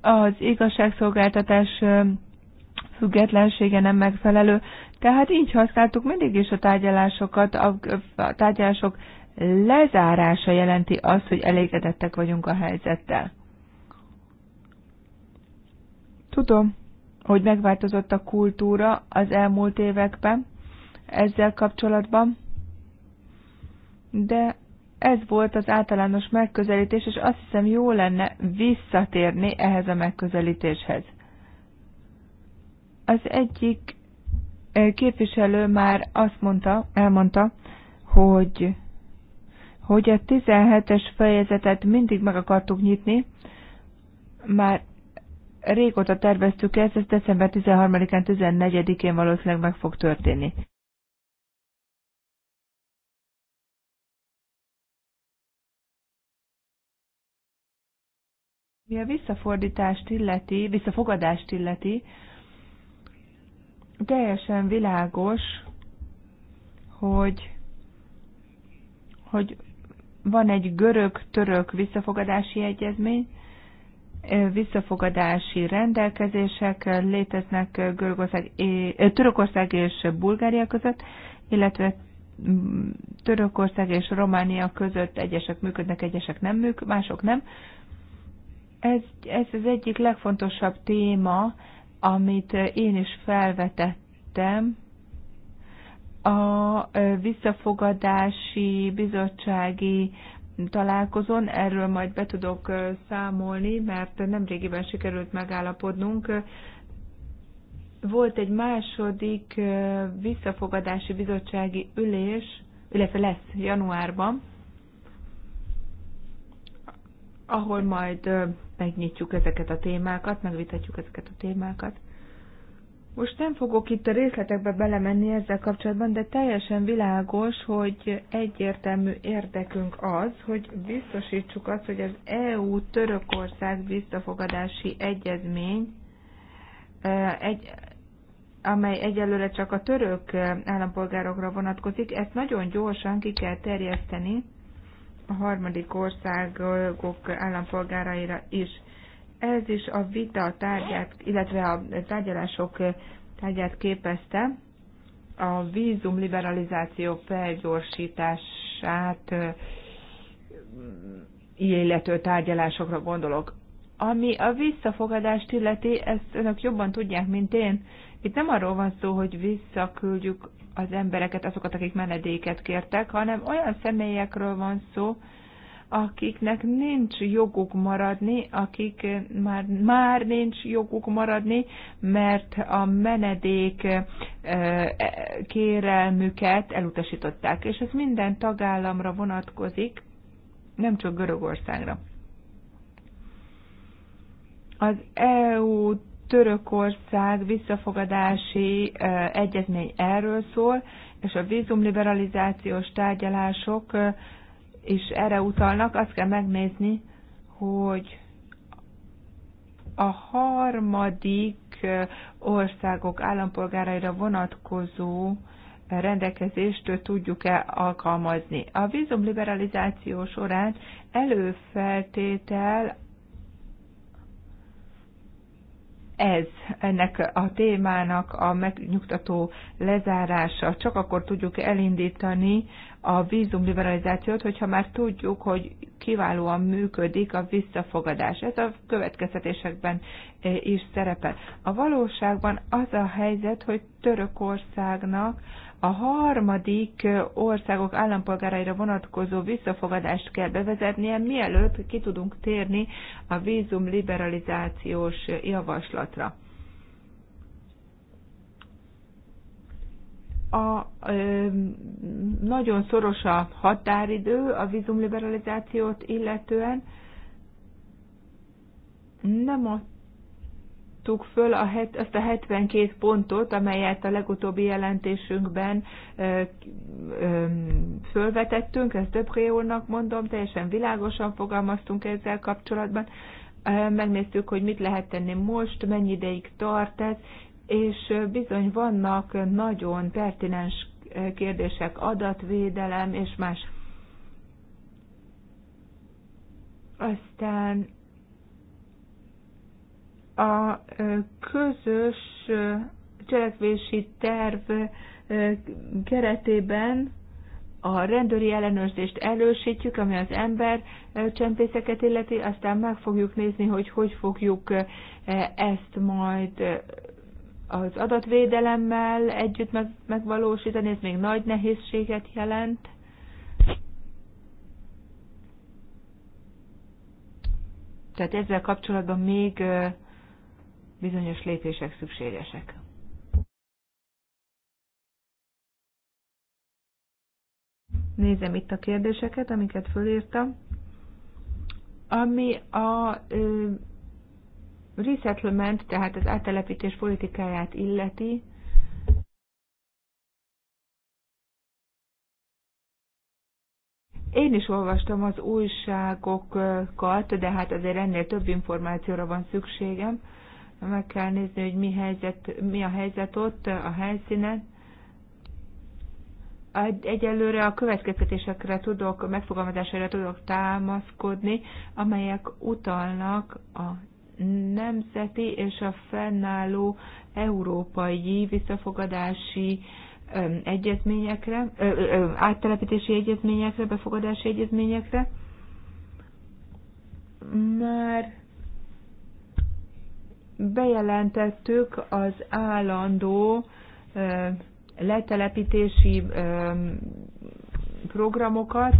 az igazságszolgáltatás függetlensége nem megfelelő. Tehát így használtuk mindig is a tárgyalásokat, a, a tárgyalások lezárása jelenti azt, hogy elégedettek vagyunk a helyzettel. Tudom, hogy megváltozott a kultúra az elmúlt években ezzel kapcsolatban, de ez volt az általános megközelítés, és azt hiszem jó lenne visszatérni ehhez a megközelítéshez. Az egyik eh, képviselő már azt mondta, elmondta, hogy, hogy a 17-es fejezetet mindig meg akartuk nyitni, már régóta terveztük ezt, ez december 13-án, 14-én valószínűleg meg fog történni. Mi a visszafordítást illeti, visszafogadást illeti, teljesen világos, hogy, hogy van egy görög-török visszafogadási egyezmény, visszafogadási rendelkezések léteznek Görögország, Törökország és Bulgária között, illetve mm, Törökország és Románia között egyesek működnek, egyesek nem működnek, mások nem. Ez, ez az egyik legfontosabb téma amit eh, én is felvetettem, a eh, visszafogadási bizottsági találkozón, erről majd be tudok eh, számolni, mert nemrégiben sikerült megállapodnunk. Volt egy második visszafogadási bizottsági ülés, illetve lesz januárban, ahol majd megnyitjuk ezeket a témákat, megvitatjuk ezeket a témákat. Most nem fogok itt a részletekbe belemenni ezzel kapcsolatban, de teljesen világos, hogy egyértelmű érdekünk az, hogy biztosítsuk azt, hogy az EU-Törökország visszafogadási egyezmény, egy, amely egyelőre csak a török állampolgárokra vonatkozik, ezt nagyon gyorsan ki kell terjeszteni, a harmadik országok állampolgáraira is. Ez is a vita tárgyát, illetve a tárgyalások tárgyát képezte a vízum liberalizáció felgyorsítását illető tárgyalásokra gondolok. Ami a visszafogadást illeti, ezt önök jobban tudják, mint én. Itt nem arról van szó, hogy visszaküldjük az embereket, azokat, akik menedéket kértek, hanem olyan személyekről van szó, akiknek nincs joguk maradni, akik már, már nincs joguk maradni, mert a menedék e, e, kérelmüket elutasították, és ez minden tagállamra vonatkozik, nem csak Görögországra. Az EU Törökország visszafogadási egyezmény erről szól, és a vízumliberalizációs tárgyalások is erre utalnak. Azt kell megnézni, hogy a harmadik országok állampolgáraira vonatkozó rendelkezést tudjuk-e alkalmazni. A vízumliberalizáció során előfeltétel ez ennek a témának a megnyugtató lezárása. Csak akkor tudjuk elindítani a vízumliberalizációt, hogyha már tudjuk, hogy kiválóan működik a visszafogadás. Ez a következtetésekben eh, is szerepel. A valóságban az a helyzet, hogy Törökországnak a harmadik országok állampolgáraira vonatkozó visszafogadást kell bevezetnie, mielőtt ki tudunk térni a vízum liberalizációs javaslatra. a ö, nagyon szoros a határidő a vízumliberalizációt illetően. Nem ott írtuk föl a het, azt a 72 pontot, amelyet a legutóbbi jelentésünkben ö, ö, fölvetettünk, ezt Döpré úrnak mondom, teljesen világosan fogalmaztunk ezzel kapcsolatban. Megnéztük, hogy mit lehet tenni most, mennyi ideig tart ez, és bizony vannak nagyon pertinens kérdések, adatvédelem és más. Aztán a közös cselekvési terv keretében a rendőri ellenőrzést elősítjük, ami az ember csempészeket illeti, aztán meg fogjuk nézni, hogy hogy fogjuk e, ezt majd az adatvédelemmel együtt megvalósítani, ez még nagy nehézséget jelent. Tehát ezzel kapcsolatban még bizonyos lépések szükségesek. Nézem itt a kérdéseket, amiket fölírtam. Ami a ö, resettlement, tehát az áttelepítés politikáját illeti, Én is olvastam az újságokat, de hát azért ennél több információra van szükségem meg kell nézni, hogy mi, helyzet, mi a helyzet ott, a helyszínen. Egyelőre a következtetésekre tudok, megfogalmazására tudok támaszkodni, amelyek utalnak a nemzeti és a fennálló európai visszafogadási egyezményekre, áttelepítési egyezményekre, befogadási egyezményekre. mert Bejelentettük az állandó letelepítési programokat.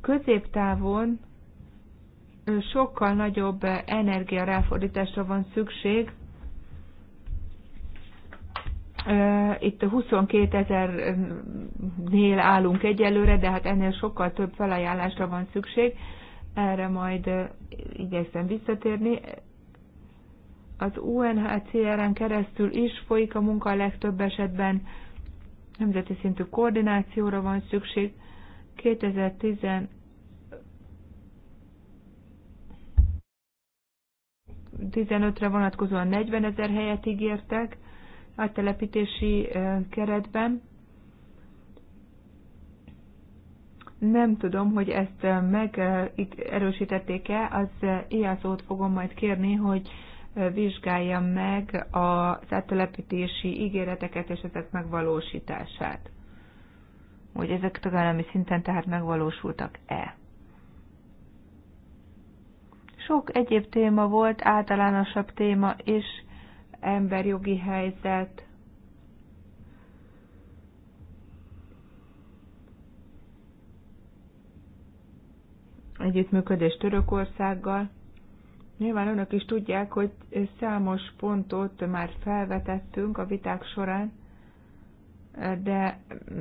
Középtávon sokkal nagyobb energiaráfordításra van szükség. Itt 22 ezernél állunk egyelőre, de hát ennél sokkal több felajánlásra van szükség. Erre majd igyekszem visszatérni az UNHCR-en keresztül is folyik a munka a legtöbb esetben, nemzeti szintű koordinációra van szükség. 2010 15-re vonatkozóan 40 ezer helyet ígértek a telepítési keretben. Nem tudom, hogy ezt megerősítették-e, az ijászót fogom majd kérni, hogy vizsgálja meg az áttelepítési ígéreteket és ezek megvalósítását. Hogy ezek tagállami szinten tehát megvalósultak-e. Sok egyéb téma volt, általánosabb téma és emberjogi helyzet, együttműködés Törökországgal. Nyilván önök is tudják, hogy számos pontot már felvetettünk a viták során, de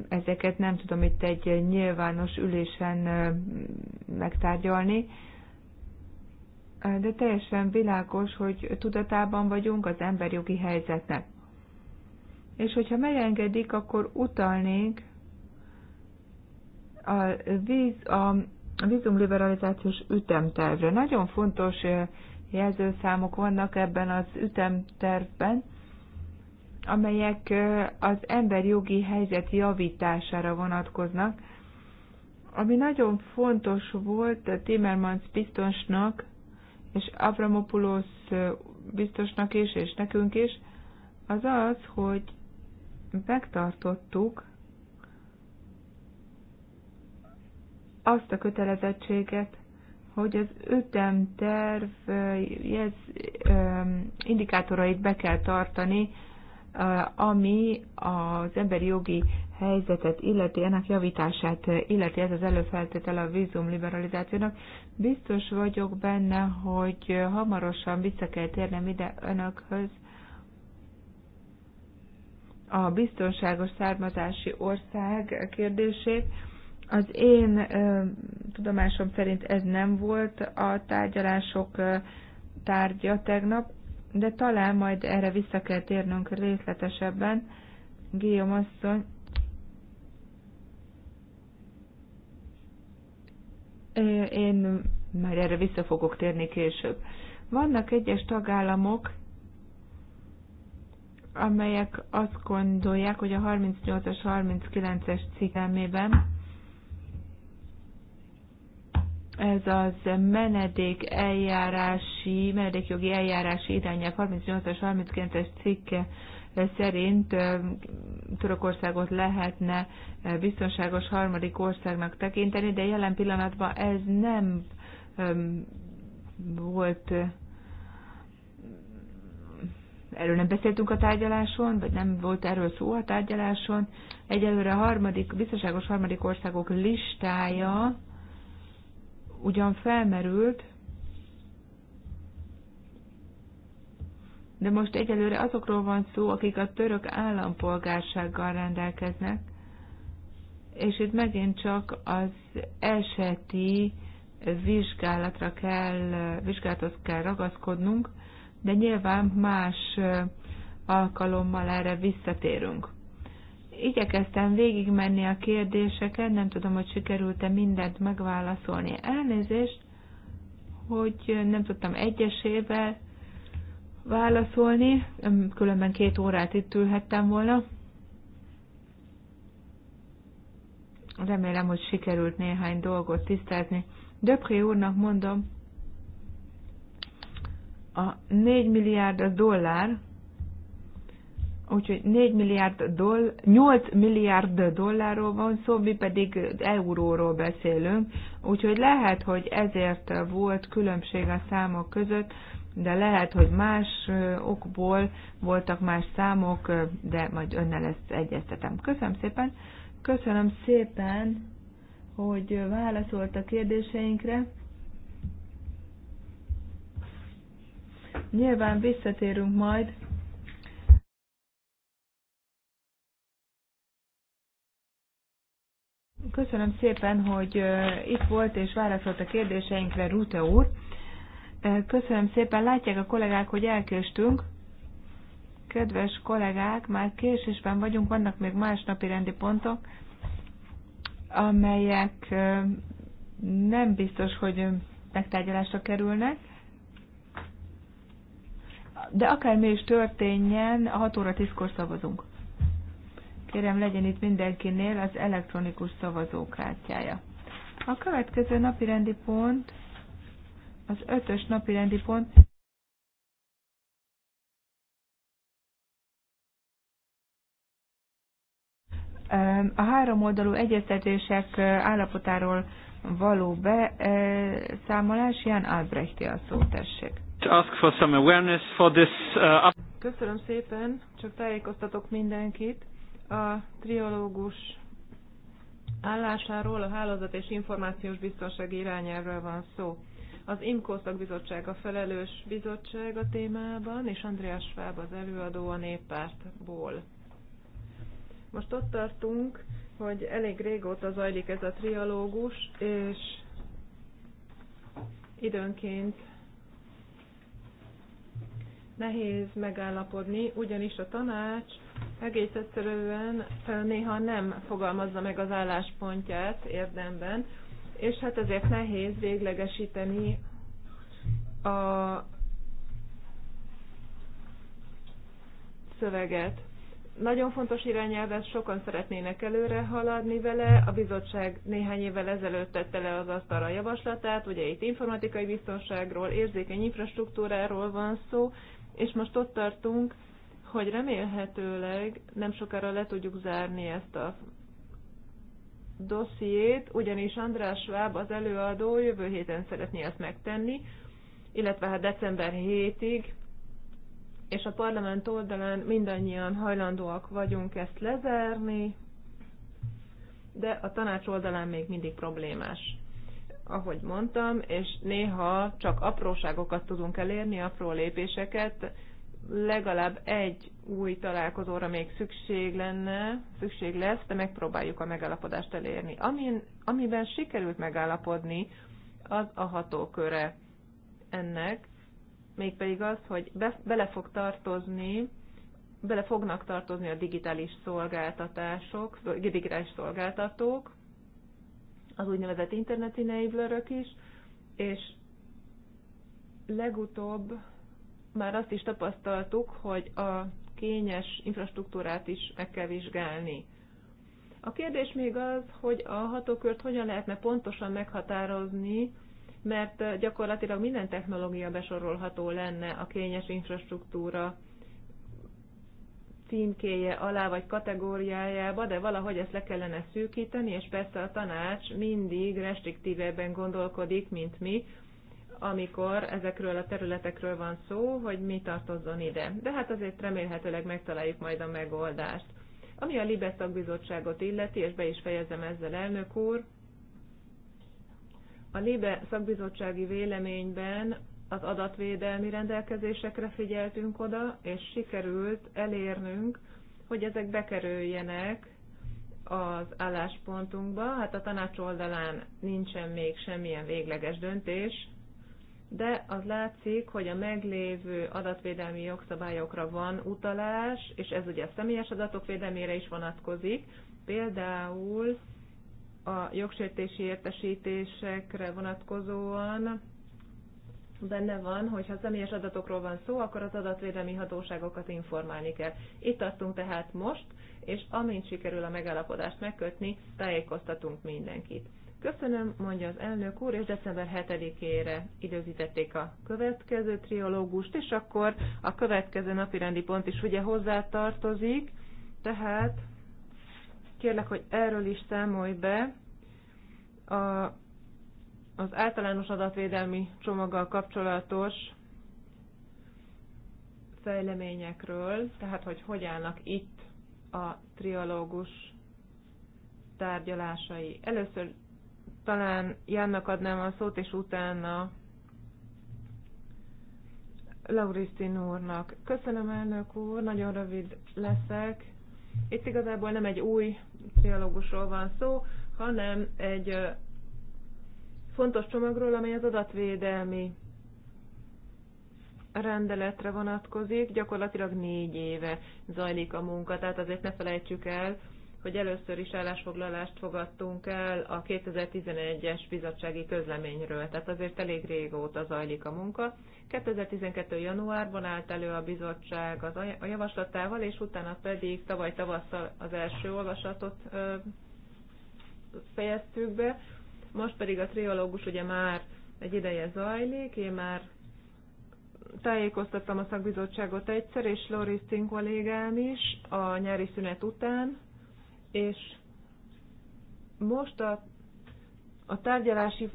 ezeket nem tudom itt egy nyilvános ülésen megtárgyalni. De teljesen világos, hogy tudatában vagyunk az emberjogi helyzetnek. És hogyha megengedik, akkor utalnék a víz, a a vízumliberalizációs ütemtervre. Nagyon fontos eh, jelzőszámok vannak ebben az ütemtervben, amelyek eh, az emberjogi helyzet javítására vonatkoznak, ami nagyon fontos volt Timmermans biztosnak, és Avramopoulos eh, biztosnak is, és nekünk is, az az, hogy megtartottuk azt a kötelezettséget, hogy az terv ez, indikátorait be kell tartani, ami az emberi jogi helyzetet illeti, ennek javítását illeti, ez az előfeltétele a vízum liberalizációnak. Biztos vagyok benne, hogy hamarosan vissza kell térnem ide önökhöz, a biztonságos származási ország kérdését, az én ö, tudomásom szerint ez nem volt a tárgyalások ö, tárgya tegnap, de talán majd erre vissza kell térnünk részletesebben. Guillaume asszony, én már erre vissza fogok térni később. Vannak egyes tagállamok, amelyek azt gondolják, hogy a 38-as, 39-es cikkelmében ez az menedék eljárási, menedékjogi eljárási irányelv 38-as, 39-es cikke szerint Törökországot lehetne biztonságos harmadik országnak tekinteni, de jelen pillanatban ez nem volt erről nem beszéltünk a tárgyaláson, vagy nem volt erről szó a tárgyaláson. Egyelőre a harmadik, biztonságos harmadik országok listája ugyan felmerült, de most egyelőre azokról van szó, akik a török állampolgársággal rendelkeznek, és itt megint csak az eseti vizsgálatra kell, vizsgálathoz kell ragaszkodnunk, de nyilván más alkalommal erre visszatérünk igyekeztem végigmenni a kérdéseket, nem tudom, hogy sikerült-e mindent megválaszolni. Elnézést, hogy nem tudtam egyesével válaszolni, különben két órát itt ülhettem volna. Remélem, hogy sikerült néhány dolgot tisztázni. Döpré úrnak mondom, a 4 milliárd dollár, Úgyhogy 4 milliárd doll, 8 milliárd dollárról van szó, mi pedig euróról beszélünk, úgyhogy lehet, hogy ezért volt különbség a számok között, de lehet, hogy más okból voltak más számok, de majd önnel ezt egyeztetem. Köszönöm szépen, köszönöm szépen, hogy válaszolt a kérdéseinkre. Nyilván visszatérünk majd Köszönöm szépen, hogy itt volt és válaszolt a kérdéseinkre, Rute úr. Köszönöm szépen. Látják a kollégák, hogy elkéstünk. Kedves kollégák, már késésben vagyunk, vannak még más napi rendi pontok, amelyek nem biztos, hogy megtárgyalásra kerülnek. De akármi is történjen, a 6 óra 10-kor szavazunk. Kérem, legyen itt mindenkinél az elektronikus szavazókártyája. A következő napirendi pont, az ötös napirendi pont, a három oldalú egyeztetések állapotáról való beszámolás, Jan Albrecht a szó, tessék. Ask for some awareness for this, uh, Köszönöm szépen, csak tájékoztatok mindenkit a triológus állásáról, a hálózat és információs biztonság irányáról van szó. Az IMCO szakbizottság a felelős bizottság a témában, és Andreas Schwab az előadó a néppártból. Most ott tartunk, hogy elég régóta zajlik ez a trialógus, és időnként nehéz megállapodni, ugyanis a tanács egész egyszerűen néha nem fogalmazza meg az álláspontját érdemben, és hát ezért nehéz véglegesíteni a szöveget. Nagyon fontos irányelvet sokan szeretnének előre haladni vele. A bizottság néhány évvel ezelőtt tette le az asztalra a javaslatát, ugye itt informatikai biztonságról, érzékeny infrastruktúráról van szó, és most ott tartunk, hogy remélhetőleg nem sokára le tudjuk zárni ezt a dossziét, ugyanis András Schwab az előadó jövő héten szeretné ezt megtenni, illetve hát december 7-ig, és a parlament oldalán mindannyian hajlandóak vagyunk ezt lezárni, de a tanács oldalán még mindig problémás. Ahogy mondtam, és néha csak apróságokat tudunk elérni, apró lépéseket, legalább egy új találkozóra még szükség lenne, szükség lesz, de megpróbáljuk a megállapodást elérni. Amin, amiben sikerült megállapodni, az a hatóköre ennek, mégpedig az, hogy be, bele fog tartozni, bele fognak tartozni a digitális szolgáltatások, digitális szolgáltatók, az úgynevezett internet enablerök is, és legutóbb már azt is tapasztaltuk, hogy a kényes infrastruktúrát is meg kell vizsgálni. A kérdés még az, hogy a hatókört hogyan lehetne pontosan meghatározni, mert gyakorlatilag minden technológia besorolható lenne a kényes infrastruktúra címkéje alá vagy kategóriájába, de valahogy ezt le kellene szűkíteni, és persze a tanács mindig restriktívebben gondolkodik, mint mi, amikor ezekről a területekről van szó, hogy mi tartozzon ide. De hát azért remélhetőleg megtaláljuk majd a megoldást. Ami a Libeszak szakbizottságot illeti, és be is fejezem ezzel, elnök úr, a LIBE szakbizottsági véleményben az adatvédelmi rendelkezésekre figyeltünk oda, és sikerült elérnünk, hogy ezek bekerüljenek az álláspontunkba. Hát a tanács oldalán nincsen még semmilyen végleges döntés, de az látszik, hogy a meglévő adatvédelmi jogszabályokra van utalás, és ez ugye a személyes adatok védelmére is vonatkozik, például a jogsértési értesítésekre vonatkozóan benne van, hogy ha személyes adatokról van szó, akkor az adatvédelmi hatóságokat informálni kell. Itt tartunk tehát most, és amint sikerül a megállapodást megkötni, tájékoztatunk mindenkit. Köszönöm, mondja az elnök úr, és december 7-ére időzítették a következő triológust, és akkor a következő napirendi pont is ugye hozzá tartozik, tehát kérlek, hogy erről is számolj be. A, az általános adatvédelmi csomaggal kapcsolatos fejleményekről, tehát hogy hogy állnak itt a triológus tárgyalásai. Először talán Jánnak adnám a szót, és utána Laurisztin úrnak. Köszönöm, elnök úr, nagyon rövid leszek. Itt igazából nem egy új trialógusról van szó, hanem egy fontos csomagról, amely az adatvédelmi rendeletre vonatkozik. Gyakorlatilag négy éve zajlik a munka, tehát azért ne felejtsük el, hogy először is állásfoglalást fogadtunk el a 2011-es bizottsági közleményről, tehát azért elég régóta zajlik a munka. 2012. januárban állt elő a bizottság az a javaslatával, és utána pedig tavaly tavasszal az első olvasatot fejeztük be. Most pedig a triológus ugye már egy ideje zajlik, én már tájékoztattam a szakbizottságot egyszer, és Loris Cink kollégám is a nyári szünet után, és most a, a tárgyalási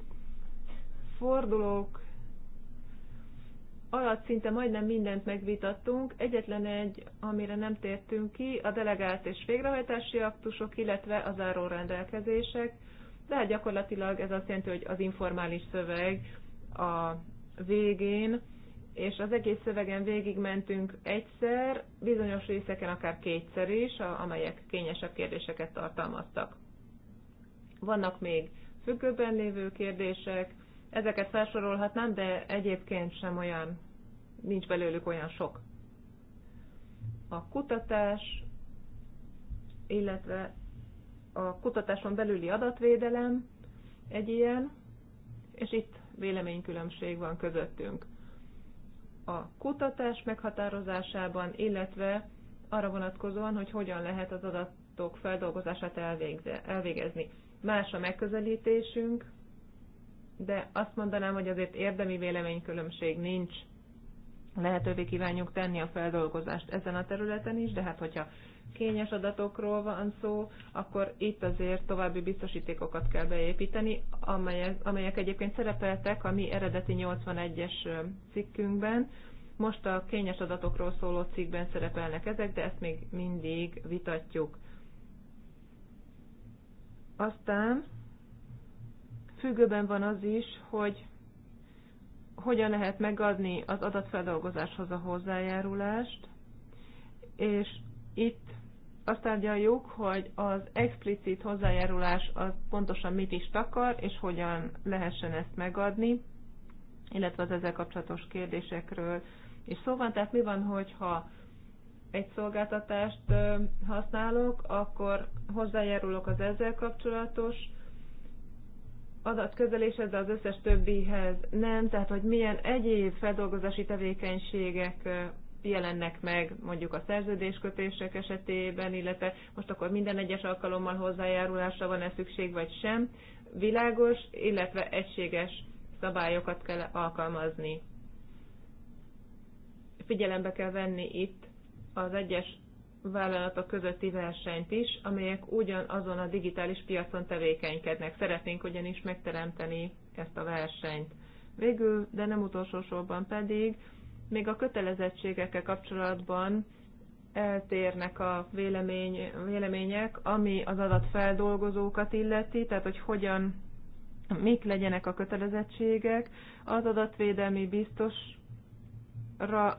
fordulók alatt szinte majdnem mindent megvitattunk, egyetlen egy, amire nem tértünk ki, a delegált és végrehajtási aktusok, illetve az záró rendelkezések, de hát gyakorlatilag ez azt jelenti, hogy az informális szöveg a végén és az egész szövegen végigmentünk egyszer, bizonyos részeken akár kétszer is, amelyek kényesebb kérdéseket tartalmaztak. Vannak még függőben lévő kérdések, ezeket felsorolhatnám, de egyébként sem olyan, nincs belőlük olyan sok. A kutatás, illetve a kutatáson belüli adatvédelem egy ilyen, és itt véleménykülönbség van közöttünk a kutatás meghatározásában, illetve arra vonatkozóan, hogy hogyan lehet az adatok feldolgozását elvégezni. Más a megközelítésünk, de azt mondanám, hogy azért érdemi véleménykülönbség nincs. Lehetővé kívánjuk tenni a feldolgozást ezen a területen is, de hát hogyha kényes adatokról van szó, akkor itt azért további biztosítékokat kell beépíteni, amelyek, amelyek egyébként szerepeltek a mi eredeti 81-es cikkünkben. Most a kényes adatokról szóló cikkben szerepelnek ezek, de ezt még mindig vitatjuk. Aztán függőben van az is, hogy hogyan lehet megadni az adatfeldolgozáshoz a hozzájárulást, és itt azt tárgyaljuk, hogy az explicit hozzájárulás az pontosan mit is takar, és hogyan lehessen ezt megadni, illetve az ezzel kapcsolatos kérdésekről és szó van. Tehát mi van, hogyha egy szolgáltatást használok, akkor hozzájárulok az ezzel kapcsolatos adatközeléshez, de az összes többihez nem, tehát hogy milyen egyéb feldolgozási tevékenységek jelennek meg mondjuk a szerződéskötések esetében, illetve most akkor minden egyes alkalommal hozzájárulásra van-e szükség, vagy sem, világos, illetve egységes szabályokat kell alkalmazni. Figyelembe kell venni itt az egyes vállalatok közötti versenyt is, amelyek ugyanazon a digitális piacon tevékenykednek. Szeretnénk ugyanis megteremteni ezt a versenyt. Végül, de nem utolsó sorban pedig, még a kötelezettségekkel kapcsolatban eltérnek a vélemény, vélemények, ami az adatfeldolgozókat illeti, tehát hogy hogyan, mik legyenek a kötelezettségek. Az adatvédelmi biztosra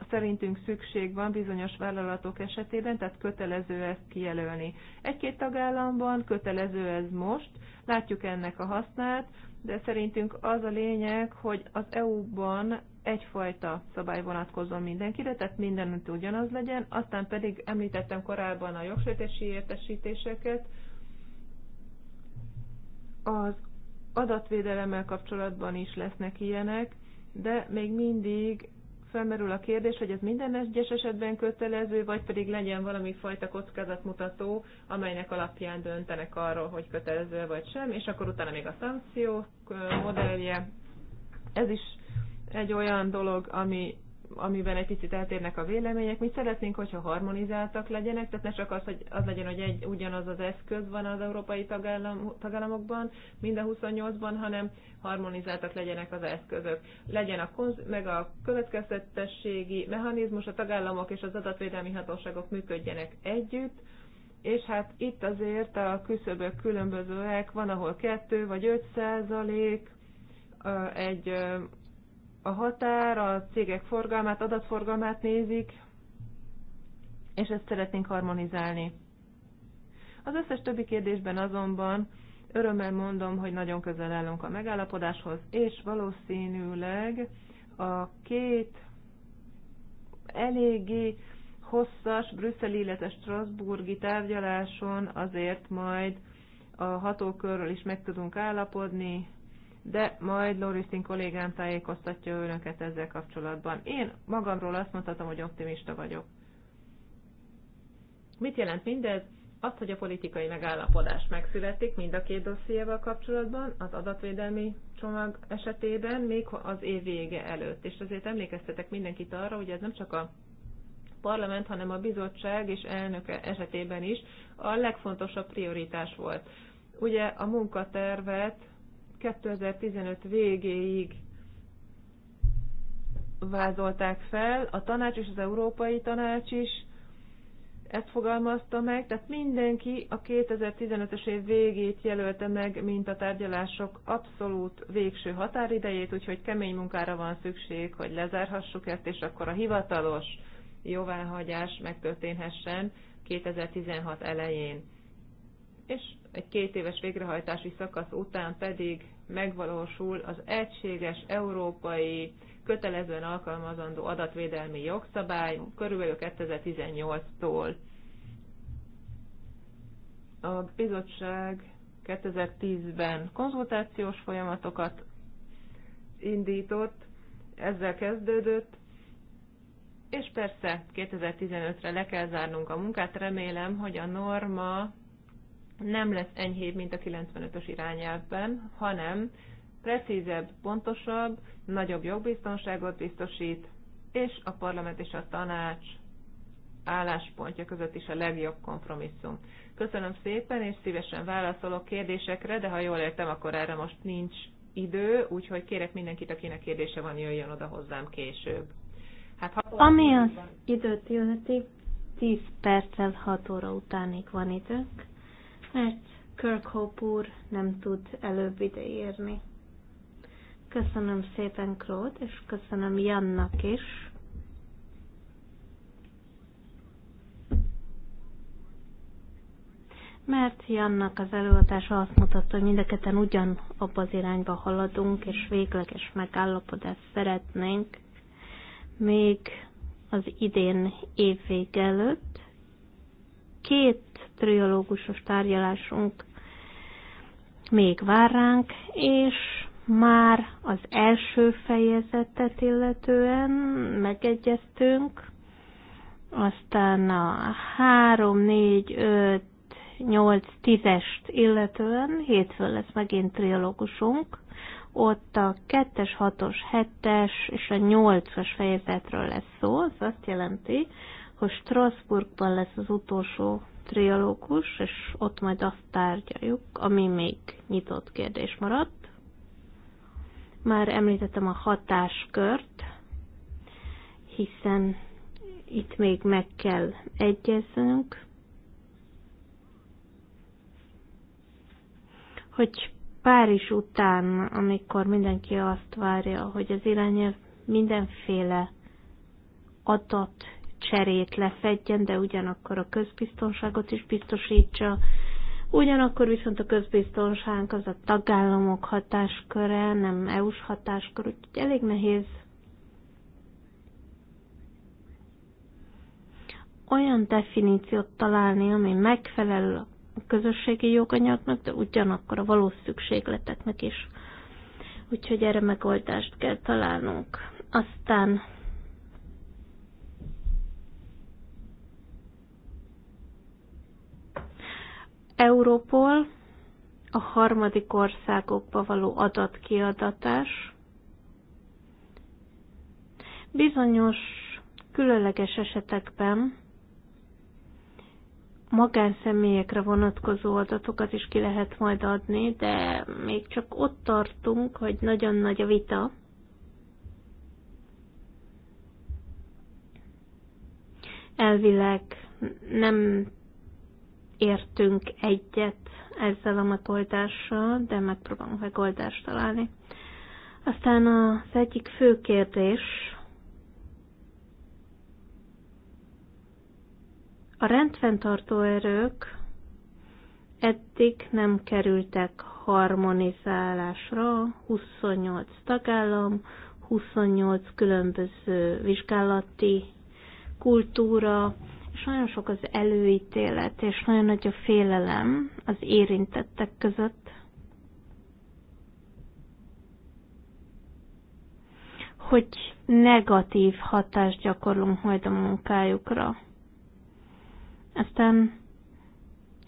szerintünk szükség van bizonyos vállalatok esetében, tehát kötelező ezt kijelölni. Egy-két tagállamban kötelező ez most, látjuk ennek a hasznát, de szerintünk az a lényeg, hogy az EU-ban egyfajta szabály vonatkozom mindenkire, tehát mindenütt ugyanaz legyen, aztán pedig említettem korábban a jogsértési értesítéseket, az adatvédelemmel kapcsolatban is lesznek ilyenek, de még mindig felmerül a kérdés, hogy ez minden egyes esetben kötelező, vagy pedig legyen valami fajta kockázatmutató, amelynek alapján döntenek arról, hogy kötelező vagy sem, és akkor utána még a szankció modellje. Ez is egy olyan dolog, ami amiben egy picit eltérnek a vélemények. Mi szeretnénk, hogyha harmonizáltak legyenek, tehát ne csak az, hogy az legyen, hogy egy ugyanaz az eszköz van az európai tagállam, tagállamokban, mind a 28-ban, hanem harmonizáltak legyenek az eszközök. Legyen a konz- meg a következtetességi mechanizmus, a tagállamok és az adatvédelmi hatóságok működjenek együtt, és hát itt azért a küszöbök különbözőek, van ahol 2 vagy 5 százalék, egy a határ, a cégek forgalmát, adatforgalmát nézik, és ezt szeretnénk harmonizálni. Az összes többi kérdésben azonban örömmel mondom, hogy nagyon közel állunk a megállapodáshoz, és valószínűleg a két eléggé hosszas brüsszeli, illetve strasburgi tárgyaláson azért majd a hatókörről is meg tudunk állapodni, de majd Lorisztin kollégám tájékoztatja önöket ezzel kapcsolatban. Én magamról azt mondhatom, hogy optimista vagyok. Mit jelent mindez? Azt, hogy a politikai megállapodás megszületik mind a két dossziéval kapcsolatban, az adatvédelmi csomag esetében, még az év vége előtt. És azért emlékeztetek mindenkit arra, hogy ez nem csak a parlament, hanem a bizottság és elnöke esetében is a legfontosabb prioritás volt. Ugye a munkatervet 2015 végéig vázolták fel, a tanács és az Európai Tanács is ezt fogalmazta meg, tehát mindenki a 2015-es év végét jelölte meg, mint a tárgyalások abszolút végső határidejét, úgyhogy kemény munkára van szükség, hogy lezárhassuk ezt, és akkor a hivatalos jóváhagyás megtörténhessen 2016 elején. És egy két éves végrehajtási szakasz után pedig megvalósul az egységes európai kötelezően alkalmazandó adatvédelmi jogszabály körülbelül 2018-tól. A bizottság 2010-ben konzultációs folyamatokat indított, ezzel kezdődött, és persze 2015-re le kell zárnunk a munkát, remélem, hogy a norma nem lesz enyhébb, mint a 95-ös irányelvben, hanem precízebb, pontosabb, nagyobb jogbiztonságot biztosít, és a parlament és a tanács álláspontja között is a legjobb kompromisszum. Köszönöm szépen, és szívesen válaszolok kérdésekre, de ha jól értem, akkor erre most nincs idő, úgyhogy kérek mindenkit, akinek kérdése van, jöjjön oda hozzám később. Hát, ha... Ami az időt illeti, 10 perccel 6 óra utánig van időnk mert Kirkhope úr nem tud előbb ideérni. Köszönöm szépen Krót, és köszönöm Jannak is. Mert Jannak az előadása azt mutatta, hogy mindeketen abba az irányba haladunk, és végleges megállapodást szeretnénk, még az idén évvége előtt, két triológusos tárgyalásunk még vár ránk, és már az első fejezetet illetően megegyeztünk, aztán a 3, 4, 5, 8, 10-est illetően hétfőn lesz megint triológusunk, ott a 2-es, 6-os, 7-es és a 8-as fejezetről lesz szó, az azt jelenti, hogy Strasbourgban lesz az utolsó trialógus, és ott majd azt tárgyaljuk, ami még nyitott kérdés maradt. Már említettem a hatáskört, hiszen itt még meg kell egyeznünk, hogy Párizs után, amikor mindenki azt várja, hogy az irányelv mindenféle adat cserét lefedjen, de ugyanakkor a közbiztonságot is biztosítsa. Ugyanakkor viszont a közbiztonság az a tagállamok hatásköre, nem EU-s hatáskör, úgyhogy elég nehéz olyan definíciót találni, ami megfelel a közösségi joganyagnak, de ugyanakkor a valós szükségleteknek is. Úgyhogy erre megoldást kell találnunk. Aztán Európol, a harmadik országokba való adatkiadatás, bizonyos különleges esetekben magánszemélyekre vonatkozó adatokat is ki lehet majd adni, de még csak ott tartunk, hogy nagyon nagy a vita. Elvileg nem értünk egyet ezzel a megoldással, de megpróbálunk megoldást találni. Aztán az egyik fő kérdés a rendfenntartó erők eddig nem kerültek harmonizálásra, 28 tagállam, 28 különböző vizsgálati kultúra, nagyon sok az előítélet, és nagyon nagy a félelem az érintettek között. hogy negatív hatást gyakorlunk majd a munkájukra. Aztán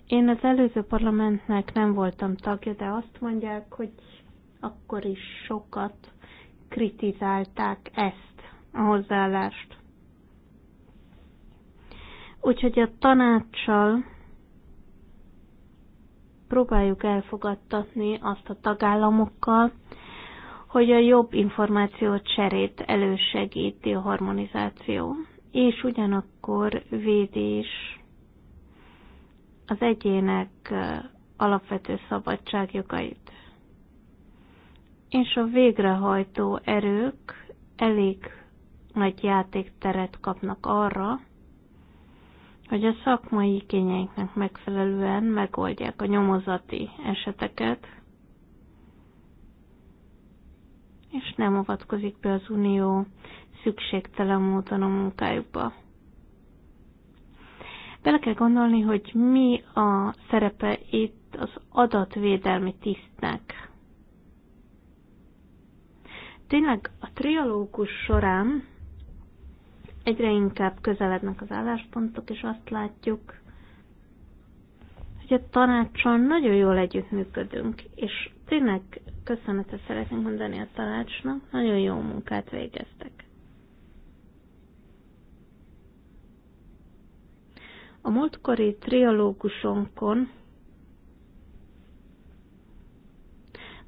én az előző parlamentnek nem voltam tagja, de azt mondják, hogy akkor is sokat kritizálták ezt a hozzáállást. Úgyhogy a tanácssal próbáljuk elfogadtatni azt a tagállamokkal, hogy a jobb információ cserét elősegíti a harmonizáció, és ugyanakkor védés az egyének alapvető szabadságjogait. És a végrehajtó erők elég nagy játékteret kapnak arra, hogy a szakmai igényeinknek megfelelően megoldják a nyomozati eseteket, és nem avatkozik be az Unió szükségtelen módon a munkájukba. Bele kell gondolni, hogy mi a szerepe itt az adatvédelmi tisztnek. Tényleg a trialógus során egyre inkább közelednek az álláspontok, és azt látjuk, hogy a tanácson nagyon jól együttműködünk, és tényleg köszönetet szeretnénk mondani a tanácsnak, nagyon jó munkát végeztek. A múltkori triológusonkon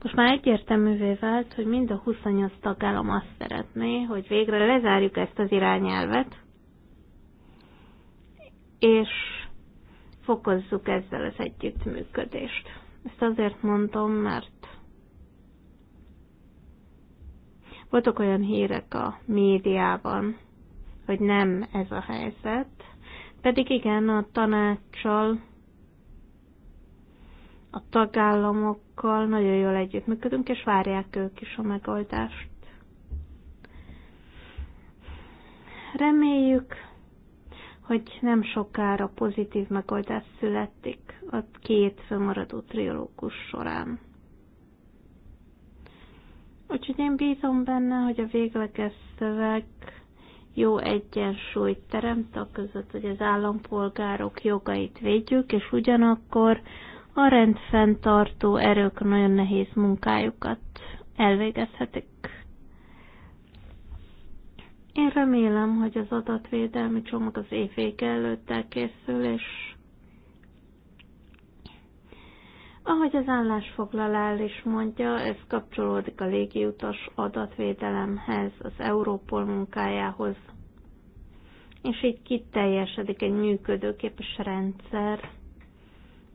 Most már egyértelművé vált, hogy mind a 28 tagállam azt szeretné, hogy végre lezárjuk ezt az irányelvet, és fokozzuk ezzel az együttműködést. Ezt azért mondom, mert voltak olyan hírek a médiában, hogy nem ez a helyzet, pedig igen, a tanácssal a tagállamokkal nagyon jól együttműködünk, és várják ők is a megoldást. Reméljük, hogy nem sokára pozitív megoldás születik a két fönmaradó triológus során. Úgyhogy én bízom benne, hogy a végleges szöveg jó egyensúlyt teremt a között, hogy az állampolgárok jogait védjük, és ugyanakkor a rendfenntartó erők nagyon nehéz munkájukat elvégezhetik. Én remélem, hogy az adatvédelmi csomag az évvége előtt elkészül, és ahogy az állásfoglalás is mondja, ez kapcsolódik a légiutas adatvédelemhez, az Európol munkájához, és így kiteljesedik egy működőképes rendszer,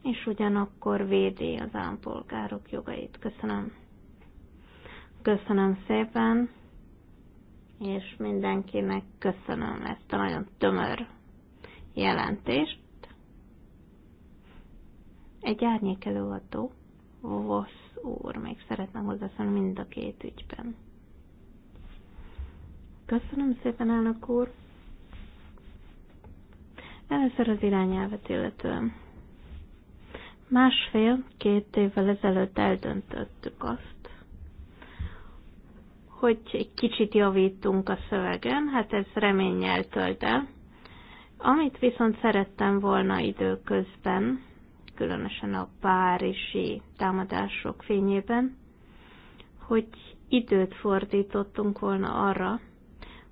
és ugyanakkor védi az állampolgárok jogait. Köszönöm. Köszönöm szépen, és mindenkinek köszönöm ezt a nagyon tömör jelentést. Egy árnyék előadó, Vossz úr, még szeretne hozzászólni mind a két ügyben. Köszönöm szépen, elnök úr. Először az irányelvet illetően. Másfél-két évvel ezelőtt eldöntöttük azt, hogy egy kicsit javítunk a szövegen, hát ez reménnyel tölt el. Amit viszont szerettem volna időközben, különösen a párizsi támadások fényében, hogy időt fordítottunk volna arra,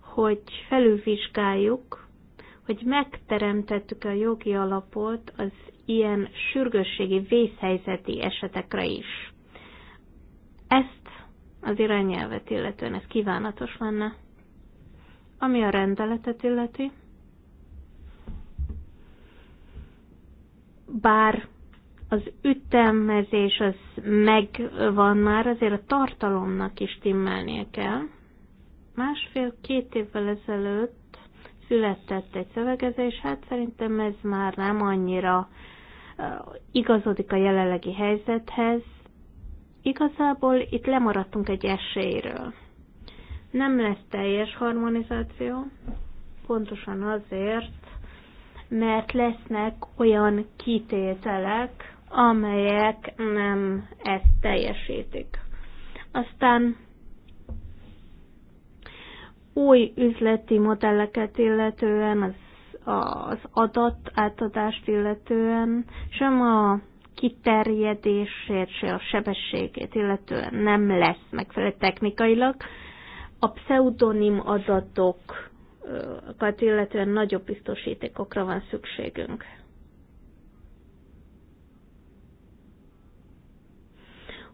hogy felülvizsgáljuk, hogy megteremtettük a jogi alapot az ilyen sürgősségi vészhelyzeti esetekre is. Ezt az irányelvet illetően ez kívánatos lenne. Ami a rendeletet illeti, bár az ütemezés az megvan már, azért a tartalomnak is timmelnie kell. Másfél-két évvel ezelőtt született egy szövegezés, hát szerintem ez már nem annyira igazodik a jelenlegi helyzethez. Igazából itt lemaradtunk egy esélyről. Nem lesz teljes harmonizáció, pontosan azért, mert lesznek olyan kitételek, amelyek nem ezt teljesítik. Aztán új üzleti modelleket illetően az az adat átadást illetően, sem a kiterjedését, sem a sebességét illetően nem lesz megfelelő technikailag. A pseudonim adatokat illetően nagyobb biztosítékokra van szükségünk.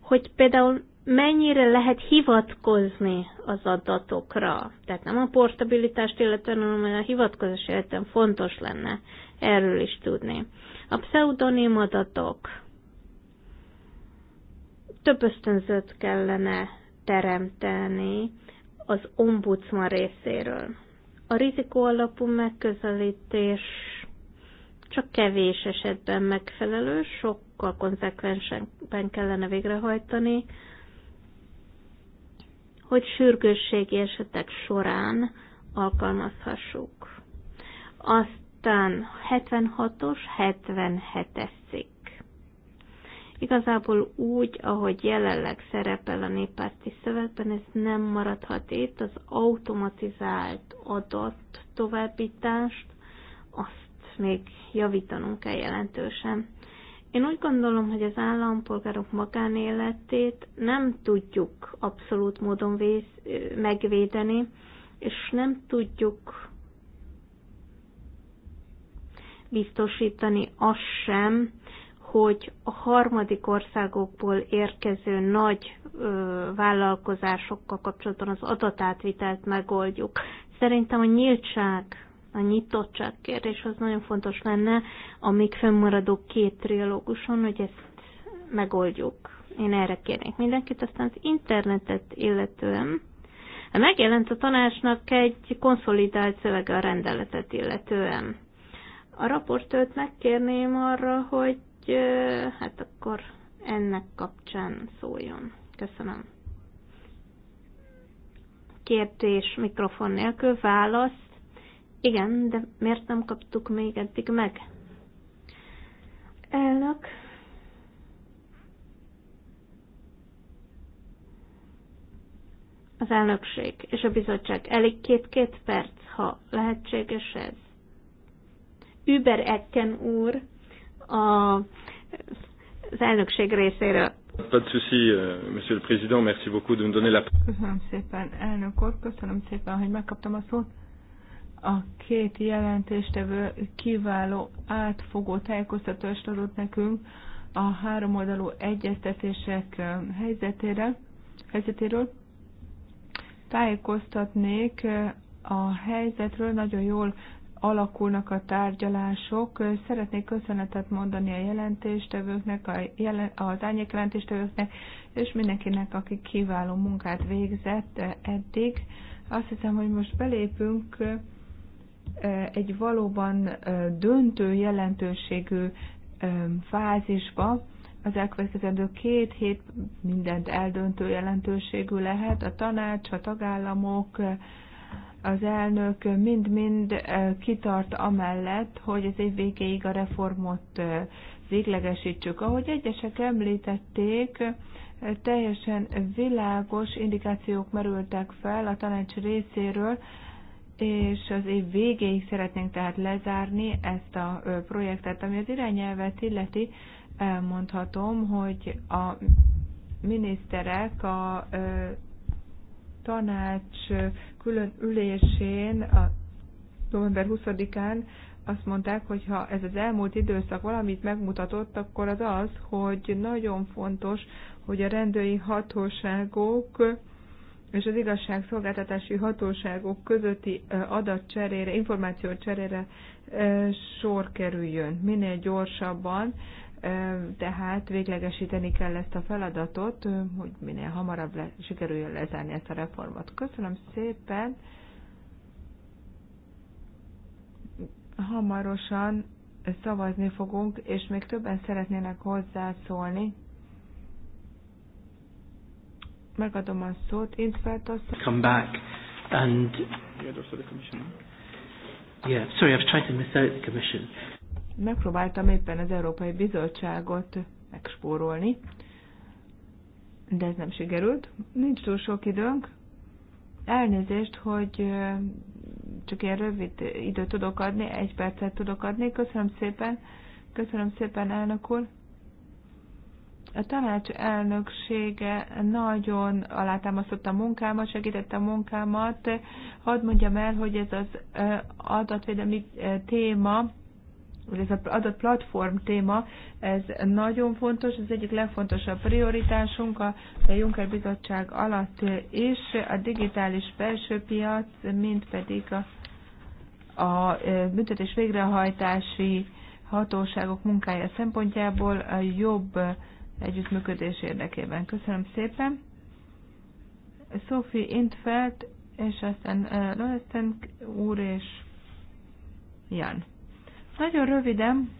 Hogy például mennyire lehet hivatkozni az adatokra. Tehát nem a portabilitást illetően, hanem a hivatkozás illetően fontos lenne erről is tudni. A pseudonim adatok több ösztönzőt kellene teremteni az ombudsman részéről. A rizikó alapú megközelítés csak kevés esetben megfelelő, sokkal konzekvensen kellene végrehajtani, hogy sürgősségi esetek során alkalmazhassuk. Aztán 76-os, 77-es cikk. Igazából úgy, ahogy jelenleg szerepel a néppárti szövegben, ez nem maradhat itt, az automatizált adott továbbítást, azt még javítanunk kell jelentősen. Én úgy gondolom, hogy az állampolgárok magánéletét nem tudjuk abszolút módon vész, megvédeni, és nem tudjuk biztosítani azt sem, hogy a harmadik országokból érkező nagy ö, vállalkozásokkal kapcsolatban az adatátvitelt megoldjuk. Szerintem a nyíltság a nyitottság kérdés az nagyon fontos lenne amíg fönnmaradó két triológuson, hogy ezt megoldjuk. Én erre kérnék mindenkit, aztán az internetet illetően hát megjelent a tanácsnak egy konszolidált szövege a rendeletet illetően. A raportőt megkérném arra, hogy hát akkor ennek kapcsán szóljon. Köszönöm. Kérdés mikrofon nélkül, válasz igen, de miért nem kaptuk még eddig meg? Elnök. Az elnökség és a bizottság. Elég két-két perc, ha lehetséges ez. Über Ecken úr a, az elnökség részéről. Pas de souci, euh, monsieur le président, merci beaucoup de me donner la... Köszönöm szépen, elnök úr, köszönöm szépen, hogy megkaptam a szót. A két jelentéstevő kiváló átfogó tájékoztatást adott nekünk a oldalú egyeztetések helyzetére, helyzetéről. Tájékoztatnék a helyzetről, nagyon jól alakulnak a tárgyalások. Szeretnék köszönetet mondani a jelentéstevőknek, a az ányék jelentéstevőknek, és mindenkinek, aki kiváló munkát végzett eddig. Azt hiszem, hogy most belépünk egy valóban döntő jelentőségű fázisba. Az elkövetkezendő két hét mindent eldöntő jelentőségű lehet. A tanács, a tagállamok, az elnök mind-mind kitart amellett, hogy az év végéig a reformot véglegesítsük. Ahogy egyesek említették, teljesen világos indikációk merültek fel a tanács részéről, és az év végéig szeretnénk tehát lezárni ezt a projektet, ami az irányelvet illeti, elmondhatom, hogy a miniszterek a tanács külön ülésén a november 20-án azt mondták, hogy ha ez az elmúlt időszak valamit megmutatott, akkor az az, hogy nagyon fontos, hogy a rendőri hatóságok és az igazságszolgáltatási hatóságok közötti adatcserére, információcserére sor kerüljön minél gyorsabban, tehát véglegesíteni kell ezt a feladatot, hogy minél hamarabb le, sikerüljön lezárni ezt a reformot. Köszönöm szépen! Hamarosan szavazni fogunk, és még többen szeretnének hozzászólni megadom a szót, én asszony. Come back and... Yeah, sorry, I was trying to miss out the commission. Megpróbáltam éppen az Európai Bizottságot megspórolni, de ez nem sikerült. Nincs túl sok időnk. Elnézést, hogy csak ilyen rövid időt tudok adni, egy percet tudok adni. Köszönöm szépen. Köszönöm szépen, elnök úr. A tanács elnöksége nagyon alátámasztotta a munkámat, segítette a munkámat. Hadd mondjam el, hogy ez az adatvédelmi téma, ez az adatplatform téma, ez nagyon fontos, ez egyik legfontosabb prioritásunk a Juncker Bizottság alatt is, a digitális belső piac, mint pedig a, a büntetés végrehajtási hatóságok munkája szempontjából a jobb együttműködés érdekében. Köszönöm szépen. Sophie Intfeld, és aztán uh, eh, Lohesten úr és Jan. Nagyon röviden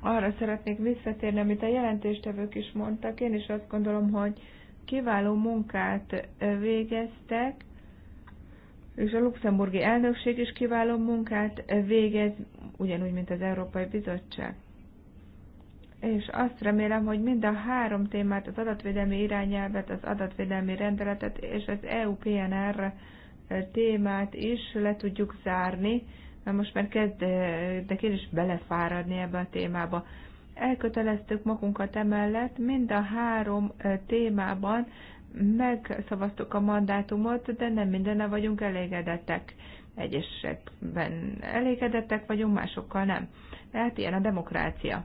arra szeretnék visszatérni, amit a jelentéstevők is mondtak. Én is azt gondolom, hogy kiváló munkát eh, végeztek, és a luxemburgi elnökség is kiváló munkát eh, végez, ugyanúgy, mint az Európai Bizottság és azt remélem, hogy mind a három témát, az adatvédelmi irányelvet, az adatvédelmi rendeletet és az EU-PNR témát is le tudjuk zárni, mert most már kezdek én is belefáradni ebbe a témába. Elköteleztük magunkat emellett, mind a három témában megszavaztuk a mandátumot, de nem mindenne vagyunk elégedettek. Egyesekben elégedettek vagyunk, másokkal nem. Tehát ilyen a demokrácia.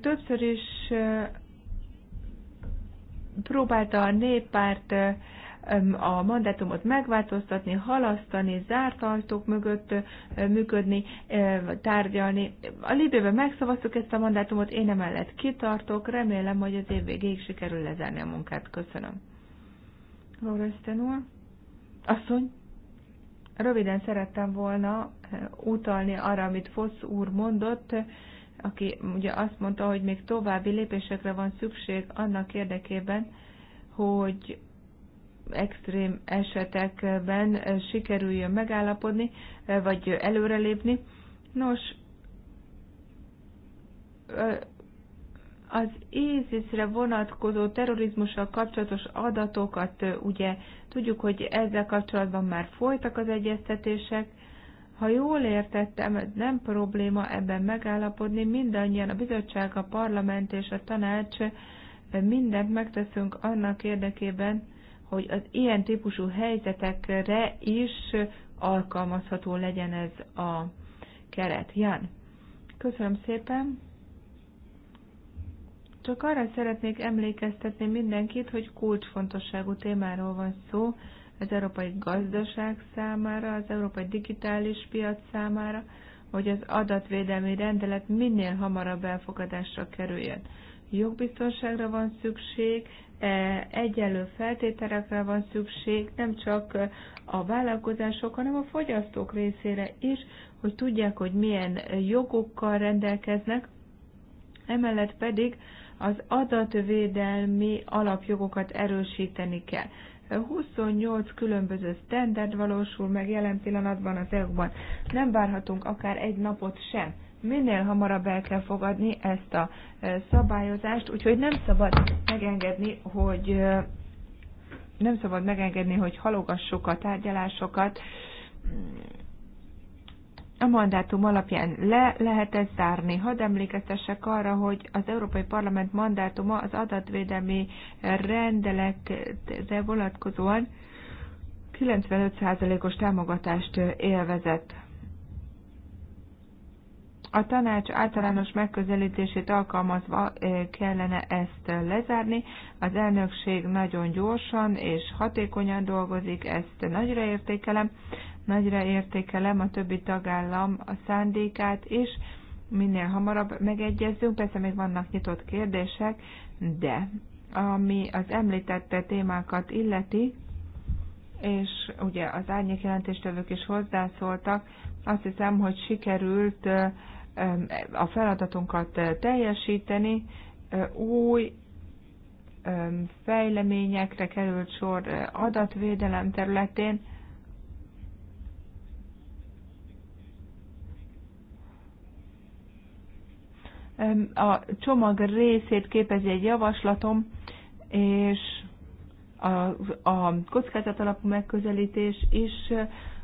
Többször is próbálta a néppárt a mandátumot megváltoztatni, halasztani, zárt ajtók mögött működni, tárgyalni. A Libében megszavaztuk ezt a mandátumot, én emellett kitartok, remélem, hogy az év végéig sikerül lezárni a munkát. Köszönöm. Lorenzen úr. Asszony, röviden szerettem volna utalni arra, amit Fosz úr mondott, aki ugye azt mondta, hogy még további lépésekre van szükség annak érdekében, hogy extrém esetekben eh, sikerüljön megállapodni, eh, vagy előrelépni. Nos, eh, az ISIS-re vonatkozó terrorizmussal kapcsolatos adatokat ugye tudjuk, hogy ezzel kapcsolatban már folytak az egyeztetések, ha jól értettem, nem probléma ebben megállapodni, mindannyian a bizottság, a parlament és a tanács mindent megteszünk annak érdekében, hogy az ilyen típusú helyzetekre is alkalmazható legyen ez a keret. Jan, köszönöm szépen. Csak arra szeretnék emlékeztetni mindenkit, hogy kulcsfontosságú témáról van szó, az európai gazdaság számára, az európai digitális piac számára, hogy az adatvédelmi rendelet minél hamarabb elfogadásra kerüljön. Jogbiztonságra van szükség, e, egyenlő feltételekre van szükség, nem csak a vállalkozások, hanem a fogyasztók részére is, hogy tudják, hogy milyen jogokkal rendelkeznek, emellett pedig az adatvédelmi alapjogokat erősíteni kell. 28 különböző standard valósul meg jelen pillanatban az EU-ban. Nem várhatunk akár egy napot sem. Minél hamarabb el kell fogadni ezt a e, szabályozást, úgyhogy nem szabad megengedni, hogy e, nem szabad megengedni, hogy halogassuk a tárgyalásokat a mandátum alapján le lehet ezt zárni. Hadd emlékeztessek arra, hogy az Európai Parlament mandátuma az adatvédelmi rendeletre vonatkozóan 95%-os támogatást élvezett. A tanács általános megközelítését alkalmazva eh, kellene ezt lezárni. Az elnökség nagyon gyorsan és hatékonyan dolgozik, ezt nagyra értékelem. Nagyra értékelem a többi tagállam a szándékát és minél hamarabb megegyezzünk. Persze még vannak nyitott kérdések, de ami az említette témákat illeti, és ugye az árnyék jelentéstevők is hozzászóltak, azt hiszem, hogy sikerült a feladatunkat teljesíteni, új fejleményekre került sor adatvédelem területén, A csomag részét képezi egy javaslatom, és a, a kockázat alapú megközelítés is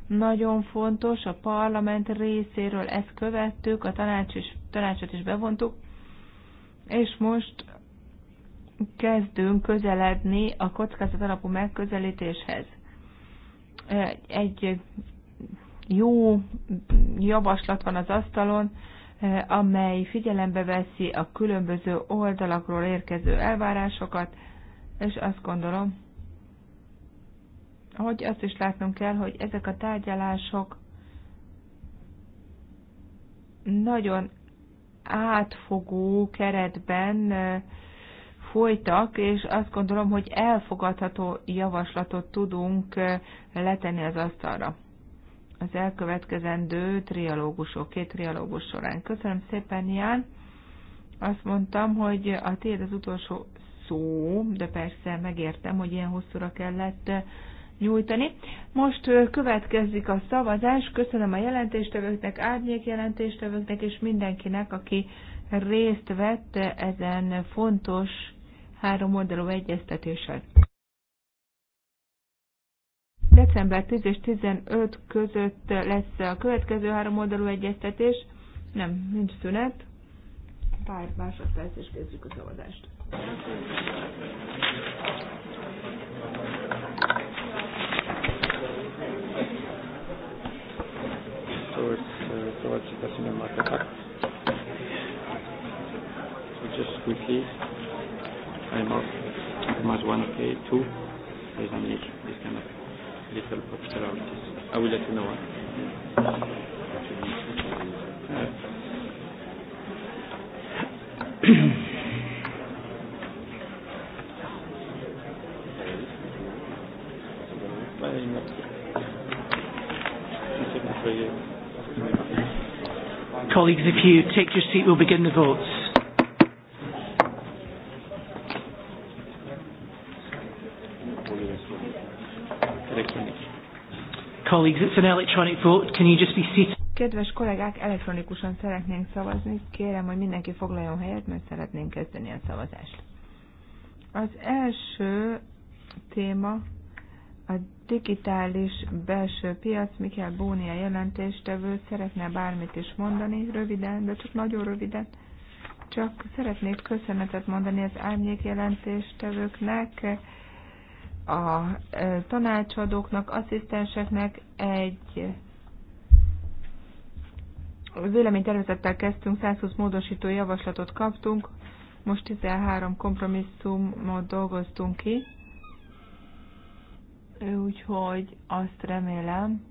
nagyon fontos, a parlament részéről ezt követtük, a tanács is, tanácsot is bevontuk, és most kezdünk közeledni a kockázat alapú megközelítéshez. Egy jó javaslat van az asztalon, amely figyelembe veszi a különböző oldalakról érkező elvárásokat, és azt gondolom, hogy azt is látnunk kell, hogy ezek a tárgyalások nagyon átfogó keretben folytak, és azt gondolom, hogy elfogadható javaslatot tudunk letenni az asztalra az elkövetkezendő trialógusok, két trialógus során. Köszönöm szépen, Ján. Azt mondtam, hogy a tiéd az utolsó szó, de persze megértem, hogy ilyen hosszúra kellett nyújtani. Most következik a szavazás. Köszönöm a jelentéstevőknek, árnyék jelentéstevőknek és mindenkinek, aki részt vett ezen fontos három oldalú egyeztetésen. December 10 és 15 között lesz a következő három oldalú egyeztetés. Nem, nincs szünet. Pár másodperc és kezdjük a szavazást. towards uh, towards the Brazilian market act. So just quickly, I'm off. Too much one, okay, two. There's no need this kind of little obscurities. I Colleagues, if you take your seat, we'll begin the votes. colleagues, it's an electronic vote. Can you just be seated? Kedves kollégák, elektronikusan szeretnénk szavazni. Kérem, hogy mindenki foglaljon helyet, mert szeretnénk kezdeni a szavazást. Az első téma a digitális belső piac. Mikkel Bónia jelentéstevő szeretne bármit is mondani, röviden, de csak nagyon röviden. Csak szeretnék köszönetet mondani az árnyék jelentéstevőknek, a tanácsadóknak, asszisztenseknek egy véleménytervezettel kezdtünk, 120 módosító javaslatot kaptunk, most 13 kompromisszumot dolgoztunk ki, úgyhogy azt remélem,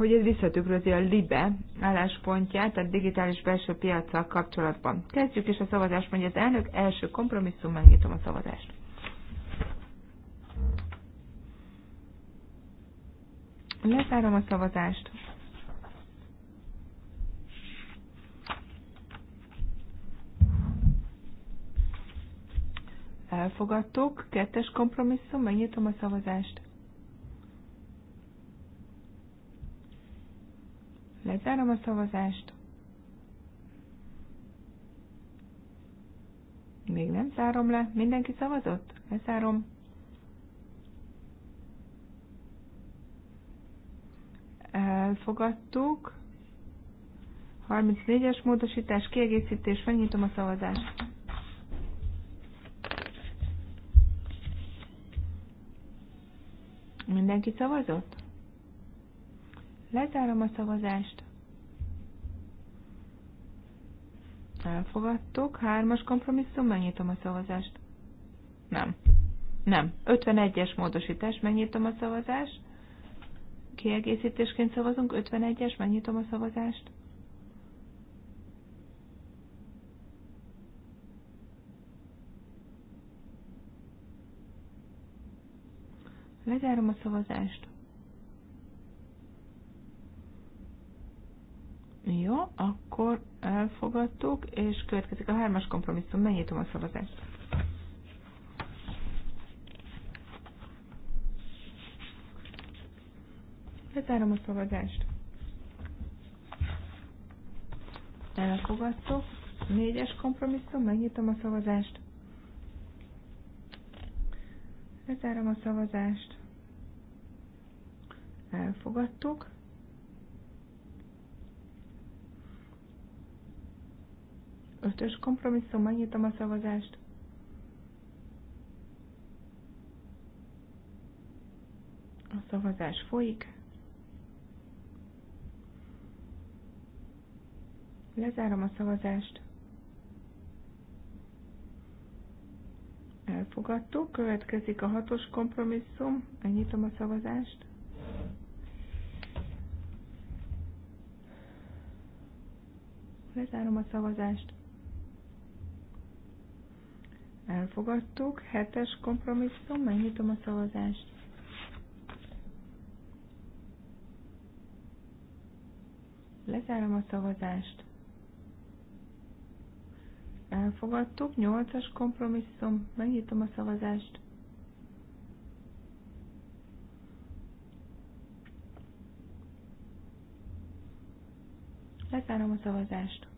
hogy ez visszatükrözi a LIBE álláspontját a digitális belső piacsal kapcsolatban. Kezdjük is a szavazást, mondja az elnök, első kompromisszum, megnyitom a szavazást. Lezárom a szavazást. Elfogadtuk, kettes kompromisszum, megnyitom a szavazást. Lezárom a szavazást. Még nem zárom le. Mindenki szavazott? Lezárom. Elfogadtuk. 34-es módosítás, kiegészítés, megnyitom a szavazást. Mindenki szavazott? Lezárom a szavazást. Elfogadtuk. Hármas kompromisszum, megnyitom a szavazást. Nem. Nem. 51-es módosítás, megnyitom a szavazást. Kiegészítésként szavazunk, 51-es, megnyitom a szavazást. Lezárom a szavazást. Jó, akkor elfogadtuk, és következik a hármas kompromisszum. Megnyitom a szavazást. Lezárom a szavazást. Elfogadtuk. Négyes kompromisszum, megnyitom a szavazást. Lezárom a szavazást. Elfogadtuk. Ötös kompromisszum, megnyitom a szavazást. A szavazás folyik. Lezárom a szavazást. Elfogadtuk. Következik a hatos kompromisszum. Megnyitom a szavazást. Lezárom a szavazást elfogadtuk. Hetes kompromisszum, megnyitom a szavazást. Lezárom a szavazást. Elfogadtuk. Nyolcas kompromisszum, megnyitom a szavazást. Lezárom a szavazást.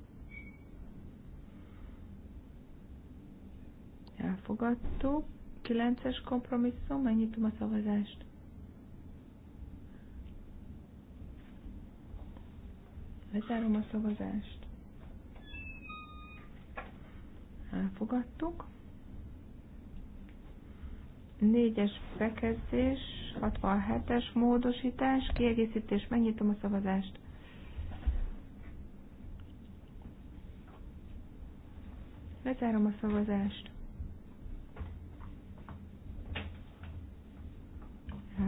Elfogadtuk. 9-es kompromisszum, megnyitom a szavazást. Lezárom a szavazást. Elfogadtuk. 4-es bekezdés, 67-es módosítás, kiegészítés, megnyitom a szavazást. Lezárom a szavazást.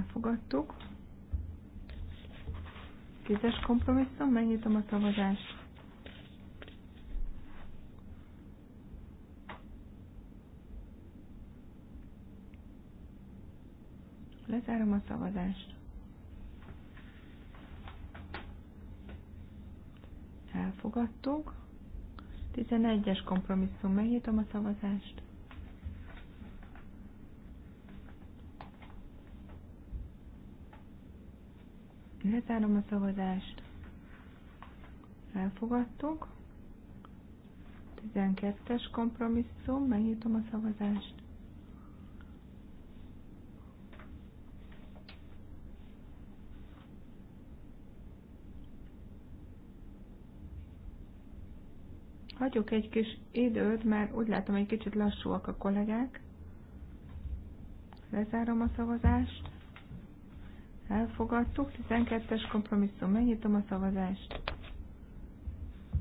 elfogadtuk. Tízes kompromisszum, megnyitom a szavazást. Lezárom a szavazást. Elfogadtuk. 11-es kompromisszum, megnyitom a szavazást. Lezárom a szavazást. Elfogadtuk. 12-es kompromisszum, megnyitom a szavazást. Hagyok egy kis időt, mert úgy látom, hogy kicsit lassúak a kollégák. Lezárom a szavazást. Elfogadtuk. 12-es kompromisszum. Megnyitom a szavazást.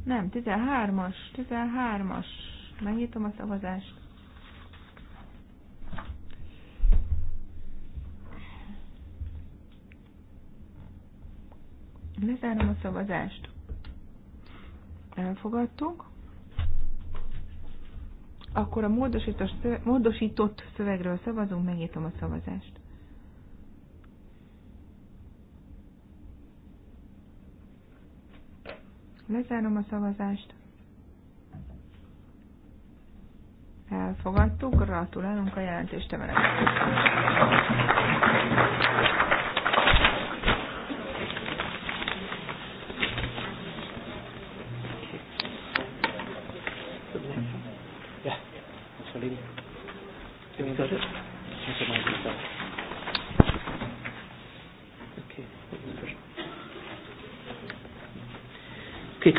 Nem, 13-as. 13-as. Megnyitom a szavazást. Lezárom a szavazást. Elfogadtuk. Akkor a módosított szövegről szavazunk, megnyitom a szavazást. Lezárom a szavazást. Elfogadtuk, gratulálunk a jelentéstevenek.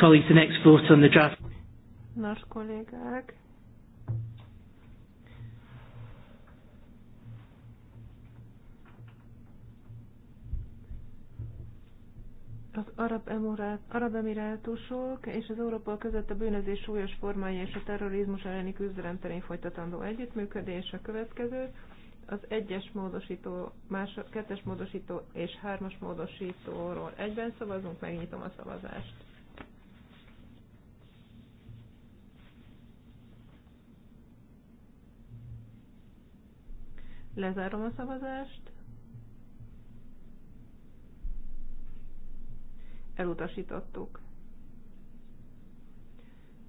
colleagues, the next vote on the draft. Nos, kollégák. Az Arab, Emirát, Arab Emirátusok és az Európa között a bűnözés súlyos formája és a terrorizmus elleni küzdelem terén folytatandó együttműködés a következő. Az egyes módosító, más, kettes módosító és hármas módosítóról egyben szavazunk, megnyitom a szavazást. Lezárom a szavazást. Elutasítottuk.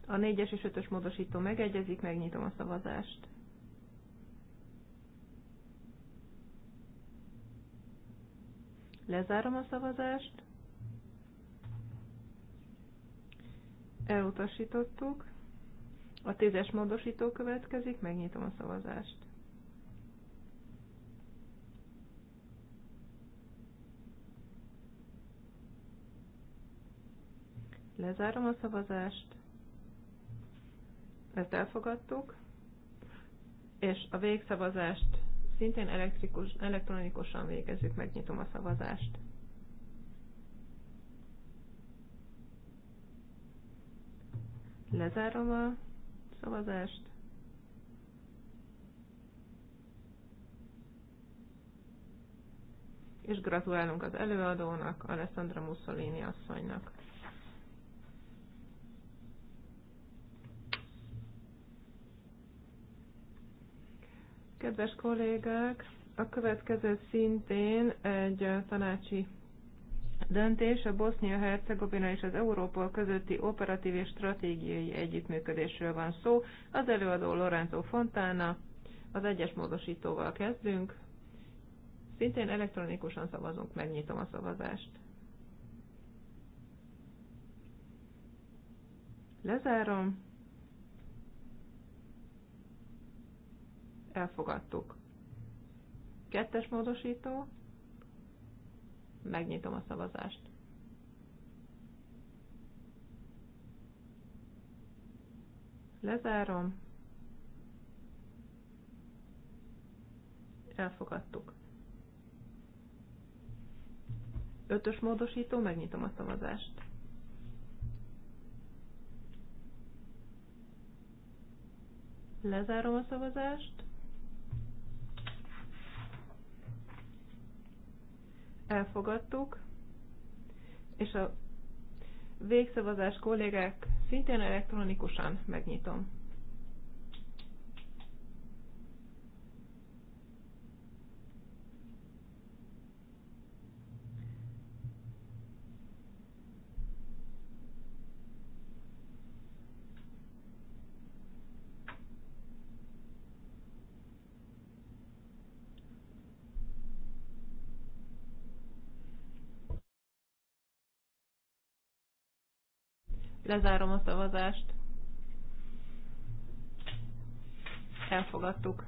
A 4-es és 5-ös módosító megegyezik, megnyitom a szavazást. Lezárom a szavazást. Elutasítottuk. A 10-es módosító következik, megnyitom a szavazást. Lezárom a szavazást. Ezt elfogadtuk. És a végszavazást szintén elektrikus, elektronikusan végezzük, megnyitom a szavazást. Lezárom a szavazást. És gratulálunk az előadónak, Alessandra Mussolini asszonynak. Kedves kollégák, a következő szintén egy tanácsi döntés a Bosznia-Hercegovina és az Európol közötti operatív és stratégiai együttműködésről van szó. Az előadó Lorenzo Fontana az egyes módosítóval kezdünk. Szintén elektronikusan szavazunk, megnyitom a szavazást. Lezárom. elfogadtuk. Kettes módosító, megnyitom a szavazást. Lezárom. Elfogadtuk. Ötös módosító, megnyitom a szavazást. Lezárom a szavazást. elfogadtuk, és a végszavazás kollégák szintén elektronikusan megnyitom. Lezárom a szavazást. Elfogadtuk.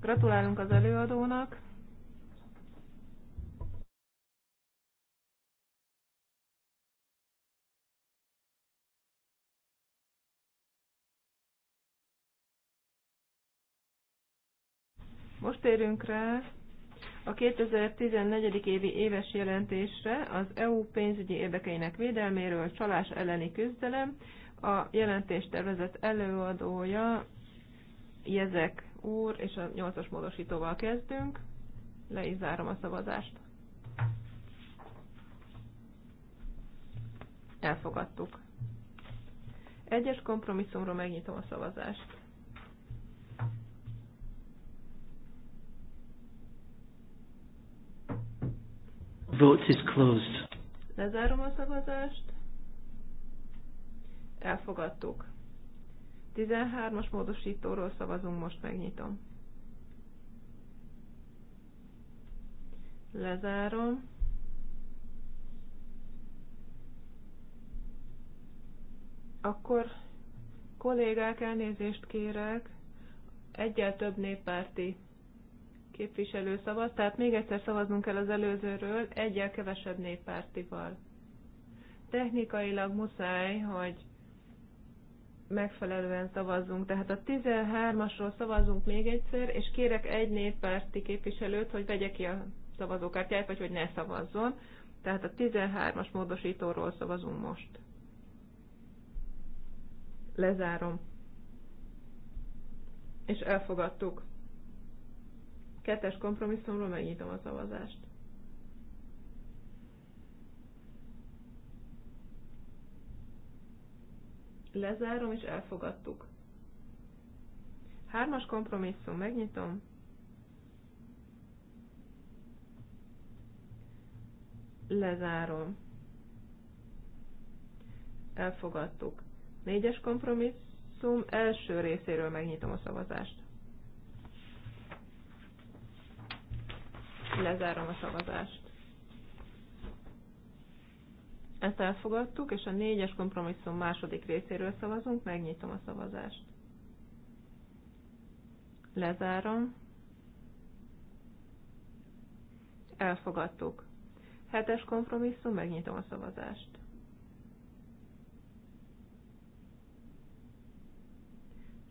Gratulálunk az előadónak. Most érünk rá a 2014. évi éves jelentésre az EU pénzügyi érdekeinek védelméről csalás elleni küzdelem, a tervezett előadója Jezek úr, és a 8-as módosítóval kezdünk. Le is zárom a szavazást. Elfogadtuk. Egyes kompromisszumról megnyitom a szavazást. Vote is closed. Lezárom a szavazást. Elfogadtuk. 13-as módosítóról szavazunk, most megnyitom. Lezárom. Akkor kollégák elnézést kérek, egyel több néppárti képviselő szavaz, tehát még egyszer szavaznunk kell az előzőről, egyel kevesebb néppártival. Technikailag muszáj, hogy megfelelően szavazzunk. Tehát a 13-asról szavazunk még egyszer, és kérek egy néppárti képviselőt, hogy vegye ki a szavazókártyáját, vagy hogy ne szavazzon. Tehát a 13-as módosítóról szavazunk most. Lezárom. És elfogadtuk. Kettes kompromisszumról megnyitom a szavazást. Lezárom és elfogadtuk. Hármas kompromisszum, megnyitom. Lezárom. Elfogadtuk. Négyes kompromisszum, első részéről megnyitom a szavazást. Lezárom a szavazást. Ezt elfogadtuk, és a négyes kompromisszum második részéről szavazunk, megnyitom a szavazást. Lezárom. Elfogadtuk. Hetes kompromisszum, megnyitom a szavazást.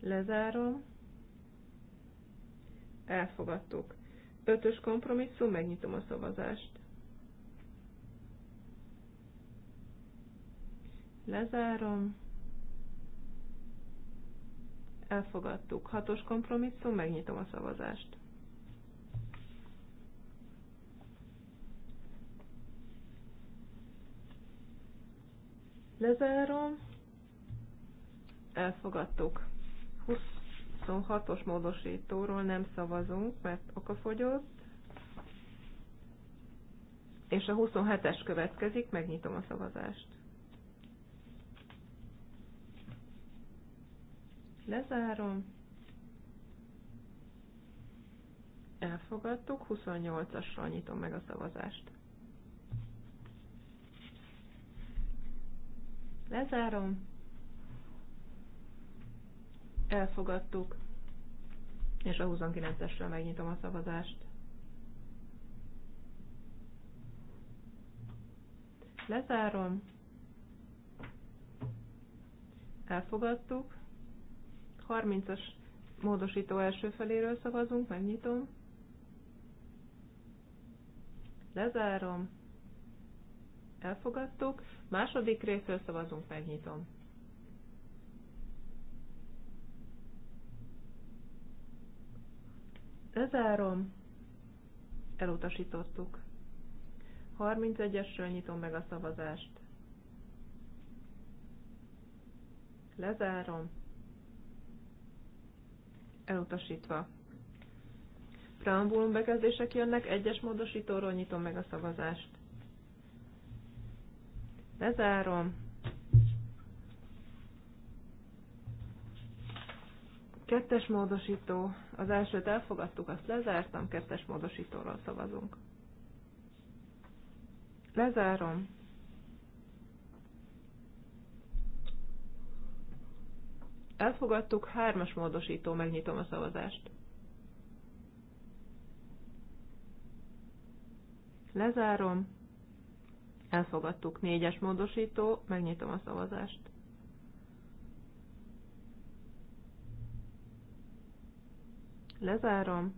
Lezárom. Elfogadtuk. Ötös kompromisszum, megnyitom a szavazást. Lezárom. Elfogadtuk. Hatos kompromisszum, megnyitom a szavazást. Lezárom. Elfogadtuk. 20 26-os módosítóról nem szavazunk, mert okafogyott. És a 27-es következik, megnyitom a szavazást. Lezárom. Elfogadtuk, 28-asra nyitom meg a szavazást. Lezárom elfogadtuk, és a 29-esről megnyitom a szavazást. Lezárom, elfogadtuk, 30-as módosító első feléről szavazunk, megnyitom, lezárom, elfogadtuk, második részről szavazunk, megnyitom. Lezárom. Elutasítottuk. 31-esről nyitom meg a szavazást. Lezárom. Elutasítva. Preambulum bekezdések jönnek, egyes módosítóról nyitom meg a szavazást. Lezárom Kettes módosító. Az elsőt elfogadtuk, azt lezártam, kettes módosítóról szavazunk. Lezárom. Elfogadtuk, hármas módosító, megnyitom a szavazást. Lezárom. Elfogadtuk, négyes módosító, megnyitom a szavazást. Lezárom.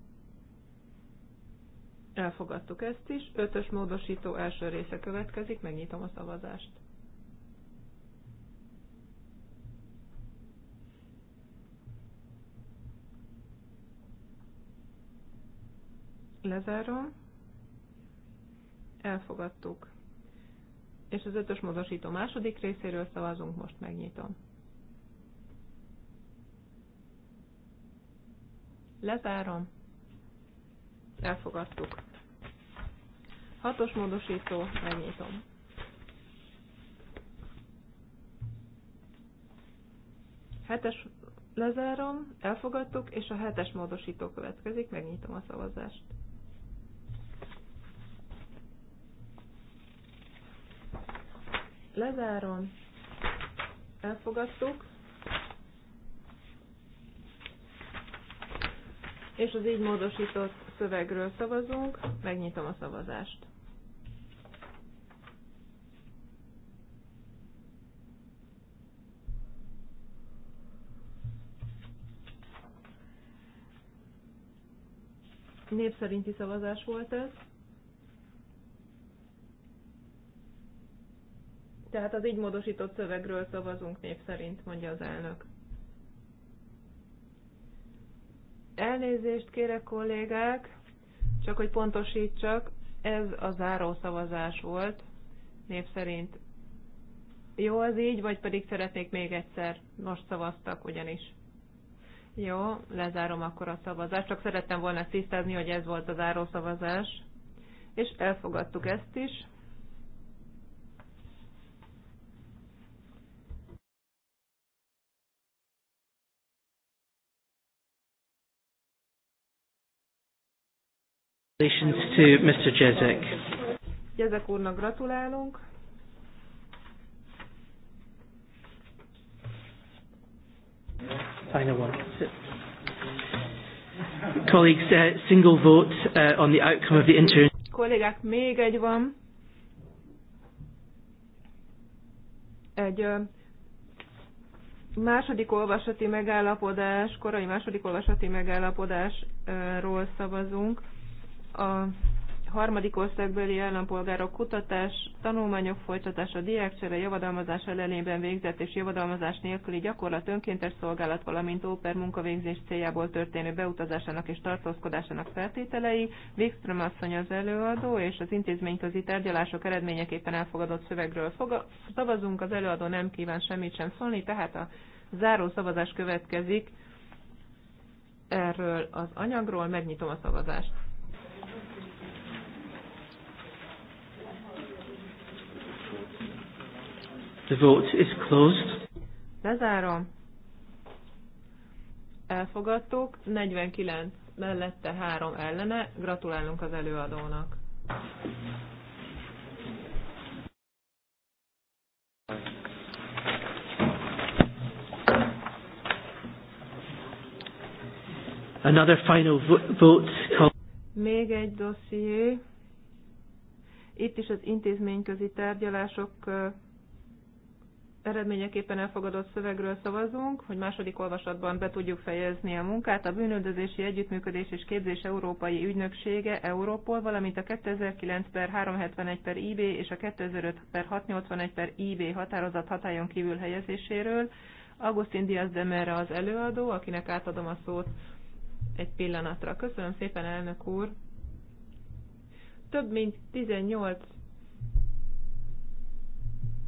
Elfogadtuk ezt is. Ötös módosító első része következik, megnyitom a szavazást. Lezárom. Elfogadtuk. És az ötös módosító második részéről szavazunk, most megnyitom. Lezárom. Elfogadtuk. Hatos módosító, megnyitom. Hetes lezárom, elfogadtuk, és a hetes módosító következik, megnyitom a szavazást. Lezárom, elfogadtuk, és az így módosított szövegről szavazunk. Megnyitom a szavazást. Népszerinti szavazás volt ez. Tehát az így módosított szövegről szavazunk Népszerint mondja az elnök. Elnézést kérek kollégák, csak hogy pontosítsak, ez a záró szavazás volt, név szerint. Jó az így, vagy pedig szeretnék még egyszer? Most szavaztak ugyanis. Jó, lezárom akkor a szavazást. Csak szerettem volna tisztázni, hogy ez volt az szavazás, És elfogadtuk ezt is. Congratulations to Mr. Jezek. Jezek úrnak gratulálunk. Final one. Colleagues, uh, single vote uh, on the outcome of the intern. Kollégák, még egy van. Egy uh, második olvasati megállapodás, korai második olvasati megállapodásról uh, szavazunk a harmadik országbeli állampolgárok kutatás, tanulmányok folytatása, diákcsere, javadalmazás ellenében végzett és javadalmazás nélküli gyakorlat önkéntes szolgálat, valamint óper munkavégzés céljából történő beutazásának és tartózkodásának feltételei. Wikström asszony az előadó, és az intézményközi tárgyalások eredményeképpen elfogadott szövegről foga- szavazunk. Az előadó nem kíván semmit sem szólni, tehát a záró szavazás következik erről az anyagról. Megnyitom a szavazást. The vote is closed. Lezárom. Elfogadtuk. 49 mellette 3 ellene. Gratulálunk az előadónak. Another final vote. Még egy dosszié. Itt is az intézményközi tárgyalások eredményeképpen elfogadott szövegről szavazunk, hogy második olvasatban be tudjuk fejezni a munkát. A bűnöldözési együttműködés és képzés Európai Ügynöksége, Európol, valamint a 2009 per 371 per IB és a 2005 per 681 per IB határozat hatályon kívül helyezéséről. Augustin Diaz de Merre az előadó, akinek átadom a szót egy pillanatra. Köszönöm szépen, elnök úr! Több mint 18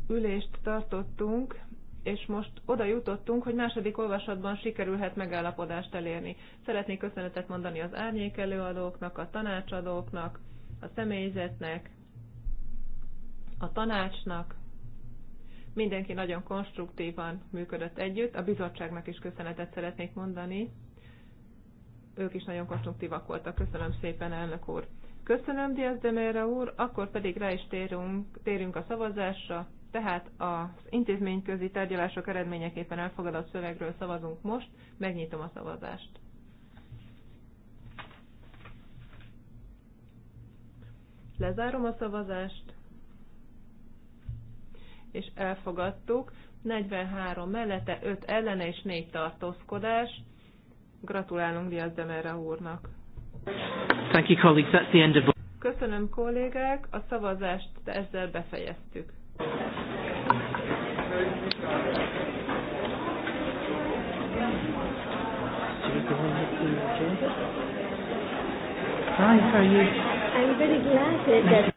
ülést tartottunk, és most oda jutottunk, hogy második olvasatban sikerülhet megállapodást elérni. Szeretnék köszönetet mondani az árnyék előadóknak, a tanácsadóknak, a személyzetnek, a tanácsnak. Mindenki nagyon konstruktívan működött együtt. A bizottságnak is köszönetet szeretnék mondani. Ők is nagyon konstruktívak voltak. Köszönöm szépen, elnök úr. Köszönöm, Diaz Demére úr. Akkor pedig rá is térünk, térünk a szavazásra. Tehát az intézményközi tárgyalások eredményeképpen elfogadott szövegről szavazunk most, megnyitom a szavazást. Lezárom a szavazást, és elfogadtuk. 43 mellette, 5 ellene és 4 tartózkodás. Gratulálunk Diaz Demerra úrnak. Köszönöm kollégák, a szavazást ezzel befejeztük. Hi, how are you? I'm very glad that